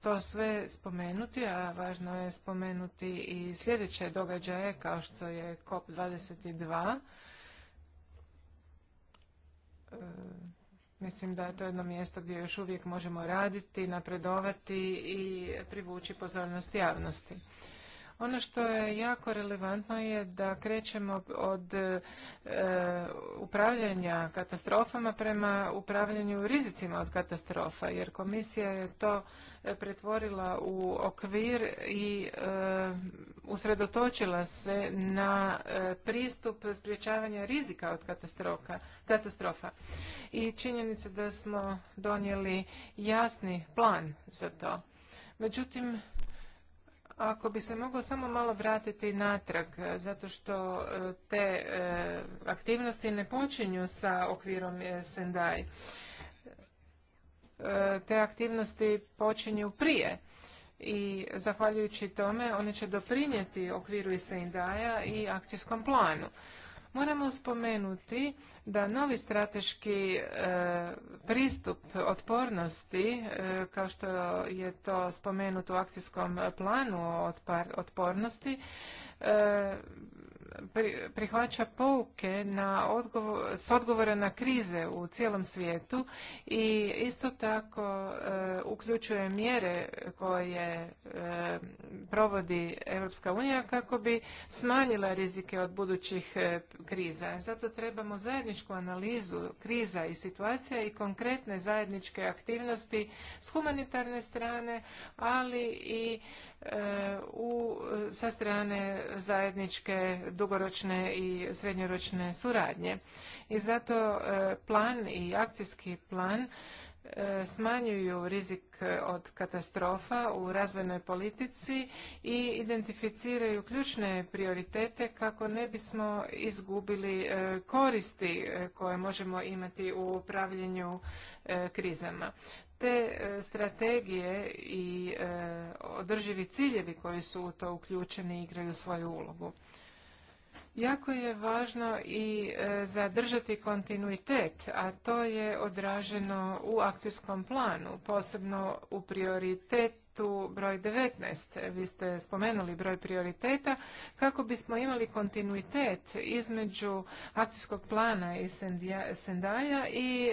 to sve spomenuti, a važno je spomenuti i sljedeće događaje kao što je COP22 E, mislim da je to jedno mjesto gdje još uvijek možemo raditi, napredovati i privući pozornost javnosti. Ono što je jako relevantno je da krećemo od e, upravljanja katastrofama prema upravljanju rizicima od katastrofa, jer komisija je to e, pretvorila u okvir i e, usredotočila se na pristup sprječavanja rizika od katastrofa. I činjenica da smo donijeli jasni plan za to. Međutim, ako bi se moglo samo malo vratiti natrag, e, zato što e, te e, aktivnosti ne počinju sa okvirom Sendai. Te aktivnosti počinju prije i zahvaljujući tome one će doprinijeti okviru i i akcijskom planu. Moramo spomenuti da novi strateški e, pristup otpornosti, e, kao što je to spomenuto u akcijskom planu otpornosti, e, prihvaća pouke s odgovora na krize u cijelom svijetu i isto tako e, uključuje mjere koje e, provodi Europska unija kako bi smanjila rizike od budućih e, kriza. Zato trebamo zajedničku analizu kriza i situacija i konkretne zajedničke aktivnosti s humanitarne strane, ali i E, u, sa strane zajedničke dugoročne i srednjoročne suradnje. I zato e, plan i akcijski plan e, smanjuju rizik od katastrofa u razvojnoj politici i identificiraju ključne prioritete kako ne bismo izgubili koristi koje možemo imati u upravljanju krizama te e, strategije i e, održivi ciljevi koji su u to uključeni igraju svoju ulogu. Jako je važno i e, zadržati kontinuitet, a to je odraženo u akcijskom planu, posebno u prioritetu broj 19. Vi ste spomenuli broj prioriteta kako bismo imali kontinuitet između akcijskog plana i sendaja i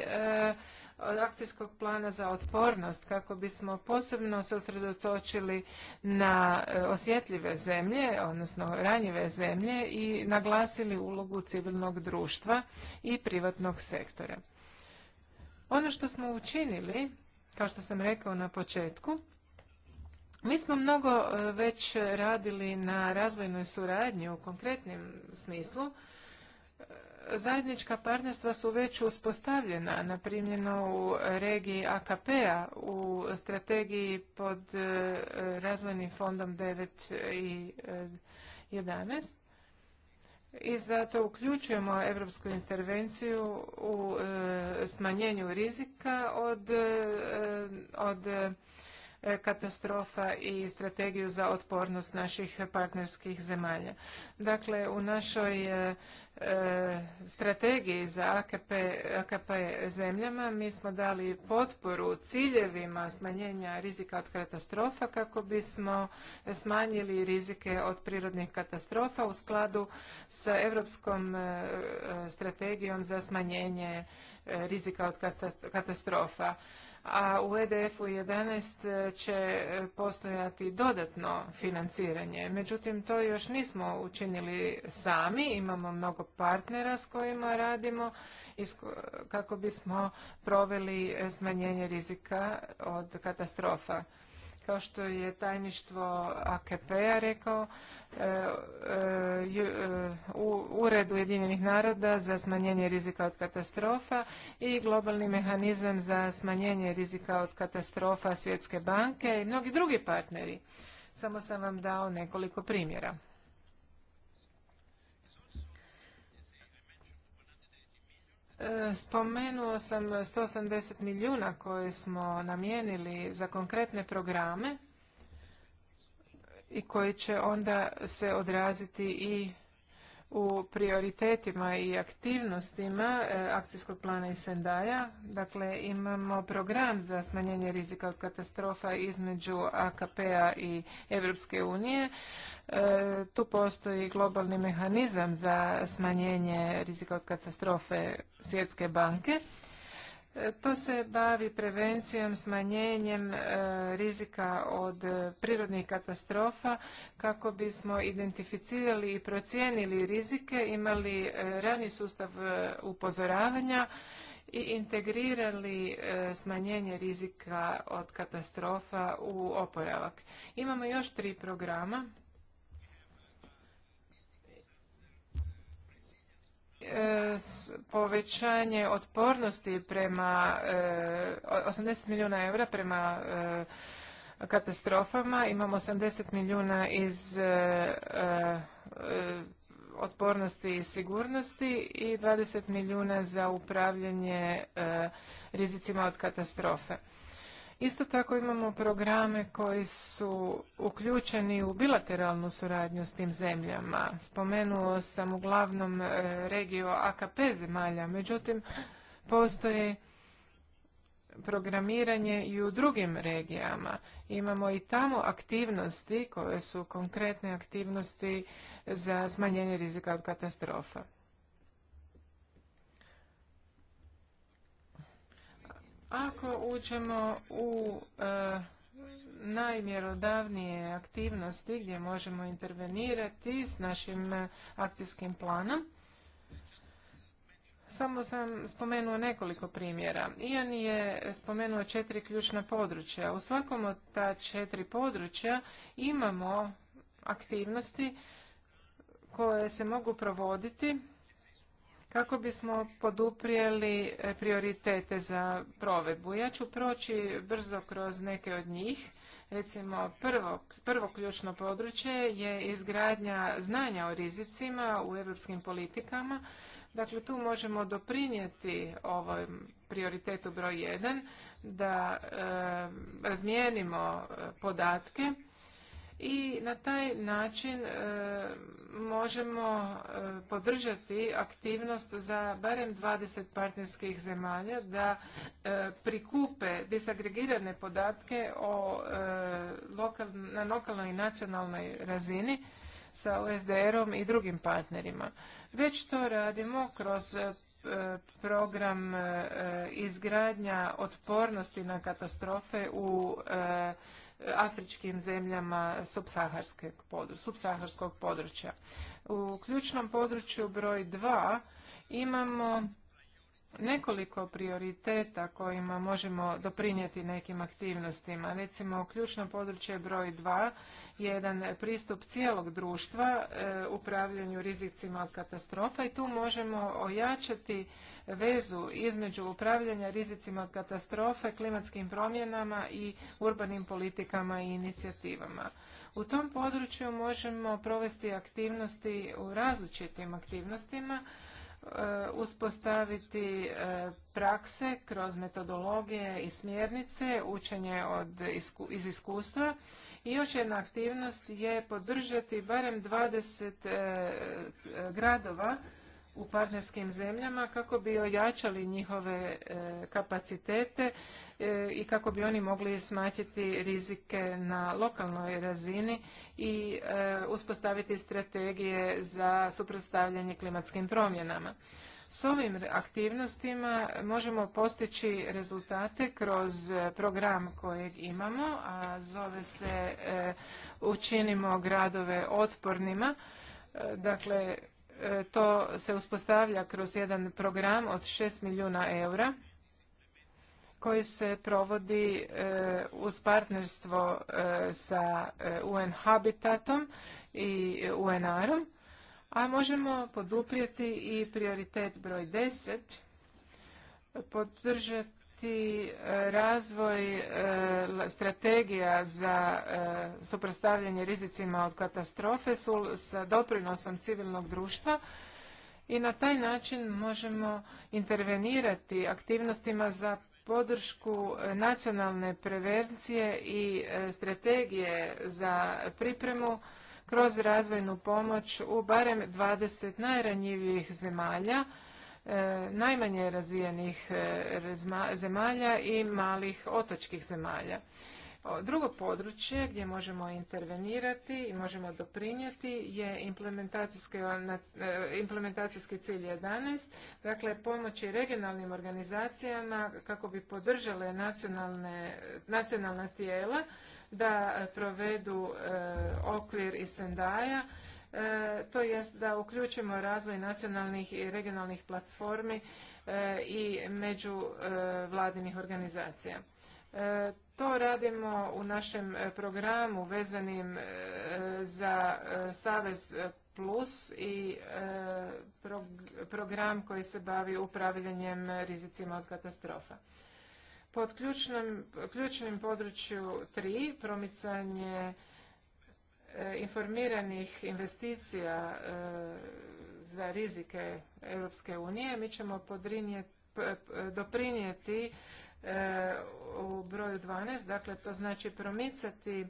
akcijskog plana za otpornost kako bismo posebno se usredotočili na e, osjetljive zemlje, odnosno ranjive zemlje i naglasili ulogu civilnog društva i privatnog sektora. Ono što smo učinili, kao što sam rekao na početku, mi smo mnogo e, već radili na razvojnoj suradnji u konkretnim smislu zajednička partnerstva su već uspostavljena, naprimljeno u regiji AKP-a, u strategiji pod e, razvojnim fondom 9 i 11. E, I zato uključujemo europsku intervenciju u e, smanjenju rizika od, od E, katastrofa i strategiju za otpornost naših partnerskih zemalja. Dakle, u našoj e, e, strategiji za AKP, AKP zemljama mi smo dali potporu ciljevima smanjenja rizika od katastrofa kako bismo smanjili rizike od prirodnih katastrofa u skladu sa Europskom strategijom za smanjenje rizika od katastrofa a u e EDF-u 11 e, će e, postojati dodatno financiranje. Međutim, to još nismo učinili sami, imamo mnogo partnera s kojima radimo kako bismo proveli smanjenje rizika od katastrofa. Kao što je tajništvo AKP-a rekao, e, e, e, Ured Ujedinjenih naroda za smanjenje rizika od katastrofa i globalni mehanizam za smanjenje rizika od katastrofa Svjetske banke i mnogi drugi partneri. Samo sam vam dao nekoliko primjera. E, spomenuo sam 180 milijuna koje smo namijenili za konkretne programe i koji će onda se odraziti i u prioritetima i aktivnostima e, akcijskog plana i Sendaja. Dakle, imamo program za smanjenje rizika od katastrofa između AKP-a i Europske unije. E, tu postoji globalni mehanizam za smanjenje rizika od katastrofe Svjetske banke E, to se bavi prevencijom, smanjenjem e, rizika od prirodnih katastrofa kako bismo identificirali i procijenili rizike, imali e, rani sustav upozoravanja i integrirali smanjenje rizika od katastrofa u oporavak. Imamo još tri programa povećanje otpornosti prema 80 e, milijuna eura prema e, katastrofama, imamo 80 milijuna iz e, otpornosti i sigurnosti i 20 milijuna za upravljanje rizicima od katastrofe. Isto tako imamo programe koji su uključeni u bilateralnu suradnju s tim zemljama. Spomenuo sam uglavnom e, regiju AKP zemalja, međutim postoji programiranje i u drugim regijama. Imamo i tamo aktivnosti koje su konkretne aktivnosti za smanjenje rizika od katastrofa. Ako uđemo u e, najmjerodavnije aktivnosti gdje možemo intervenirati s našim e, akcijskim planom, samo sam spomenuo nekoliko primjera. Ian je spomenuo četiri ključna područja. U svakom od ta četiri područja imamo aktivnosti koje se mogu provoditi kako bismo poduprijeli e, prioritete za provedbu. Ja ću proći brzo kroz neke od njih. Recimo, prvo, prvo ključno područje je izgradnja znanja o rizicima u europskim politikama. Dakle, tu možemo doprinijeti ovom prioritetu broj 1, da e, razmijenimo e, podatke i na taj način e, možemo e, podržati aktivnost za barem 20 partnerskih zemalja da e, prikupe disagregirane podatke o, na lokalnoj i nacionalnoj razini sa osdr om i drugim partnerima. Već to radimo kroz program izgradnja otpornosti na katastrofe u afričkim zemljama subsaharskog područja. U ključnom području broj 2 imamo nekoliko prioriteta kojima možemo doprinijeti nekim aktivnostima. Recimo, ključno područje broj 2 je jedan pristup cijelog društva e, upravljanju rizicima od katastrofa i tu možemo ojačati vezu između upravljanja rizicima od katastrofe, klimatskim promjenama i urbanim politikama i inicijativama. U tom području možemo provesti aktivnosti u različitim aktivnostima E, uspostaviti e, prakse kroz metodologije i smjernice, učenje od, iz iskustva. I još jedna aktivnost je podržati barem 20 e, gradova u partnerskim zemljama kako bi ojačali njihove kapacitete E, i kako bi oni mogli smanjiti rizike na lokalnoj razini i e, uspostaviti strategije za suprotstavljanje klimatskim promjenama. S ovim aktivnostima možemo postići rezultate kroz program kojeg imamo, a zove se e, Učinimo gradove otpornima. Dakle, to se uspostavlja kroz jedan program od 6 milijuna eura koji se provodi e, uz partnerstvo e, sa e, UN Habitatom i UNR-om, a možemo poduprijeti i prioritet broj 10, podržati razvoj strategija za suprotstavljanje rizicima od katastrofe sa doprinosom civilnog društva, i na taj način možemo intervenirati aktivnostima za podršku e, nacionalne prevencije i e, strategije za pripremu kroz razvojnu pomoć u barem 20 najranjivijih zemalja, e, najmanje razvijenih zemalja i malih otočkih zemalja. Drugo područje gdje možemo intervenirati i možemo doprinijeti je e, implementacijski cilj 11, dakle pomoći regionalnim organizacijama kako bi podržale nacionalna tijela da provedu e, okvir iz Sendaja, e, to jest da uključimo razvoj nacionalnih i regionalnih platformi i među vladinih organizacija. To radimo u našem e, programu vezanim e, za e, Savez Plus i program koji se bavi upravljanjem rizicima od katastrofa. Pod ključnim području 3, promicanje informiranih investicija za rizike Europske unije, mi ćemo doprinijeti E, u broju 12, dakle to znači promicati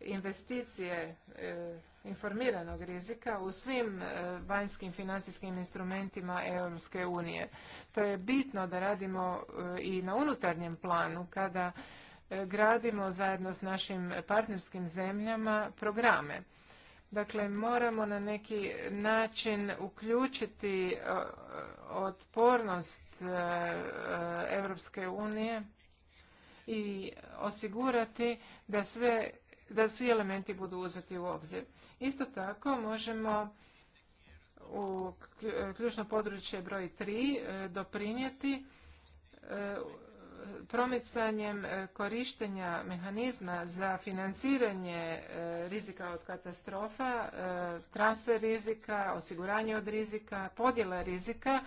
investicije e, informiranog rizika u svim e, vanjskim financijskim instrumentima Europske unije. To je bitno da radimo i na unutarnjem planu kada gradimo zajedno s našim partnerskim zemljama programe. Dakle, moramo na neki način uključiti otpornost Europske eh, unije i osigurati da sve da svi elementi budu uzeti u obzir. Isto tako možemo u ključno područje broj 3 eh, doprinijeti eh, promicanjem korištenja mehanizma za financiranje rizika od katastrofa, transfer rizika, osiguranje od rizika, podjela rizika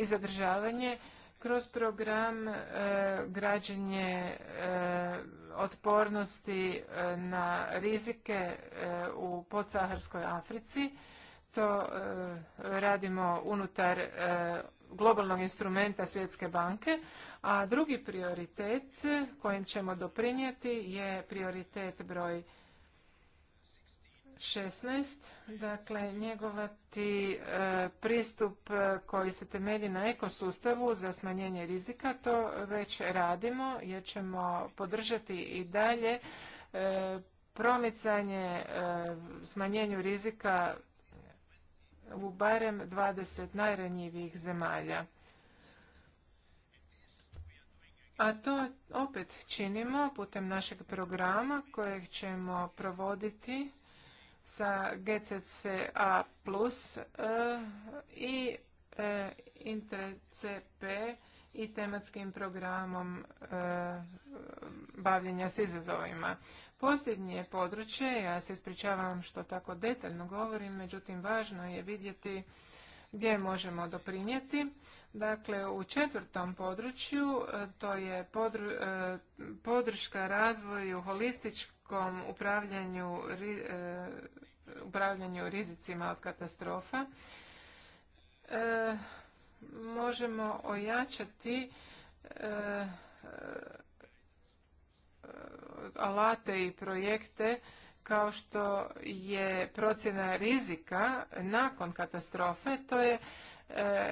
i zadržavanje kroz program e, građenje e, otpornosti e, na rizike u podsaharskoj Africi. To radimo unutar globalnog instrumenta Svjetske banke, a drugi prioritet kojim ćemo doprinijeti je prioritet broj 16, dakle njegovati e, pristup e, koji se temelji na ekosustavu za smanjenje rizika, to već radimo jer ćemo podržati i dalje e, promicanje smanjenju rizika u barem 20 najranjivijih zemalja. A to opet činimo putem našeg programa kojeg ćemo provoditi sa GCCA+, e, i e, InterCP i tematskim programom e, bavljenja s izazovima. Posljednje područje, ja se ispričavam što tako detaljno govorim, međutim važno je vidjeti gdje možemo doprinijeti. Dakle, u četvrtom području, to je podrška razvoju holističkih upravljanju, e, upravljanju rizicima od katastrofa e, možemo ojačati e, alate i projekte kao što je procjena rizika nakon katastrofe. To je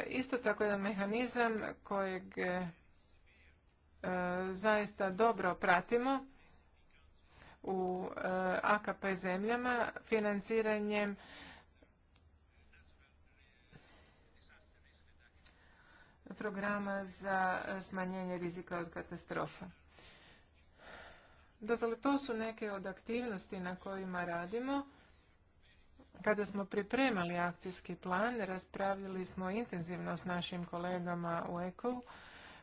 isto tako jedan mehanizam kojeg zaista dobro pratimo u e, AKP zemljama financiranjem programa za e, smanjenje rizika od katastrofa. Dakle, to su neke od aktivnosti na kojima radimo. Kada smo pripremali akcijski plan, raspravljali smo intenzivno s našim kolegama u ECO-u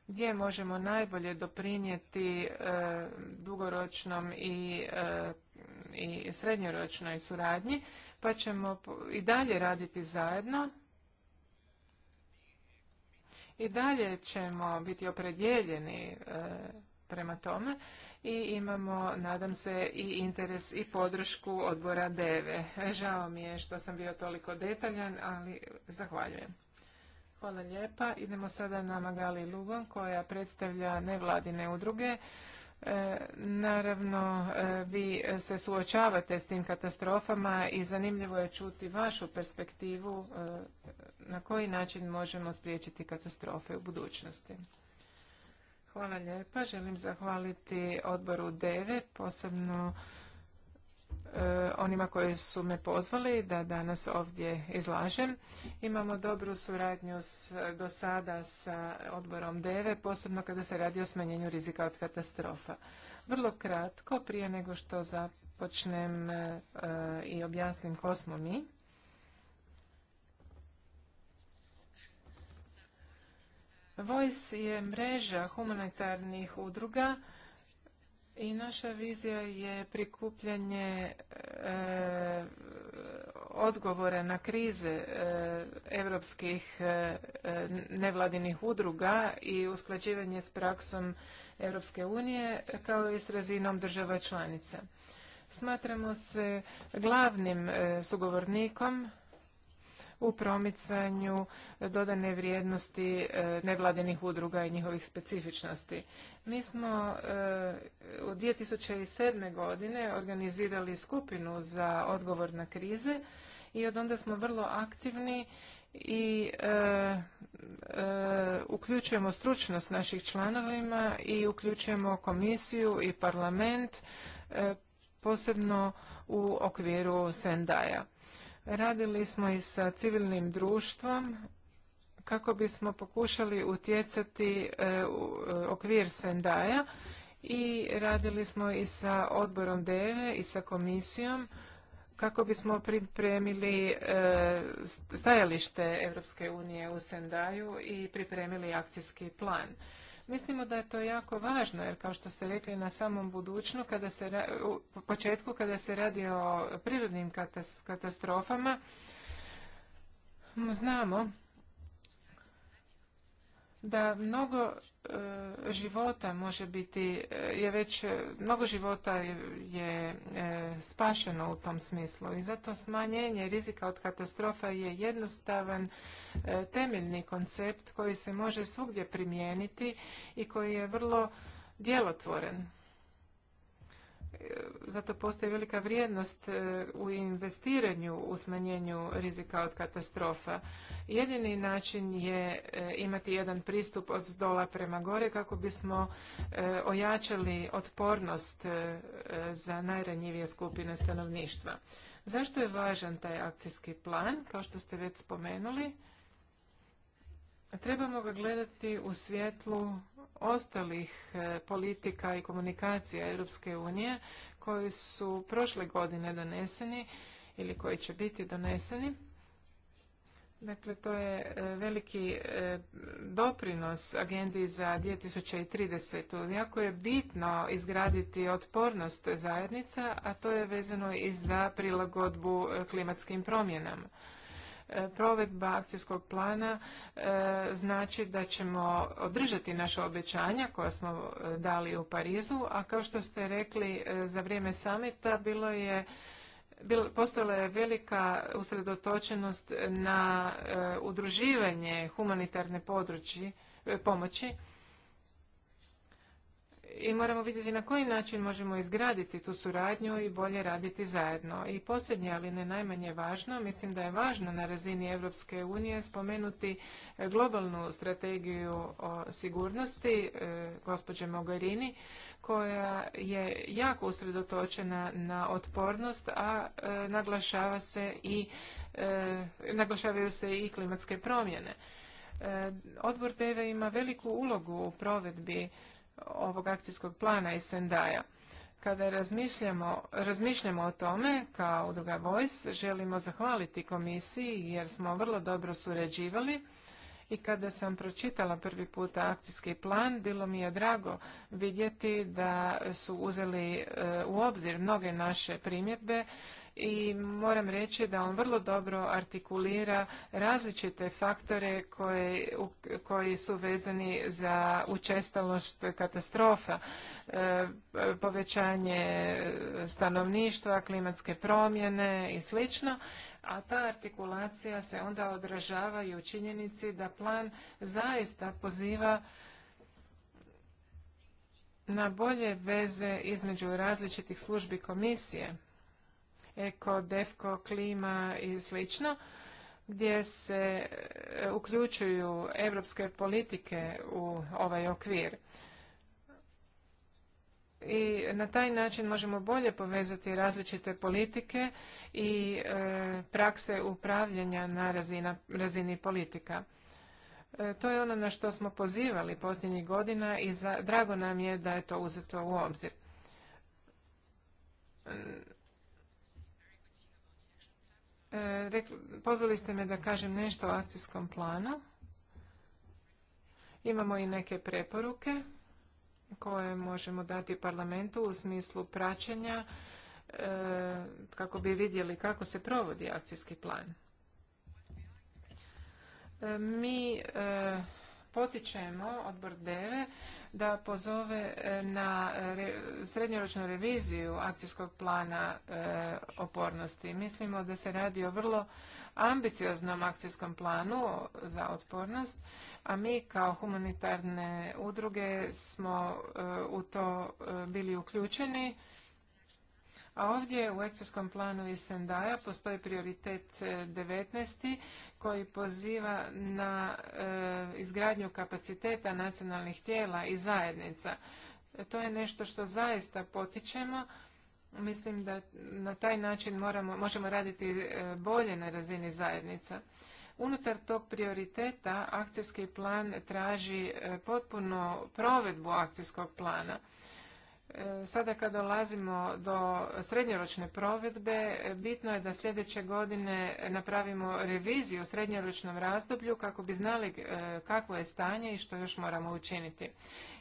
gdje možemo najbolje doprinijeti e, dugoročnom i e, i srednjoročnoj suradnji, pa ćemo i dalje raditi zajedno. I dalje ćemo biti opredjeljeni e, prema tome i imamo, nadam se, i interes i podršku odbora DEVE. Žao mi je što sam bio toliko detaljan, ali zahvaljujem. Hvala lijepa. Idemo sada na Magali Lugon koja predstavlja nevladine udruge. E, naravno, e, vi se suočavate s tim katastrofama i zanimljivo je čuti vašu perspektivu e, na koji način možemo spriječiti katastrofe u budućnosti. Hvala lijepa. Želim zahvaliti odboru DEVE, posebno Eh, onima koji su me pozvali da danas ovdje izlažem. Imamo dobru suradnju do sada sa odborom DEVE, posebno kada se radi o smanjenju rizika od katastrofa. Vrlo kratko, prije nego što započnem eh, i objasnim ko smo mi. Voice je mreža humanitarnih udruga i naša vizija je prikupljanje e, odgovora na krize europskih e, e, nevladinih udruga i usklađivanje s praksom Europske unije kao i s razinom država članica. Smatramo se glavnim sugovornikom u promicanju dodane vrijednosti e, nevladinih udruga i njihovih specifičnosti. Mi smo e, u 2007. godine organizirali skupinu za odgovor na krize i od onda smo vrlo aktivni i e, uključujemo stručnost naših članovima i uključujemo komisiju i parlament posebno u okviru Sendaja. Radili smo i sa civilnim društvom kako bismo pokušali utjecati e, u e, okvir Sendaja i radili smo i sa odborom DERE i sa komisijom kako bismo pripremili e, stajalište Europske unije u Sendaju i pripremili akcijski plan. Mislimo da je to jako važno jer kao što ste rekli na samom budućnu, kada se, u početku kada se radi o prirodnim katastrofama, znamo da mnogo E, života može biti, e, je već, e, mnogo života je spašeno u tom smislu i zato smanjenje rizika od katastrofa je jednostavan temeljni koncept koji se može svugdje primijeniti i koji je vrlo djelotvoren zato postoji velika vrijednost e, u investiranju u smanjenju rizika od katastrofa. Jedini način je e, imati jedan pristup od zdola prema gore kako bismo e, ojačali otpornost za najranjivije skupine stanovništva. Zašto je važan taj akcijski plan, kao što ste već spomenuli? Trebamo ga gledati u svjetlu ostalih e, politika i komunikacija Europske unije koji su prošle godine doneseni ili koji će biti doneseni. Dakle, to je e, veliki e, doprinos agendi za 2030. Jako je bitno izgraditi otpornost zajednica, a to je vezano i za prilagodbu klimatskim promjenama. E, provedba akcijskog plana e, znači da ćemo održati naše obećanja koja smo e, dali u Parizu, a kao što ste rekli za vrijeme samita bilo je postojala je velika usredotočenost na udruživanje humanitarne pomoći i moramo vidjeti na koji način možemo izgraditi tu suradnju i bolje raditi zajedno. I posljednje, ali ne najmanje važno, mislim da je važno na razini Evropske unije spomenuti e, globalnu strategiju o sigurnosti e, gospođe Mogherini, koja je jako usredotočena na otpornost, a e, naglašava se i, naglašavaju se i klimatske promjene. Odbor DEVE ima veliku ulogu u provedbi ovog akcijskog plana i Sendaja. Kada razmišljamo, o tome, kao udruga Voice, želimo zahvaliti komisiji jer smo vrlo dobro surađivali i kada sam pročitala prvi puta akcijski plan, bilo mi je drago vidjeti da su uzeli e, u obzir mnoge naše primjedbe i moram reći da on vrlo dobro artikulira različite faktore koji, koji su vezani za učestalost katastrofa, e, povećanje stanovništva, klimatske promjene i sl. a ta artikulacija se onda odražava i u činjenici da plan zaista poziva na bolje veze između različitih službi komisije eko, defko, klima i slično gdje se e, uključuju europske politike u ovaj okvir. I na taj način možemo bolje povezati različite politike i e, prakse upravljanja na razini politika. E, to je ono na što smo pozivali posljednjih godina i drago nam je da je to uzeto u obzir E, pozvali ste me da kažem nešto o akcijskom planu. Imamo i neke preporuke koje možemo dati parlamentu u smislu praćenja e, kako bi vidjeli kako se provodi akcijski plan. E, mi potičemo odbor DEVE da pozove e, na srednjoročnu reviziju akcijskog plana e, opornosti. Mislimo da se radi o vrlo ambicioznom akcijskom planu za otpornost, a mi kao humanitarne udruge smo e, u to bili uključeni. A ovdje u akcijskom planu iz Sendaja postoji prioritet 19 koji poziva na e, izgradnju kapaciteta nacionalnih tijela i zajednica. E, to je nešto što zaista potičemo. Mislim da na taj način moramo, možemo raditi e, bolje na razini zajednica. Unutar tog prioriteta akcijski plan traži potpuno provedbu akcijskog plana. E, sada kad dolazimo do srednjoročne provedbe, bitno je da sljedeće godine napravimo reviziju u srednjoročnom razdoblju kako bi znali e, kakvo je stanje i što još moramo učiniti.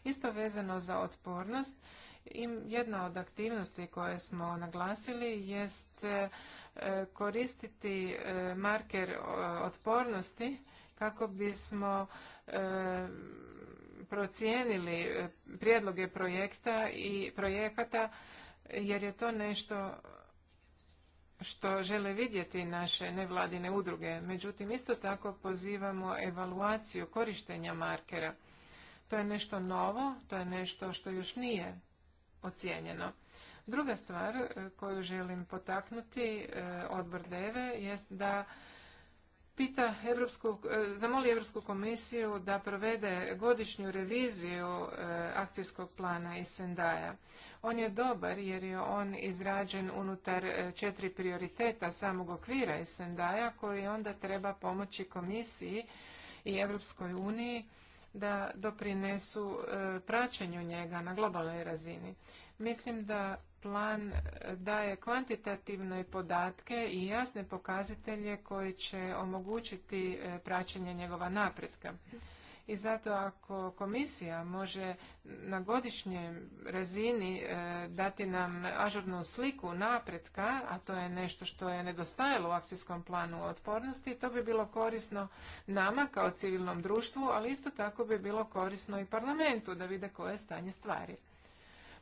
Isto vezano za otpornost, jedna od aktivnosti koje smo naglasili jest e, koristiti marker otpornosti kako bismo procijenili e, prijedloge projekta i projekata jer je to nešto što žele vidjeti naše nevladine udruge. Međutim, isto tako pozivamo evaluaciju korištenja markera. To je nešto novo, to je nešto što još nije ocijenjeno. Druga stvar e, koju želim potaknuti e, odbor DEVE jest da pita Evropsku, eh, zamoli Europsku komisiju da provede godišnju reviziju eh, akcijskog plana Sendaja. On je dobar jer je on izrađen unutar eh, četiri prioriteta samog okvira Sendaja koji onda treba pomoći komisiji i Europskoj uniji da doprinesu praćenju njega na globalnoj razini. Mislim da plan daje kvantitativne podatke i jasne pokazatelje koji će omogućiti e, praćenje njegova napretka. I zato ako komisija može na godišnjoj razini e, dati nam ažurnu sliku napretka, a to je nešto što je nedostajalo u akcijskom planu otpornosti, to bi bilo korisno nama kao civilnom društvu, ali isto tako bi bilo korisno i parlamentu da vide koje je stanje stvari.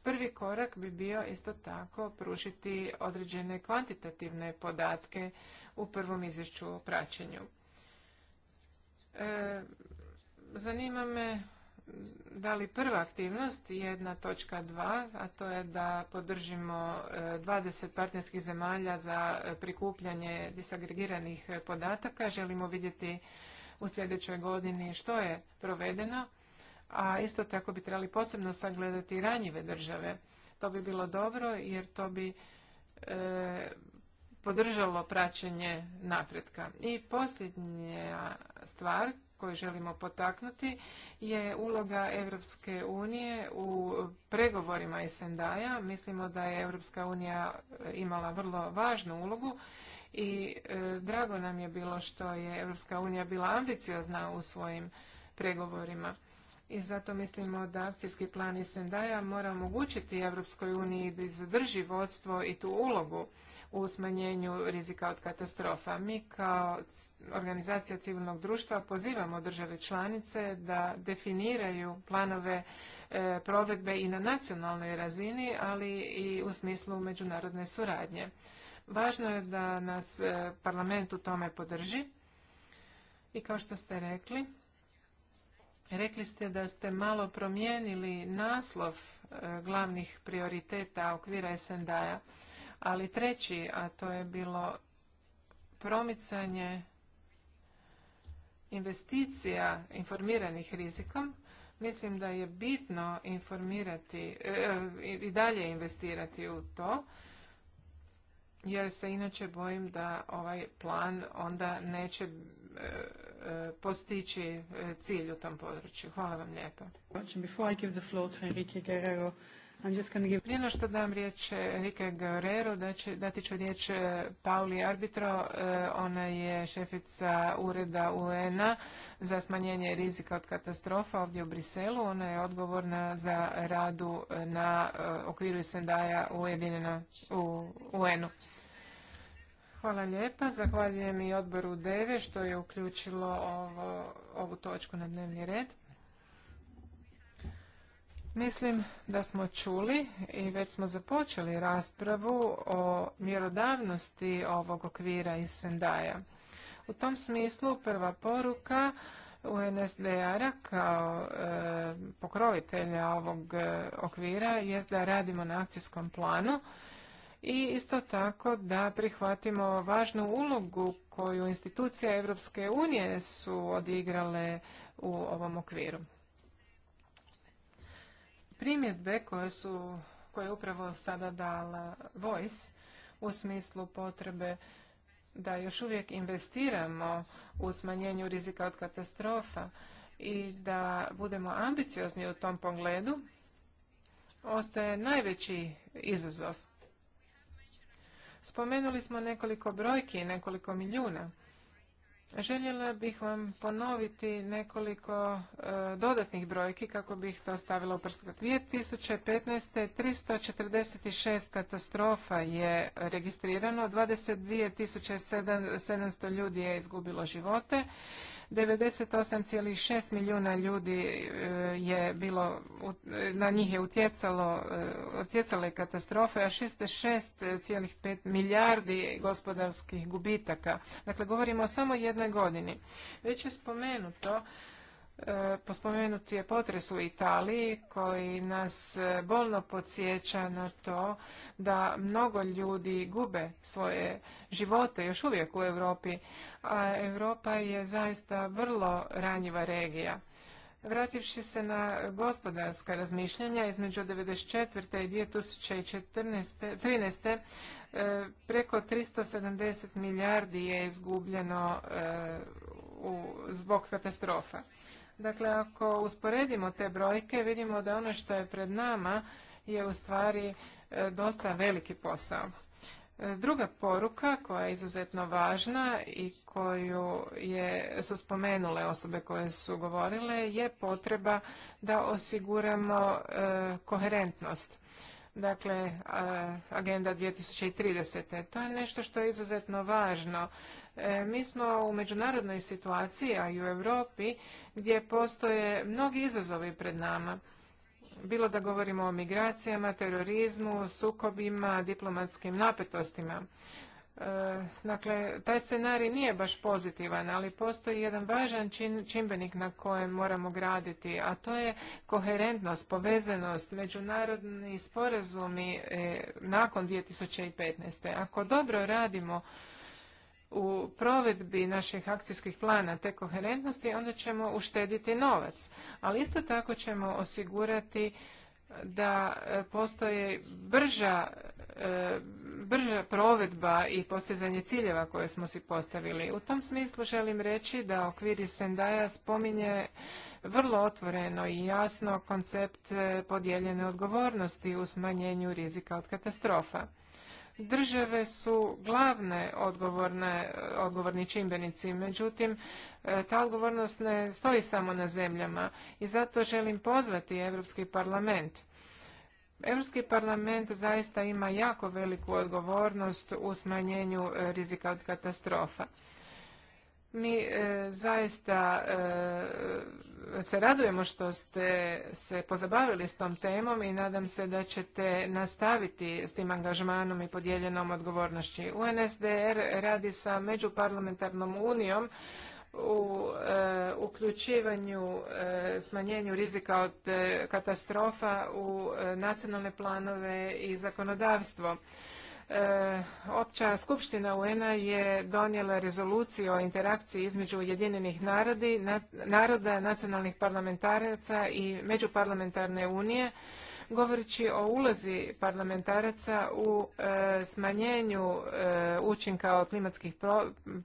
Prvi korak bi bio isto tako pružiti određene kvantitativne podatke u prvom izvješću o praćenju. E, zanima me da li prva aktivnost, jedna točka dva, a to je da podržimo 20 e, partnerskih zemalja za e, prikupljanje disagregiranih podataka. Želimo vidjeti u sljedećoj godini što je provedeno a isto tako bi trebali posebno sagledati ranjive države. To bi bilo dobro jer to bi e, podržalo praćenje napretka. I posljednja stvar koju želimo potaknuti je uloga Europske unije u pregovorima iz Sendaja. Mislimo da je Europska unija imala vrlo važnu ulogu i e, drago nam je bilo što je Europska unija bila ambiciozna u svojim pregovorima i zato mislimo da akcijski plan iz Sendaja mora omogućiti Evropskoj uniji da zadrži vodstvo i tu ulogu u smanjenju rizika od katastrofa. Mi kao organizacija civilnog društva pozivamo države članice da definiraju planove e, provedbe i na nacionalnoj razini, ali i u smislu međunarodne suradnje. Važno je da nas e, parlament u tome podrži i kao što ste rekli, Rekli ste da ste malo promijenili naslov e, glavnih prioriteta okvira SND-a, ali treći, a to je bilo promicanje investicija informiranih rizikom, mislim da je bitno informirati e, e, i dalje investirati u to jer se inače bojim da ovaj plan onda neće e, e, postići e, cilj u tom području. Hvala vam lijepa. Prije no što dam riječ eh, Rike Guerrero, dati ću riječ eh, Pauli Arbitro, eh, ona je šefica ureda UN-a za smanjenje rizika od katastrofa ovdje u Briselu. Ona je odgovorna za radu na okviru Sendaja u UN-u. Hvala lijepa. Zahvaljujem i odboru DEVE što je uključilo ovu točku na dnevni red. Mislim da smo čuli i već smo započeli raspravu o mjerodavnosti ovog okvira iz Sendaja. U tom smislu prva poruka UNSDR-a kao e, pokrovitelja ovog e, okvira je da radimo na akcijskom planu i isto tako da prihvatimo važnu ulogu koju institucije Europske unije su odigrale u ovom okviru. Primjedbe koje su, koje je upravo sada dala Voice u smislu potrebe da još uvijek investiramo u smanjenju rizika od katastrofa i da budemo ambiciozni u tom pogledu, ostaje najveći izazov. Spomenuli smo nekoliko brojki, nekoliko milijuna. Željela bih vam ponoviti nekoliko e, dodatnih brojki kako bih to stavila u prstak. 2015. 346 katastrofa je registrirano, 22.700 ljudi je izgubilo živote, 98,6 milijuna ljudi e, je bilo, na njih je utjecalo, e, utjecale katastrofe, a 66,5 milijardi gospodarskih gubitaka. Dakle, govorimo o samo jednoj godini. Već je spomenuto E, pospomenuti je potres u Italiji koji nas e, bolno podsjeća na to da mnogo ljudi gube svoje živote još uvijek u Europi, a Europa je zaista vrlo ranjiva regija. Vrativši se na gospodarska razmišljanja, između 1994. i 2013. E, preko 370 milijardi je izgubljeno u, zbog katastrofa. Dakle, ako usporedimo te brojke, vidimo da ono što je pred nama je u stvari e, dosta veliki posao. E, druga poruka koja je izuzetno važna i koju je, su spomenule osobe koje su govorile je potreba da osiguramo e, koherentnost. Dakle, Agenda 2030. To je nešto što je izuzetno važno. E, mi smo u međunarodnoj situaciji, a i u Europi, gdje postoje mnogi izazovi pred nama. Bilo da govorimo o migracijama, terorizmu, sukobima, diplomatskim napetostima. E, dakle, taj scenarij nije baš pozitivan, ali postoji jedan važan čimbenik na kojem moramo graditi, a to je koherentnost, povezanost, međunarodni sporazumi e, nakon 2015. Ako dobro radimo u provedbi naših akcijskih plana te koherentnosti, onda ćemo uštediti novac. Ali isto tako ćemo osigurati da e, postoje brža, e, brža provedba i postizanje ciljeva koje smo si postavili. U tom smislu želim reći da okviri Sendaja spominje vrlo otvoreno i jasno koncept e, podijeljene odgovornosti u smanjenju rizika od katastrofa. Države su glavne odgovorne, odgovorni čimbenici, međutim e, ta odgovornost ne stoji samo na zemljama i zato želim pozvati Europski parlament. Europski parlament zaista ima jako veliku odgovornost u smanjenju rizika od katastrofa. Mi e, zaista e, se radujemo što ste se pozabavili s tom temom i nadam se da ćete nastaviti s tim angažmanom i podijeljenom odgovornošću. UNSDR radi sa Međuparlamentarnom unijom u e, uključivanju, smanjenju rizika od katastrofa u nacionalne planove i zakonodavstvo. E, Opća skupština UN-a je donijela rezoluciju o interakciji između Ujedinjenih narodi, naroda, nacionalnih parlamentaraca i međuparlamentarne unije govoreći o ulazi parlamentaraca u e, smanjenju e, učinka od klimatskih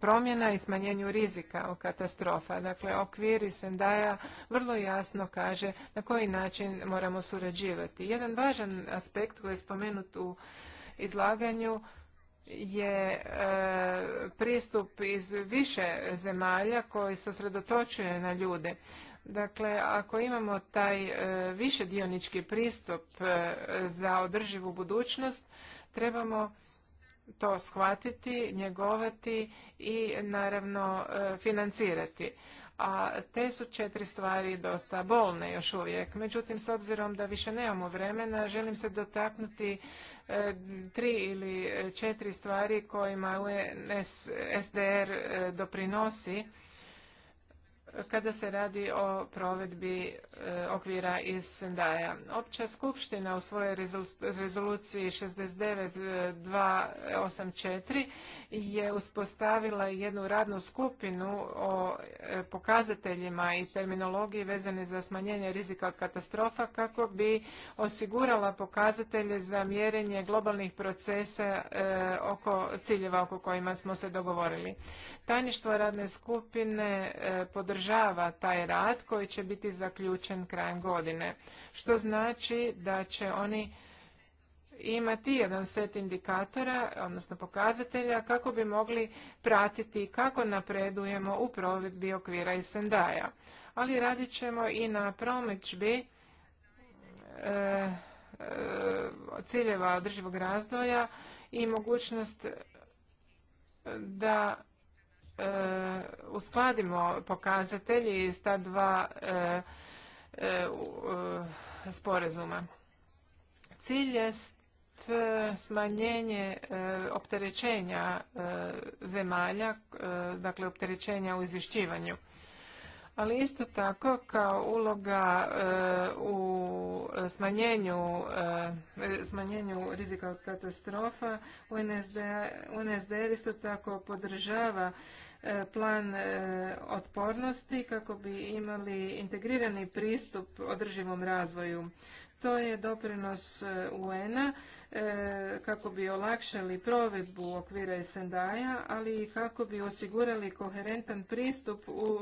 promjena i smanjenju rizika od katastrofa. Dakle, okvir i Sendaja vrlo jasno kaže na koji način moramo surađivati. Jedan važan aspekt koji je spomenut u izlaganju je e, pristup iz više zemalja koji se osredotočuje na ljude. Dakle, ako imamo taj e, više dionički pristup e, za održivu budućnost, trebamo to shvatiti, njegovati i naravno financirati. A te su četiri stvari dosta bolne još uvijek. Međutim, s obzirom da više nemamo vremena, želim se dotaknuti tri ili četiri stvari kojima SDR e, doprinosi kada se radi o provedbi e, okvira iz Sendaja. Opća skupština u svojoj rezoluciji 69284 je uspostavila jednu radnu skupinu o e, pokazateljima i terminologiji vezane za smanjenje rizika od katastrofa kako bi osigurala pokazatelje za mjerenje globalnih procesa e, oko ciljeva oko kojima smo se dogovorili. Tajništvo radne skupine podržava podržava taj rad koji će biti zaključen krajem godine, što znači da će oni imati jedan set indikatora, odnosno pokazatelja, kako bi mogli pratiti kako napredujemo u provedbi okvira i sendaja. Ali radit ćemo i na promičbi e, e, ciljeva održivog razvoja i mogućnost da E, uskladimo pokazatelji iz ta dva e, e, sporazuma. Cilj je smanjenje opterećenja zemalja, dakle opterećenja u izvješćivanju. Ali isto tako kao uloga u smanjenju, smanjenju rizika od katastrofa, UNSDR isto tako podržava E, plan e, otpornosti kako bi imali integrirani pristup održivom razvoju. To je doprinos e, UN-a kako bi olakšali provedbu okvira SND-a, ali i kako bi osigurali koherentan pristup u,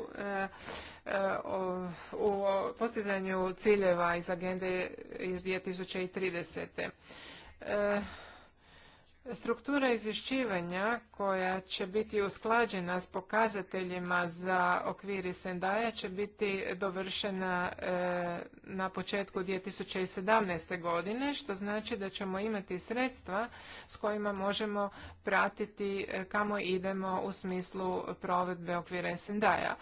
u postizanju ciljeva iz agende iz 2030. Struktura izvješćivanja koja će biti usklađena s pokazateljima za okviri Sendaja će biti dovršena e, na početku 2017. godine, što znači da ćemo imati sredstva s kojima možemo pratiti e, kamo idemo u smislu provedbe okvira Sendaja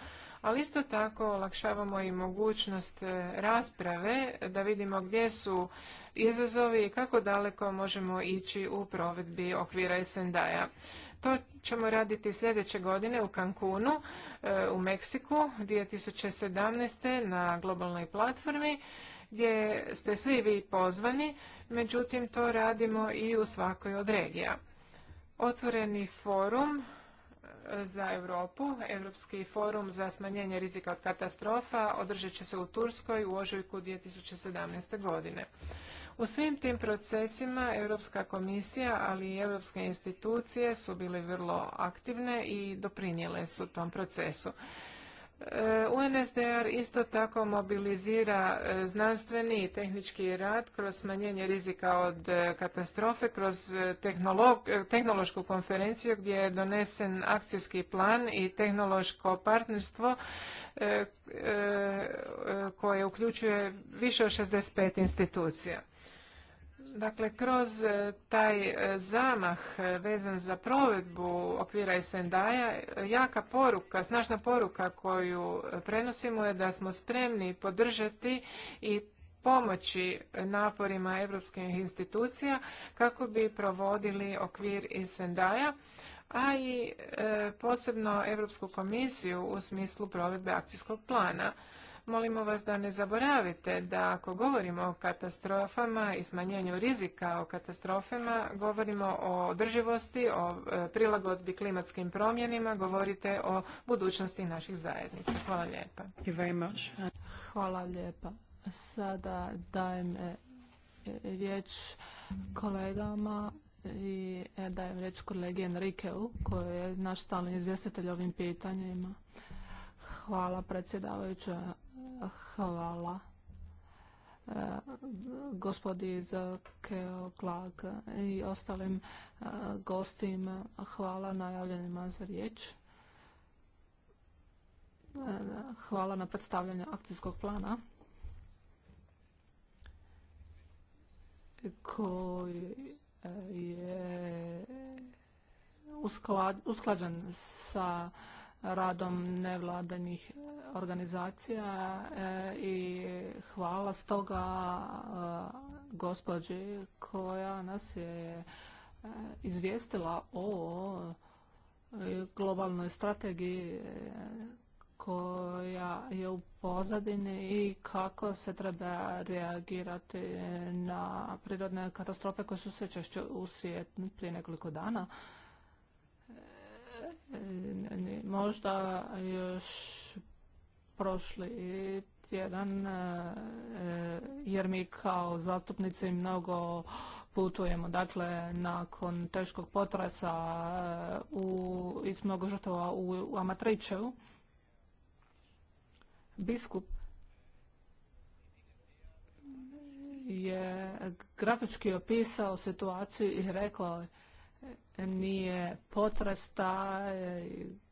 ali isto tako olakšavamo i mogućnost e, rasprave da vidimo gdje su izazovi i kako daleko možemo ići u provedbi okvira SND-a. To ćemo raditi sljedeće godine u Cancunu e, u Meksiku 2017. na globalnoj platformi gdje ste svi vi pozvani, međutim to radimo i u svakoj od regija. Otvoreni forum za Europu, Europski forum za smanjenje rizika od katastrofa, održat će se u Turskoj u ožujku 2017. godine. U svim tim procesima Europska komisija, ali i europske institucije su bile vrlo aktivne i doprinijele su tom procesu. UNSDR isto tako mobilizira e, znanstveni i tehnički rad kroz smanjenje rizika od e, katastrofe, kroz e, tehnološku konferenciju gdje je donesen akcijski plan i tehnološko partnerstvo koje uključuje više od 65 institucija. Dakle, kroz e, taj e, zamah e, vezan za provedbu okvira Sendaja, jaka poruka, snažna poruka koju prenosimo je da smo spremni podržati i pomoći naporima evropskih institucija kako bi provodili okvir i Sendaja, a i posebno Europsku komisiju u smislu provedbe akcijskog plana. Molimo vas da ne zaboravite da ako govorimo o katastrofama i smanjenju rizika o katastrofama, govorimo o održivosti, o e, prilagodbi klimatskim promjenima, govorite o budućnosti naših zajednica. Hvala lijepa. Hvala lijepa. Sada dajem e, riječ kolegama i e, dajem riječ kolegi Enrikeu koji je naš stalni izvjestitelj ovim pitanjima. Hvala predsjedavajuća. Hvala. E, gospodi iz Keoglag i ostalim e, gostima hvala najavljenima za riječ. E, hvala na predstavljanju akcijskog plana koji je usklađen sa radom nevladanih organizacija e, i hvala stoga e, gospođi koja nas je e, izvijestila o globalnoj strategiji koja je u pozadini i kako se treba reagirati na prirodne katastrofe koje su sve češće u svijetu prije nekoliko dana možda još prošli tjedan eh, jer mi kao zastupnici mnogo putujemo. Dakle, nakon teškog potresa eh, u, i mnogo žrtava u, u Amatričevu, biskup je grafički opisao situaciju i rekao nije potrasta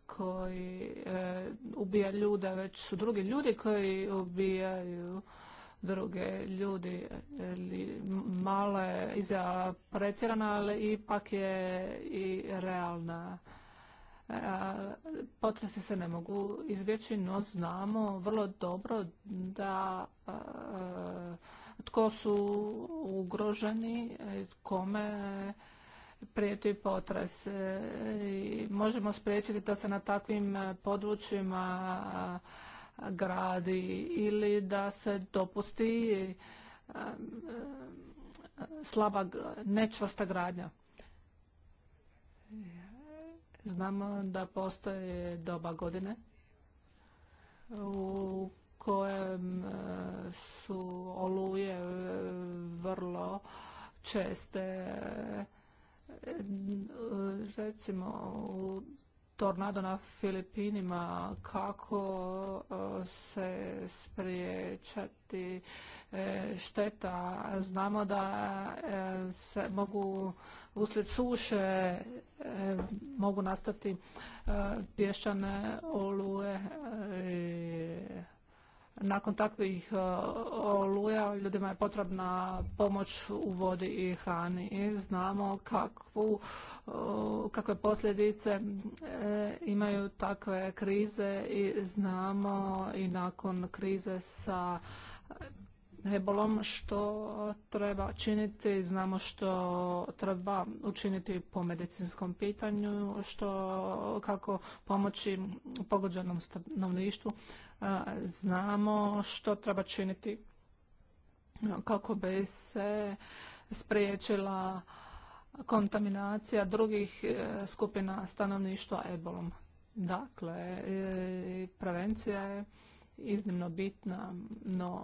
koji e, ubija ljude, već su drugi ljudi koji ubijaju druge ljudi. Malo je izjava pretjerana, ali ipak je i realna. E, potresi se ne mogu izbjeći, no znamo vrlo dobro da e, tko su ugroženi, kome prijeti potres. E, možemo spriječiti da se na takvim e, područjima gradi ili da se dopusti e, slaba nečvrsta gradnja. Znamo da postoje doba godine u kojem su oluje vrlo česte recimo u tornado na Filipinima, kako e, se spriječati e, šteta. Znamo da e, se mogu uslijed suše mogu nastati pješčane oluje nakon takvih e, oluja ljudima je potrebna pomoć u vodi i hrani i znamo kakvu, e, kakve posljedice e, imaju takve krize i znamo i nakon krize sa ribolom što treba činiti, znamo što treba učiniti po medicinskom pitanju, što kako pomoći pogođenom stanovništvu, e, znamo što treba činiti kako bi se spriječila kontaminacija drugih e, skupina stanovništva ebolom. Dakle, e, prevencija je iznimno bitna, no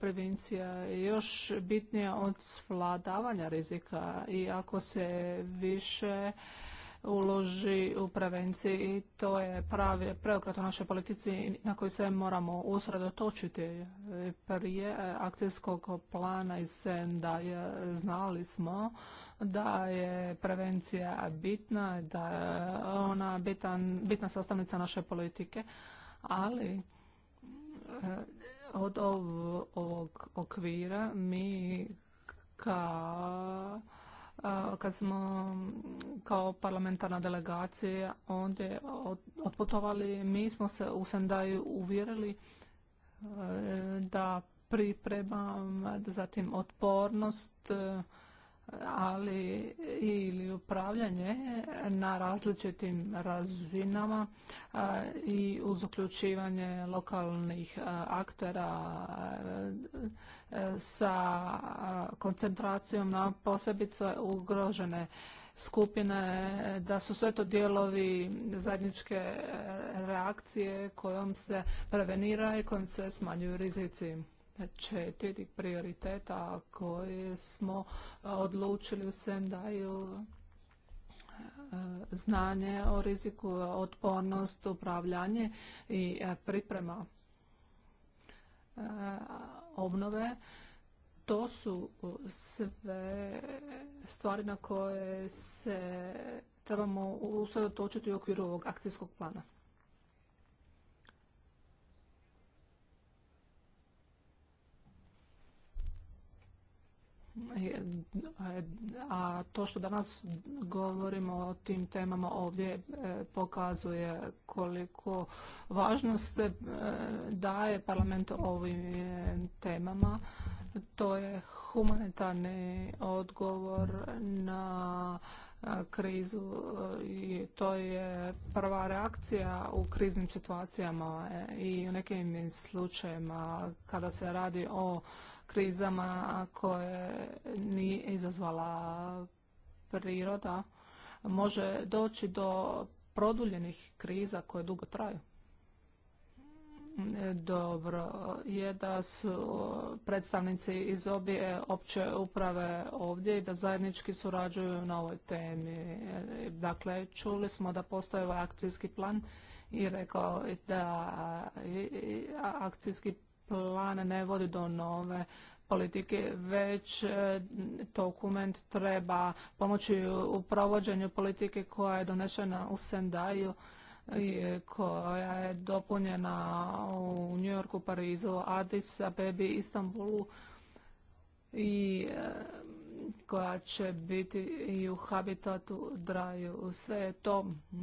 prevencija je još bitnija od svladavanja rizika i ako se više uloži u prevenciji, to je pravi preokret u našoj politici na koji se moramo usredotočiti. Prije akcijskog plana i Senda je, znali smo da je prevencija bitna, da je ona bitna sastavnica naše politike, ali E, od ovog okvira mi ka kad smo kao parlamentarna delegacija ondje otputovali, mi smo se u Sendaju uvjerili e, da pripremam zatim otpornost, e, ali ili upravljanje na različitim razinama i uz uključivanje lokalnih aktera e, sa koncentracijom na posebice ugrožene skupine, da su sve to dijelovi zajedničke reakcije kojom se prevenira i kojom se smanjuju rizici četiri prioriteta koje smo e, odlučili u daju e, znanje o riziku, otpornost, upravljanje i e, priprema obnove. To su sve stvari na koje se trebamo usredotočiti u okviru ovog akcijskog plana. a to što danas govorimo o tim temama ovdje e, pokazuje koliko važnost e, daje parlament ovim e, temama. To je humanitarni odgovor na krizu i to je prva reakcija u kriznim situacijama i u nekim slučajevima kada se radi o krizama koje nije izazvala priroda može doći do produljenih kriza koje dugo traju. Dobro, je da su predstavnici iz obje opće uprave ovdje i da zajednički surađuju na ovoj temi. Dakle, čuli smo da postoji ovaj akcijski plan i rekao da akcijski plan ne vodi do nove politike, već e, dokument treba pomoći u provođenju politike koja je donešena u Sendaju i koja je dopunjena u Yorku, Parizu, Addis Abebi, Istanbulu i e, koja će biti i u habitatu draju. Sve je to e,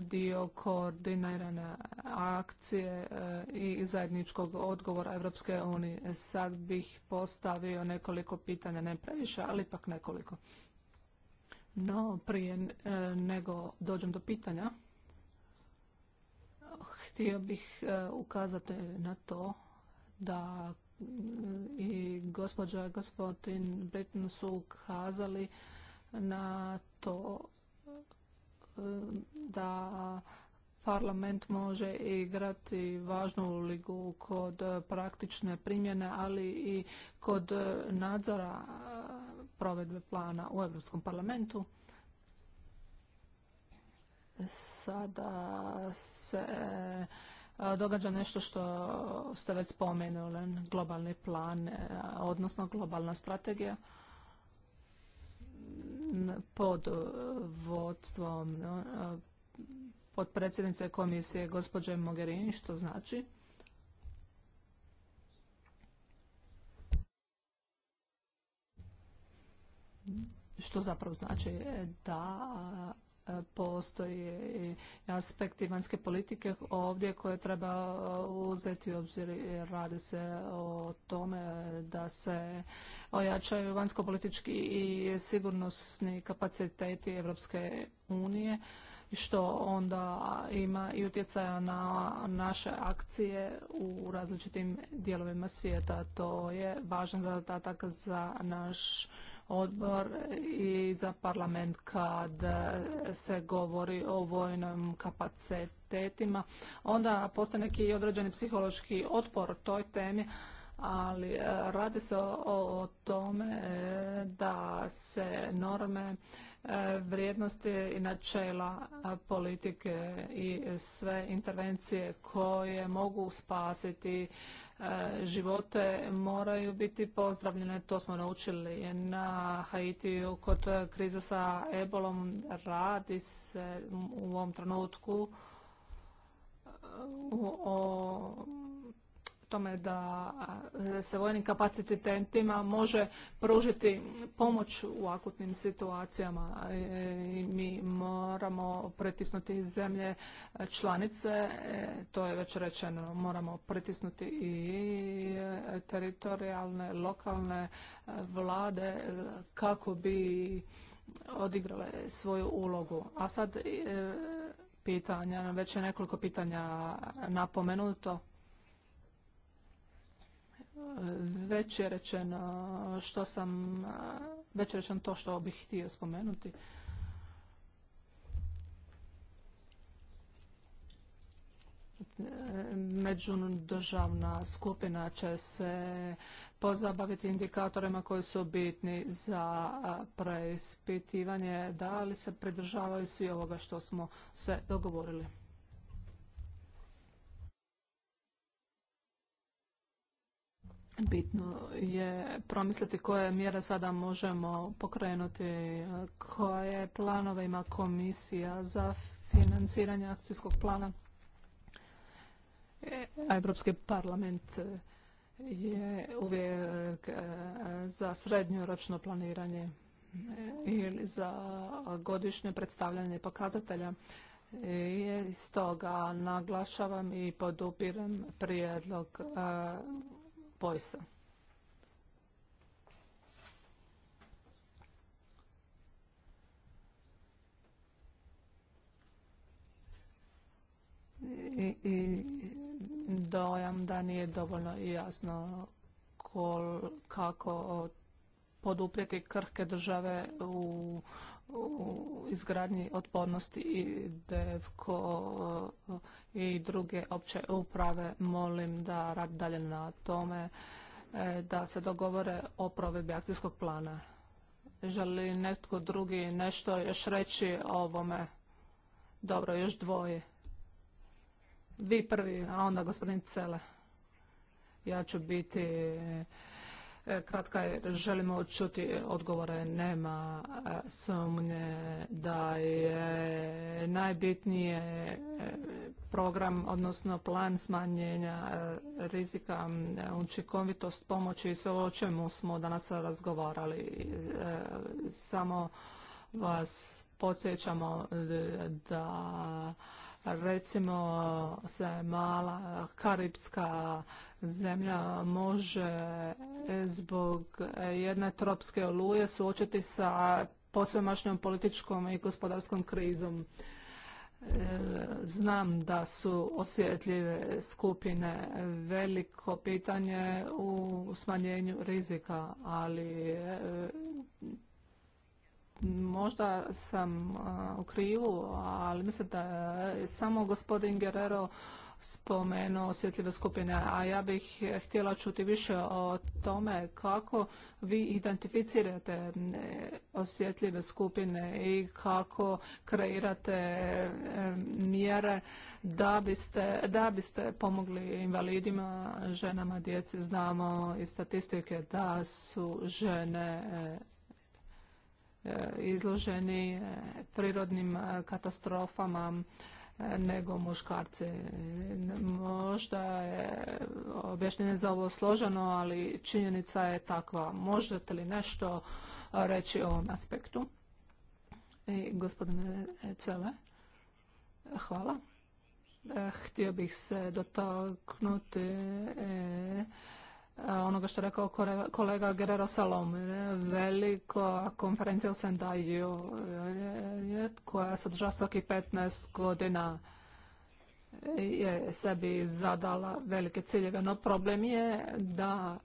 dio koordinirane akcije e, i zajedničkog odgovora Evropske unije. Sad bih postavio nekoliko pitanja, ne previše, ali ipak nekoliko. No, prije e, nego dođem do pitanja, htio bih ukazati na to da i gospođa gospodin Britton su ukazali na to eh, da parlament može igrati važnu ligu kod praktične primjene, ali i kod nadzora eh, provedbe plana u Europskom parlamentu. Sada se događa nešto što ste već spomenuli, globalni plan, e, odnosno globalna strategija pod vodstvom e, predsjednice komisije gospođe Mogherini, što znači što zapravo znači da postoje i aspekti vanjske politike ovdje koje treba uh, uzeti u obzir jer radi se o tome da se ojačaju vanjsko-politički i sigurnosni kapaciteti Europske unije što onda ima i utjecaja na naše akcije u različitim dijelovima svijeta. To je važan zadatak za naš odbor i za parlament kad se govori o vojnom kapacitetima. Onda postoje neki određeni psihološki otpor toj temi, ali e, radi se o, tome e, da se norme, e, vrijednosti i načela politike i sve intervencije koje mogu spasiti živote moraju biti pozdravljene. To smo naučili na Haitiju kod krize sa ebolom. Radi se u ovom trenutku o tome da se vojnim kapacitetima može pružiti pomoć u akutnim situacijama. E, I mi moramo pretisnuti zemlje članice, e, to je već rečeno, moramo pretisnuti i e, teritorijalne, lokalne vlade kako bi odigrale svoju ulogu. A sad pitanja, već je nekoliko pitanja napomenuto već je rečeno što sam, već to što bih htio spomenuti. međudržavna skupina će se pozabaviti indikatorima koji su bitni za preispitivanje da li se pridržavaju svi ovoga što smo se dogovorili. Bitno je promisliti koje mjere sada možemo pokrenuti, koje planove ima komisija za financiranje akcijskog plana. E, Europski parlament je uvijek e, za srednjoročno planiranje e, ili za godišnje predstavljanje pokazatelja. I stoga naglašavam i podupirem prijedlog Pojsa. I, dojam da nije dovoljno jasno kako poduprijeti krhke države u u izgradnji otpornosti i DEVKO e, i druge opće uprave molim da rad dalje na tome e, da se dogovore o provedbi akcijskog plana. Želi netko drugi nešto još reći o ovome? Dobro, još dvoje. Vi prvi, a onda gospodin Cele. Ja ću biti E, kratka je, želimo čuti odgovore, nema e, sumnje da je najbitnije e, program, odnosno plan smanjenja rizika, učinkovitost pomoći i sve o čemu smo danas razgovarali. Samo vas podsjećamo da recimo se mala karibska zemlja može zbog jedne tropske oluje suočiti sa posvemašnjom političkom i gospodarskom krizom. E, znam da su osjetljive skupine veliko pitanje u smanjenju rizika, ali e, Možda sam u krivu, ali mislim da je samo gospodin Guerrero spomenuo osjetljive skupine, a ja bih htjela čuti više o tome kako vi identificirate e, osjetljive skupine i kako kreirate e, mjere da biste, da biste pomogli invalidima, ženama, djeci. Znamo iz statistike da su žene e, E, izloženi e, prirodnim e, katastrofama nego muškarci. Možda je objašnjenje za ovo složeno, ali činjenica je takva. Možete li nešto reći o ovom aspektu? I gospodine Cele, hvala. Htio bih se dotaknuti Eh, onoga što je rekao kolega Guerrero Salom, veliko konferencija u Sendaju eh, eh, koja se održava svaki 15 godina je sebi zadala velike ciljeve, no problem je da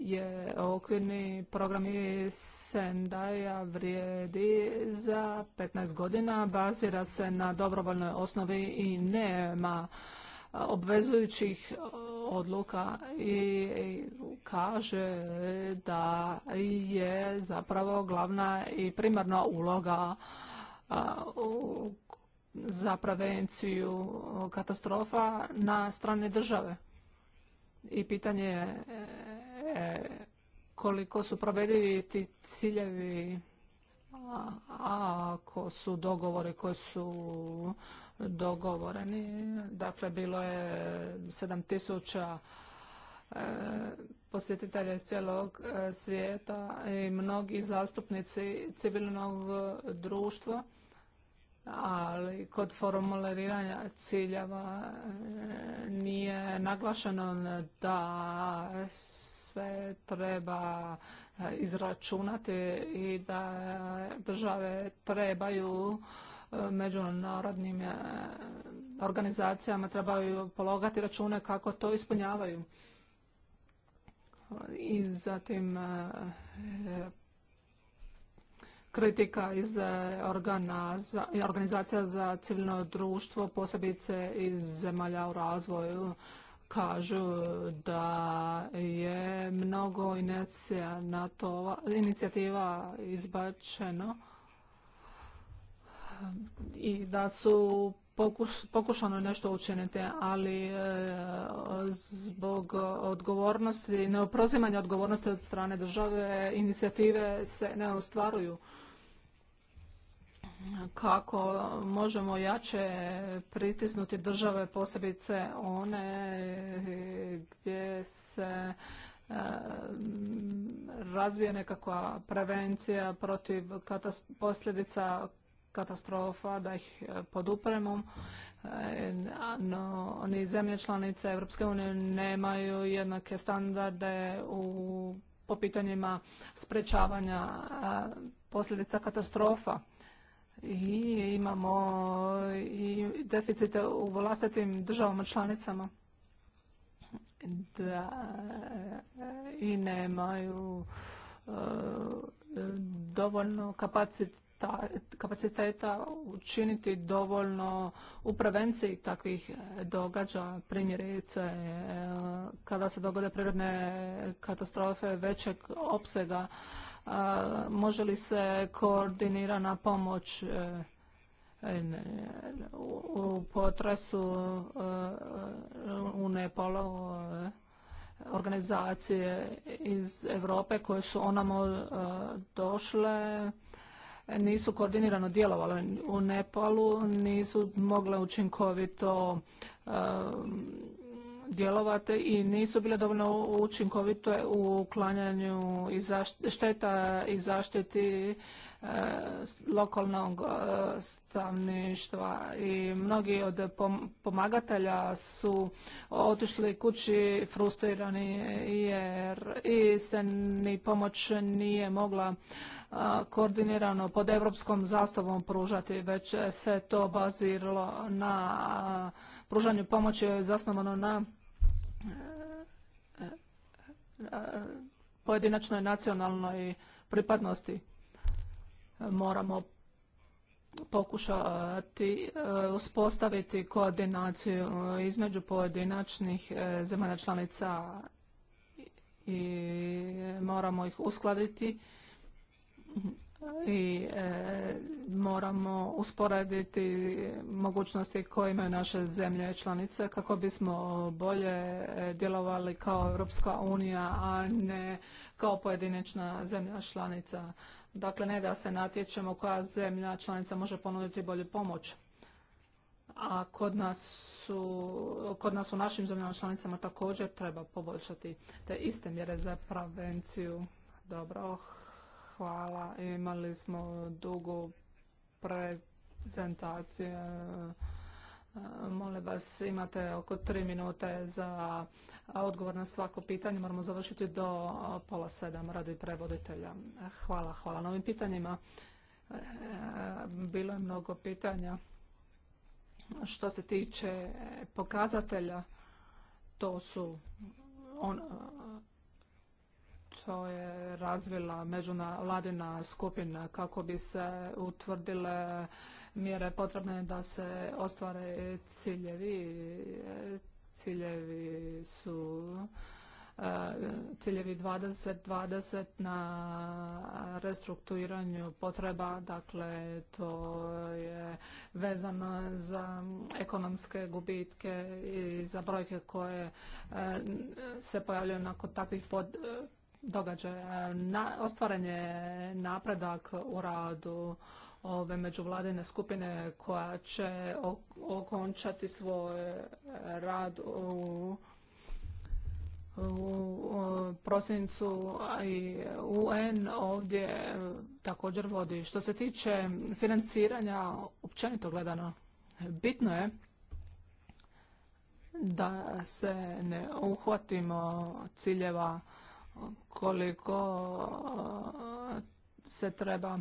je okvirni program Sendaja vrijedi za 15 godina, bazira se na dobrovoljnoj osnovi i nema obvezujućih odluka i kaže da je zapravo glavna i primarna uloga za prevenciju katastrofa na strane države. I pitanje je e, koliko su provedivi ti ciljevi ako su dogovori koji su dogovoreni. Dakle, bilo je 7000 e, posjetitelja iz cijelog e, svijeta i mnogi zastupnici civilnog društva, ali kod formuliranja ciljeva e, nije naglašeno da sve treba izračunati i da države trebaju međunarodnim e, organizacijama trebaju pologati račune kako to ispunjavaju. I zatim e, kritika iz e, organizacija za civilno društvo, posebice iz zemalja u razvoju, kažu da je mnogo na inicijativa izbačeno i da su pokušano nešto učiniti, ali e, zbog odgovornosti, neoprozimanja odgovornosti od strane države, inicijative se ne ostvaruju. Kako možemo jače pritisnuti države, posebice one gdje se e, razvije nekakva prevencija protiv posljedica katastrofa, da ih e, podupremo, e, no ni zemlje članice Europske unije nemaju jednake standarde u, po pitanjima sprečavanja e, posljedica katastrofa i imamo i deficite u vlastitim državama članicama da i nemaju dovoljno kapacitet kapaciteta učiniti dovoljno u prevenciji takvih događaja, primjerice e, kada se dogode prirodne katastrofe većeg opsega, e, može li se koordinirana pomoć e, u potresu u Nepolu organizacije iz Europe koje su onamo došle nisu koordinirano djelovale u Nepalu, nisu mogle učinkovito e, djelovati i nisu bile dovoljno učinkovite u uklanjanju šteta i zaštiti e, lokalnog e, stavništva i mnogi od pomagatelja su otišli kući frustrirani jer i se ni pomoć nije mogla koordinirano pod europskom zastavom pružati, već se to baziralo na pružanju pomoći zasnovano na e, e, e, pojedinačnoj nacionalnoj pripadnosti. Moramo pokušati uspostaviti koordinaciju između pojedinačnih zemalja članica i moramo ih uskladiti i e, moramo usporediti mogućnosti koje imaju naše zemlje članice kako bismo bolje e, djelovali kao Europska unija, a ne kao pojedinačna zemlja članica. Dakle, ne da se natječemo koja zemlja članica može ponuditi bolju pomoć. A kod nas kod nas u našim zemljama članicama također treba poboljšati te iste mjere za prevenciju. Dobro, Hvala. Imali smo dugu prezentaciju. E, molim vas, imate oko tri minute za odgovor na svako pitanje. Moramo završiti do pola sedam radi prevoditelja. Hvala, hvala na ovim pitanjima. E, bilo je mnogo pitanja. Što se tiče pokazatelja, to su to je razvila međunavladina skupina kako bi se utvrdile mjere potrebne da se ostvare ciljevi. Ciljevi su e, ciljevi 2020 na restrukturiranju potreba, dakle to je vezano za ekonomske gubitke i za brojke koje e, se pojavljaju nakon takvih pod, događaja. Na, ostvaren je napredak u radu ove međuvladine skupine koja će okončati svoj rad u u prosincu i UN ovdje također vodi. Što se tiče financiranja, općenito gledano, bitno je da se ne uhvatimo ciljeva koliko e, se treba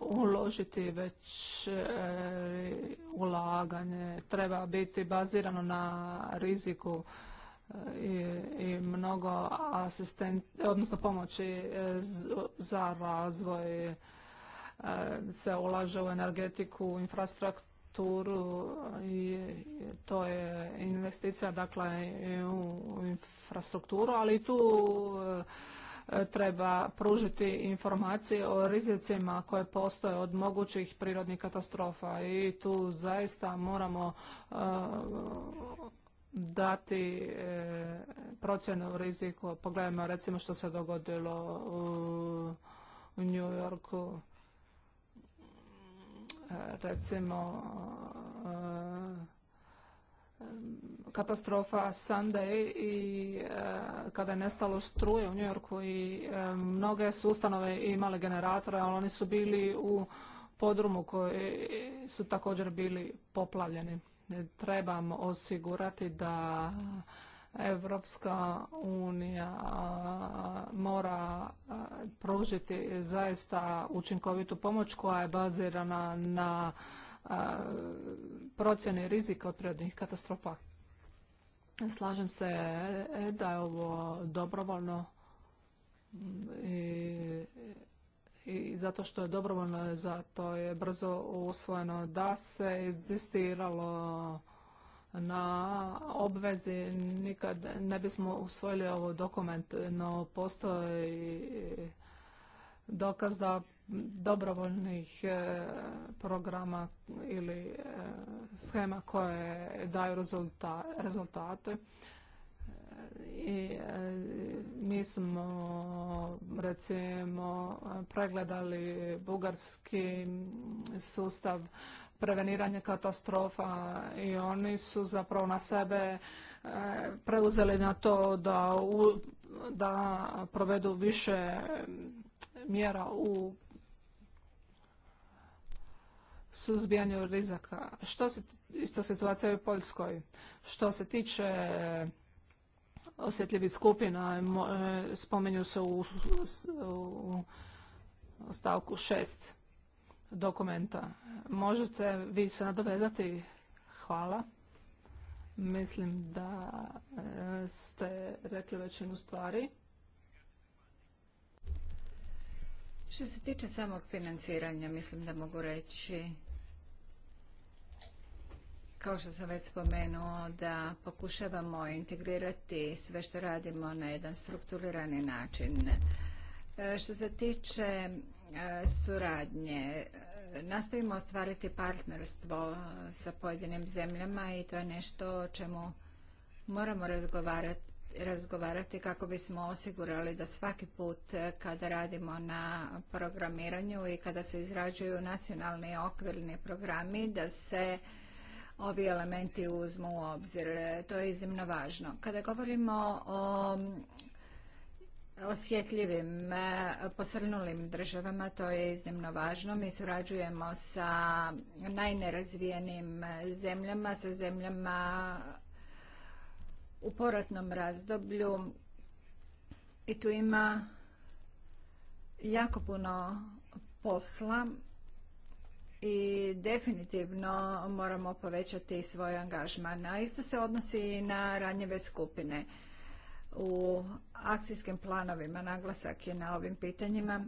uložiti već e, ulaganje. Treba biti bazirano na riziku e, i, mnogo asistenta odnosno pomoći za razvoj se ulaže u energetiku, infrastrukturu, infrastrukturu i to je investicija dakle u infrastrukturu, ali tu e, treba pružiti informacije o rizicima koje postoje od mogućih prirodnih katastrofa i tu zaista moramo e, dati e, procjenu riziku. Pogledajmo recimo što se dogodilo u New Yorku recimo e, e, katastrofa Sunday i e, kada je nestalo struje u Njujorku i mnoge su ustanove imale generatore, ali oni su bili u podrumu koji su također bili poplavljeni. Trebamo osigurati da Evropska unija mora pružiti zaista učinkovitu pomoć koja je bazirana na procjeni rizika od prirodnih katastrofa. Slažem se e, da je ovo dobrovoljno mm, i, zato što je dobrovoljno, zato je brzo usvojeno da se inzistiralo na obvezi nikad ne bismo usvojili ovaj dokument, no postoji dokaz da dobrovoljnih e, programa ili e, schema koje daju rezultate. I e, mi smo recimo pregledali bugarski sustav preveniranje katastrofa i oni su zapravo na sebe e, preuzeli na to da, da provedu više e, mjera u suzbijanju rizaka. Što se, isto situacija u Poljskoj. Što se tiče e, osjetljivih skupina, spomenju se u, u stavku šest dokumenta. Možete vi se nadovezati? Hvala. Mislim da e, ste rekli većinu stvari. Što se tiče samog financiranja, mislim da mogu reći kao što sam već spomenuo, da pokušavamo integrirati sve što radimo na jedan strukturirani način. E, što se tiče E, suradnje. E, nastojimo ostvariti partnerstvo sa pojedinim zemljama i to je nešto o čemu moramo razgovarati, razgovarati kako bismo osigurali da svaki put kada radimo na programiranju i kada se izrađuju nacionalni okvirni programi da se ovi elementi uzmu u obzir. To je iznimno važno. Kada govorimo o osjetljivim e, posrnulim državama, to je iznimno važno. Mi surađujemo sa najnerazvijenim zemljama, sa zemljama u poratnom razdoblju i tu ima jako puno posla i definitivno moramo povećati svoj angažman. A isto se odnosi i na ranjive skupine u akcijskim planovima naglasak je na ovim pitanjima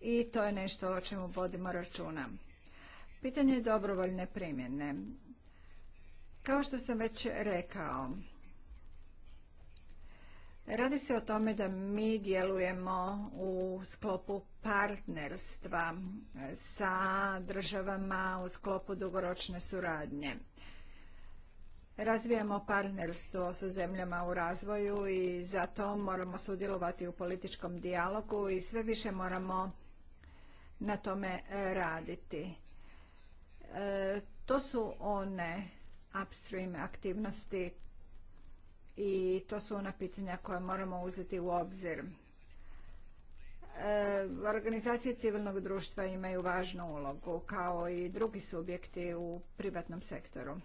i to je nešto o čemu vodimo računa. Pitanje je dobrovoljne primjene. Kao što sam već rekao, radi se o tome da mi djelujemo u sklopu partnerstva sa državama u sklopu dugoročne suradnje razvijamo partnerstvo sa zemljama u razvoju i zato moramo sudjelovati u političkom dijalogu i sve više moramo na tome e, raditi. E, to su one upstream aktivnosti i to su ona pitanja koja moramo uzeti u obzir. E, organizacije civilnog društva imaju važnu ulogu kao i drugi subjekti u privatnom sektoru.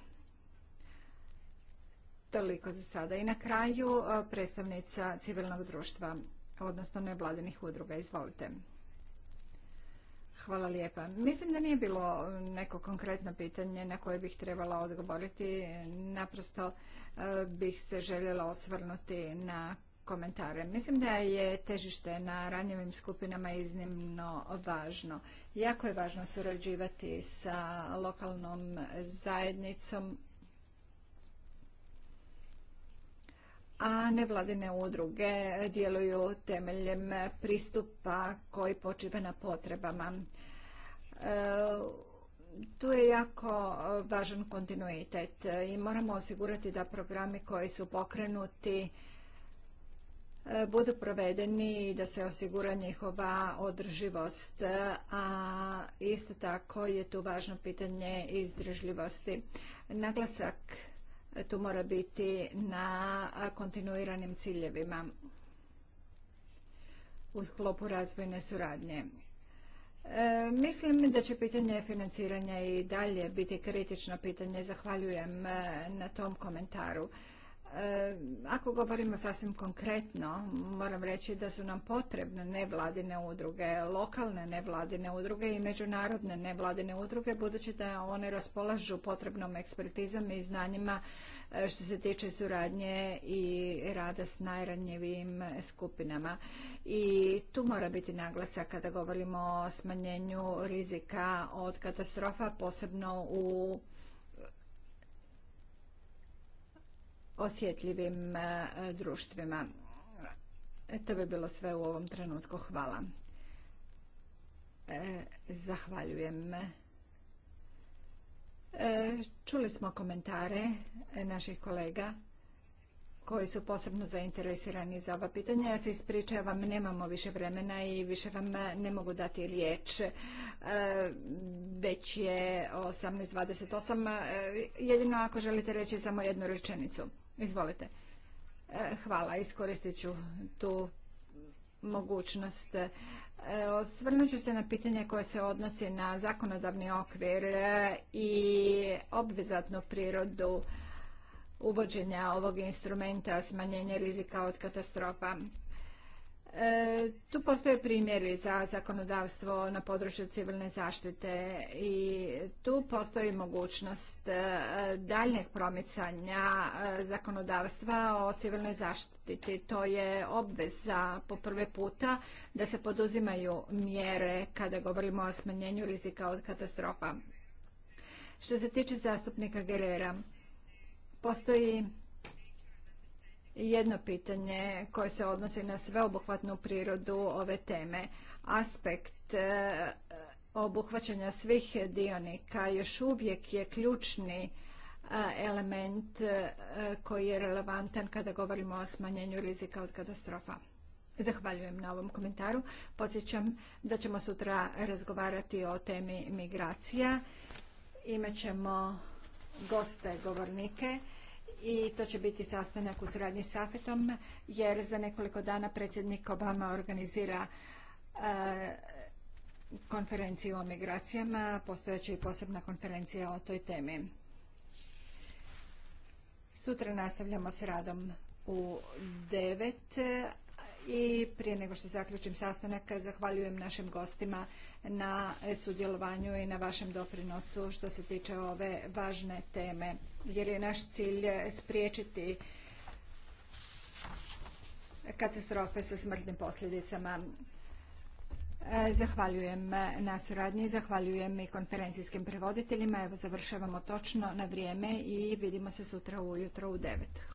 Toliko za sada. I na kraju e, predstavnica civilnog društva, odnosno nevladinih udruga. Izvolite. Hvala lijepa. Mislim da nije bilo neko konkretno pitanje na koje bih trebala odgovoriti. Naprosto e, bih se željela osvrnuti na komentare. Mislim da je težište na ranjivim skupinama iznimno važno. Jako je važno surađivati sa lokalnom zajednicom a nevladine udruge djeluju temeljem pristupa koji počiva na potrebama. E, tu je jako važan kontinuitet i moramo osigurati da programi koji su pokrenuti e, budu provedeni i da se osigura njihova održivost, a isto tako je tu važno pitanje izdržljivosti. Naglasak tu mora biti na kontinuiranim ciljevima u sklopu razvojne suradnje. E, mislim da će pitanje financiranja i dalje biti kritično pitanje. Zahvaljujem e, na tom komentaru. Eh, ako govorimo sasvim konkretno, moram reći da su nam potrebne nevladine udruge, lokalne nevladine udruge i međunarodne nevladine udruge, budući da one raspolažu potrebnom ekspertizom i znanjima eh, što se tiče suradnje i rada s najranjivijim skupinama. I tu mora biti naglasak kada govorimo o smanjenju rizika od katastrofa, posebno u osjetljivim e, društvima. E, to bi bilo sve u ovom trenutku. Hvala. E, zahvaljujem. Čuli smo komentare naših kolega koji su posebno zainteresirani za ova pitanja. Ja se ispričavam, nemamo više vremena i više vam ne mogu dati riječ. Već je 18.28. Jedino ako želite reći samo jednu rečenicu. Izvolite. E, hvala, iskoristit ću tu mogućnost. E, osvrnut ću se na pitanje koje se odnosi na zakonodavni okvir e, i obvezatnu prirodu uvođenja ovog instrumenta smanjenja rizika od katastrofa. E, tu postoje primjeri za zakonodavstvo na području civilne zaštite i tu postoji mogućnost e, daljnjeg promicanja e, zakonodavstva o civilnoj zaštiti. To je obveza po prve puta da se poduzimaju mjere kada govorimo o smanjenju rizika od katastrofa. Što se tiče zastupnika Gerera, postoji jedno pitanje koje se odnosi na sveobuhvatnu prirodu ove teme. Aspekt e, obuhvaćanja svih dionika još uvijek je ključni e, element e, koji je relevantan kada govorimo o smanjenju rizika od katastrofa. Zahvaljujem na ovom komentaru. Podsjećam da ćemo sutra razgovarati o temi migracija. Imaćemo goste govornike i to će biti sastanak u suradnji s Afetom jer za nekoliko dana predsjednik Obama organizira e, konferenciju o migracijama, postojeća i posebna konferencija o toj temi. Sutra nastavljamo s radom u 9, i prije nego što zaključim sastanak zahvaljujem našim gostima na sudjelovanju i na vašem doprinosu što se tiče ove važne teme jer je naš cilj spriječiti katastrofe sa smrtnim posljedicama. Zahvaljujem na suradnji, zahvaljujem i konferencijskim prevoditeljima. Evo završavamo točno na vrijeme i vidimo se sutra ujutro u devet.